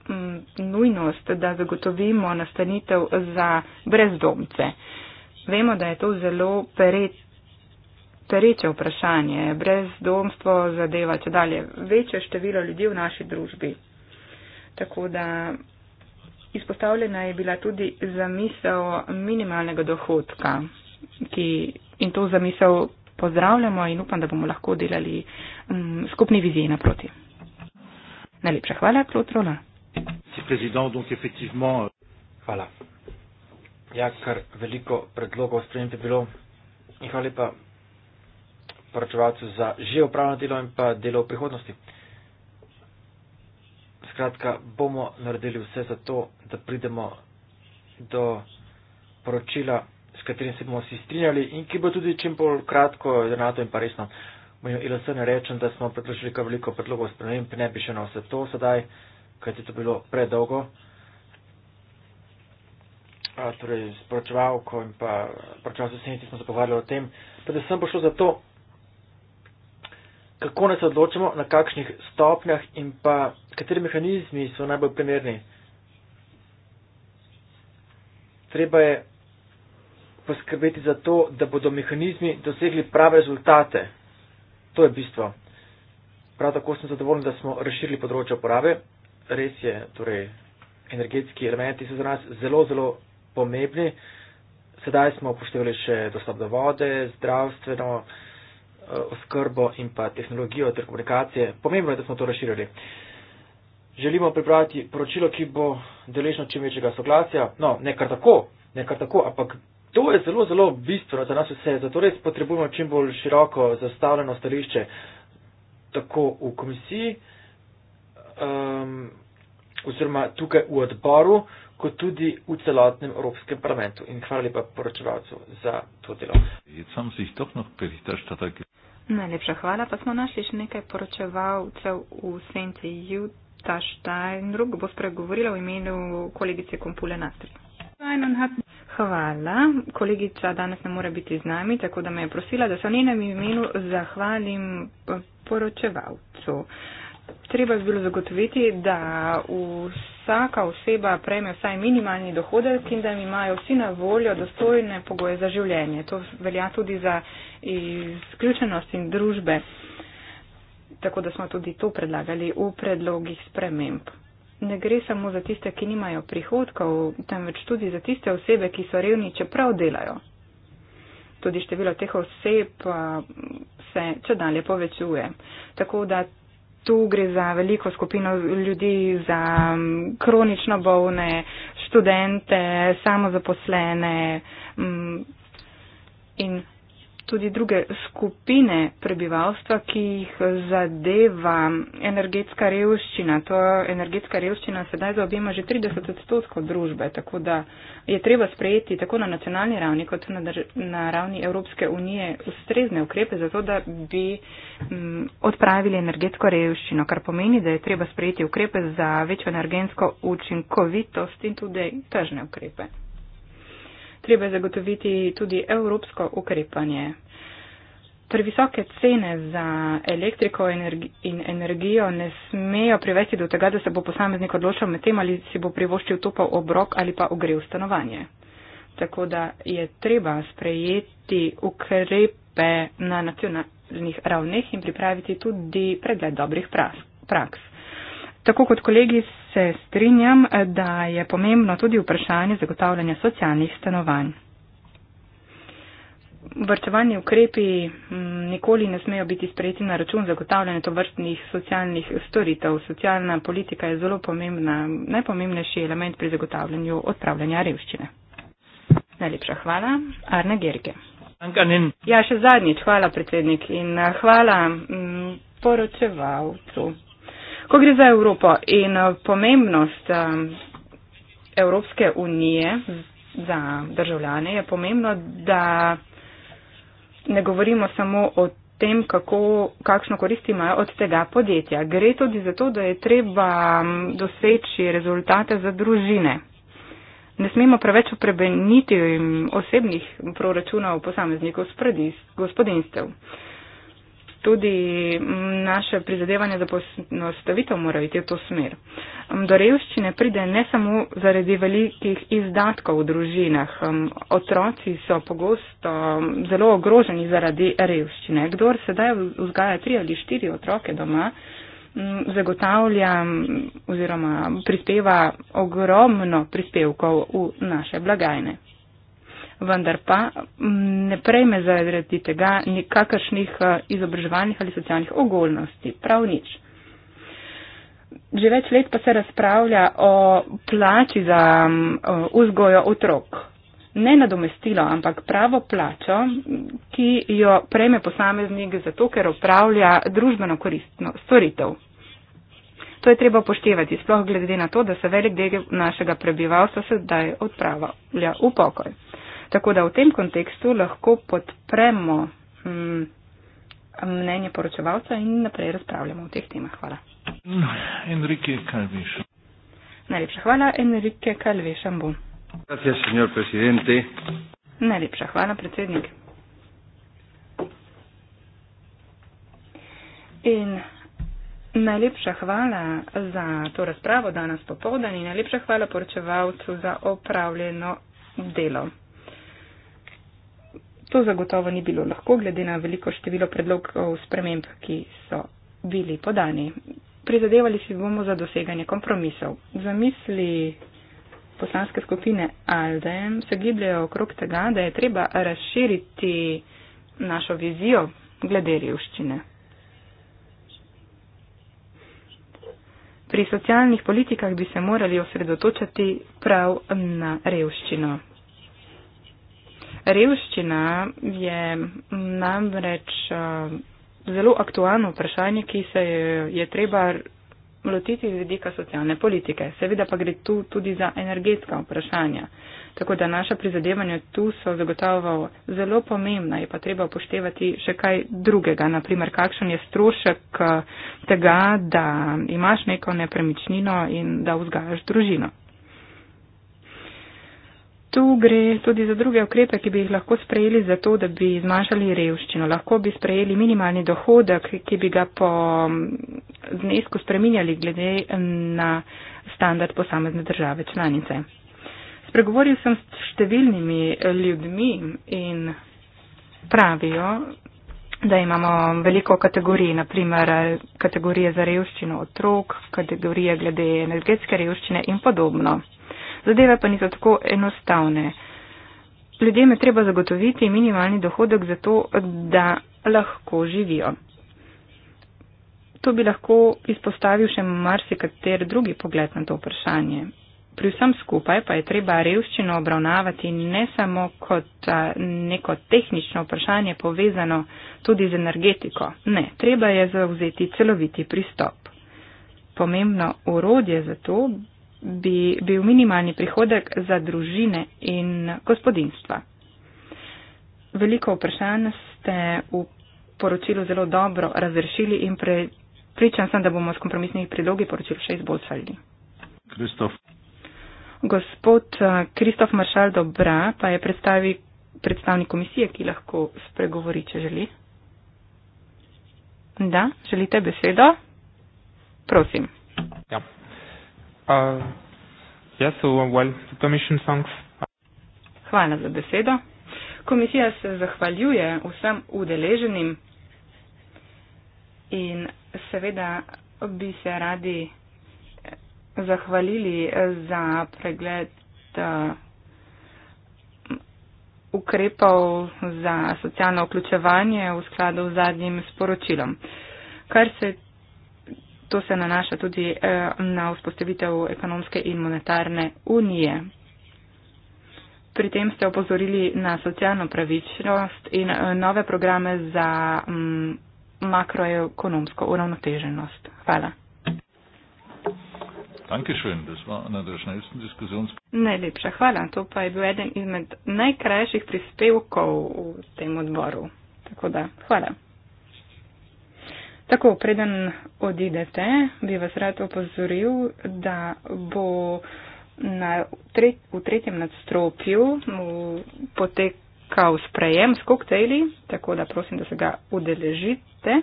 mm, nujnost, da zagotovimo nastanitev za brezdomce. Vemo, da je to zelo pereče vprašanje. Brezdomstvo zadeva če dalje večje število ljudi v naši družbi. Tako da Izpostavljena je bila tudi zamisel minimalnega dohodka ki, in to zamisel pozdravljamo in upam, da bomo lahko delali m, mm, skupni viziji naproti. Najlepša hvala, Klot Rola. Euh, hvala. Ja, kar veliko predlogov spremembe bilo in hvala lepa poročevalcu za že upravljeno delo in pa delo v prihodnosti. Skratka, bomo naredili vse za to, da pridemo do poročila, s katerim se bomo vsi strinjali in ki bo tudi čim bolj kratko, enako in pa resno. Mojo ilose ne rečem, da smo predložili kar veliko predlogov sprememb, ne bi še na vse to sedaj, kajti to bilo predolgo. Torej, sporočevalko in pa sporočevalce senci smo se pogovarjali o tem. Predvsem bo šlo za to, kako ne se odločimo, na kakšnih stopnjah in pa kateri mehanizmi so najbolj primerni. Treba je poskrbeti za to, da bodo mehanizmi dosegli prave rezultate. To je bistvo. Prav tako sem zadovoljen, da smo razširili področje uporabe. Res je, torej, energetski elementi so za nas zelo, zelo pomembni. Sedaj smo upoštevali še dostop do vode, zdravstveno. Eh, oskrbo in pa tehnologijo ter komunikacije. Pomembno je, da smo to razširili. Želimo pripraviti poročilo, ki bo deležno čim večjega soglasja. No, ne kar tako, ne kar tako, ampak to je zelo, zelo bistveno za nas vse. Zato res potrebujemo čim bolj široko zastavljeno stališče tako v komisiji, um, oziroma tukaj v odboru, kot tudi v celotnem Evropskem parlamentu. In hvala lepa poročevalcu za to delo. Jaz sam si jih tokno pripričal, da tako je. Najlepša hvala. Pa smo našli še nekaj poročevalcev v senci Juta Steinrug. Bo spregovorila v imenu kolegice Kompule Nastri. Hvala. Kolegica danes ne more biti z nami, tako da me je prosila, da se v njenem imenu zahvalim poročevalcu. Uh, treba bilo zagotoviti, da vsaka oseba prejme vsaj minimalni dohodek in da jim imajo vsi na voljo dostojne pogoje za življenje. To velja tudi za izključenost in družbe. Tako da smo tudi to predlagali v predlogih sprememb. Ne gre samo za tiste, ki nimajo prihodkov, temveč tudi za tiste osebe, ki so revni, čeprav delajo. Tudi število teh oseb eh, se če dalje povečuje. Tako da tu gre za veliko skupino ljudi, za mm, kronično bolne, študente, samozaposlene. Mm, in tudi druge skupine prebivalstva, ki jih zadeva energetska revščina. To energetska revščina sedaj zaobjema že 30 odstotkov družbe, tako da je treba sprejeti tako na nacionalni ravni kot na, na ravni Evropske unije ustrezne ukrepe za to, da bi m, mm, odpravili energetsko revščino, kar pomeni, da je treba sprejeti ukrepe za večjo energetsko učinkovitost in tudi tržne ukrepe treba zagotoviti tudi evropsko ukrepanje. Previsoke cene za elektriko in energijo ne smejo privesti do tega, da se bo posameznik odločil med tem, ali si bo privoščil topel obrok ali pa ogrel stanovanje. Tako da je treba sprejeti ukrepe na nacionalnih ravneh in pripraviti tudi pregled dobrih praks. Tako kot kolegi se strinjam, da je pomembno tudi vprašanje zagotavljanja socialnih stanovanj. Vrčevanje ukrepi mm, nikoli ne smejo biti sprejeti na račun zagotavljanja tovrstnih socialnih storitev. Socialna politika je zelo pomembna, najpomembnejši element pri zagotavljanju odpravljanja revščine. Najlepša hvala, Arne Gerke. Ja, še zadnjič, hvala predsednik in eh, hvala mm, poročevalcu. Ko gre za Evropo in eh, pomembnost um, Evropske unije za državljane, je pomembno, da ne govorimo samo o tem, kako, kakšno korist imajo od tega podjetja. Gre tudi za to, da je treba mm, doseči rezultate za družine. Ne smemo preveč opremeniti mm, osebnih proračunov posameznikov spredi gospodinstev tudi mm, naše prizadevanje za postavitev mora iti v to smer. Mm, do revščine pride ne samo zaradi velikih izdatkov v družinah. Mm, otroci so pogosto zelo ogroženi zaradi revščine. Kdor sedaj vzgaja tri ali štiri otroke doma, zagotavlja oziroma prispeva ogromno prispevkov v naše blagajne vendar pa mm, ne prejme zaradi tega nikakršnih eh, izobraževalnih ali socialnih ogolnosti, prav nič. Že več let pa se razpravlja o plači za mm, eh, vzgojo otrok. Ne nadomestilo, ampak pravo plačo, ki jo prejme posameznik zato, ker opravlja družbeno koristno storitev. To je treba upoštevati, sploh glede na to, da se velik del našega prebivalstva sedaj odpravlja v pokoj. Tako da v tem kontekstu lahko podpremo hm, mnenje poročevalca in naprej razpravljamo o teh temah. Hvala. Enrique Calveš. Najlepša hvala, Enrique Calveš. Gracias, señor presidente. Najlepša hvala, predsednik. In najlepša hvala za to razpravo danes popovdan in najlepša hvala poročevalcu za opravljeno delo. To zagotovo ni bilo lahko, glede na veliko število predlogov sprememb, ki so bili podani. Prizadevali si bomo za doseganje kompromisov. Zamisli poslanske skupine Aldem se gibljajo okrog tega, da je treba razširiti našo vizijo glede revščine. Pri socialnih politikah bi se morali osredotočati prav na revščino. Revščina je namreč eh, zelo aktualno vprašanje, ki se je treba lotiti z vidika socialne politike. Seveda pa gre tu tudi za energetska vprašanja. Tako da naša prizadevanja tu so zagotovo zelo pomembna, je pa treba upoštevati še kaj drugega. Naprimer, kakšen je strošek eh, tega, da imaš neko nepremičnino in da vzgajaš družino. Tu gre tudi za druge ukrepe, ki bi jih lahko sprejeli za to, da bi zmanjšali revščino. Lahko bi sprejeli minimalni dohodek, ki bi ga po mm, znesku spreminjali glede mm, na standard posamezne države članice. Spregovoril sem s številnimi eh, ljudmi in pravijo, da imamo veliko kategorij, naprimer kategorije za revščino otrok, kategorije glede energetske revščine in podobno. Zadeve pa niso tako enostavne. Ljudem je treba zagotoviti minimalni dohodek za to, da lahko živijo. To bi lahko izpostavil še marsikater drugi pogled na to vprašanje. Pri vsem skupaj pa je treba revščino obravnavati ne samo kot neko tehnično vprašanje povezano tudi z energetiko. Ne, treba je zauzeti celoviti pristop. Pomembno urodje za to bi bil minimalni prihodek za družine in gospodinstva. Veliko vprašanj ste v poročilu zelo dobro razrešili in pre, pričam sem, da bomo s kompromisnimi predlogi poročil še izboljšali. Kristof. Gospod eh, Kristof Maršal Dobra pa je predstavi, predstavnik komisije, ki lahko spregovori, če želi. Da, želite besedo? Prosim. Ja. Uh, yes, so, uh, well, commission thanks. Hvala za besedo. Komisija se zahvaljuje vsem udeleženim in seveda bi se radi zahvalili za pregled uh, ukrepov za socialno vključevanje v skladu z zadnjim sporočilom. Kar se To se nanaša tudi eh, na vzpostavitev ekonomske in monetarne unije. Pri tem ste opozorili na socialno pravičnost in eh, nove programe za mm, makroekonomsko uravnoteženost. Hvala. Najlepša hvala. To pa je bil eden izmed najkrajših prispevkov v tem odboru. Tako da, hvala. Tako, preden odidete, bi vas rad opozoril, da bo na, v tretjem nadstropju potekal sprejem s koktejli, tako da prosim, da se ga udeležite.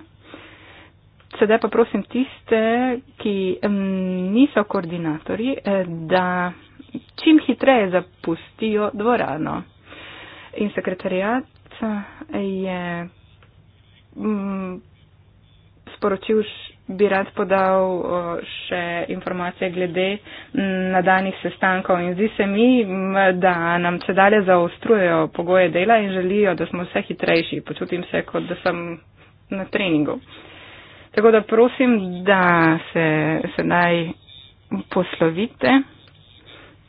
Sedaj pa prosim tiste, ki niso koordinatori, eh, da čim hitreje zapustijo dvorano. In sekretarijat eh, je. Mm, sporočil, bi rad podal še informacije glede nadaljnih sestankov. In zdi se mi, da nam če dalje zaostrujejo pogoje dela in želijo, da smo vse hitrejši. Počutim se, kot da sem na treningu. Tako da prosim, da se sedaj poslovite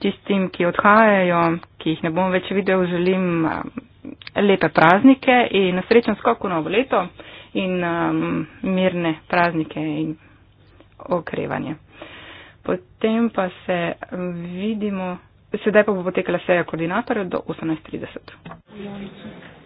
tistim, ki odhajajo, ki jih ne bom več videl, želim lepe praznike in srečen skok v novo leto in um, mirne praznike in okrevanje. Potem pa se vidimo, sedaj pa bo potekala seja koordinatorja do 18.30.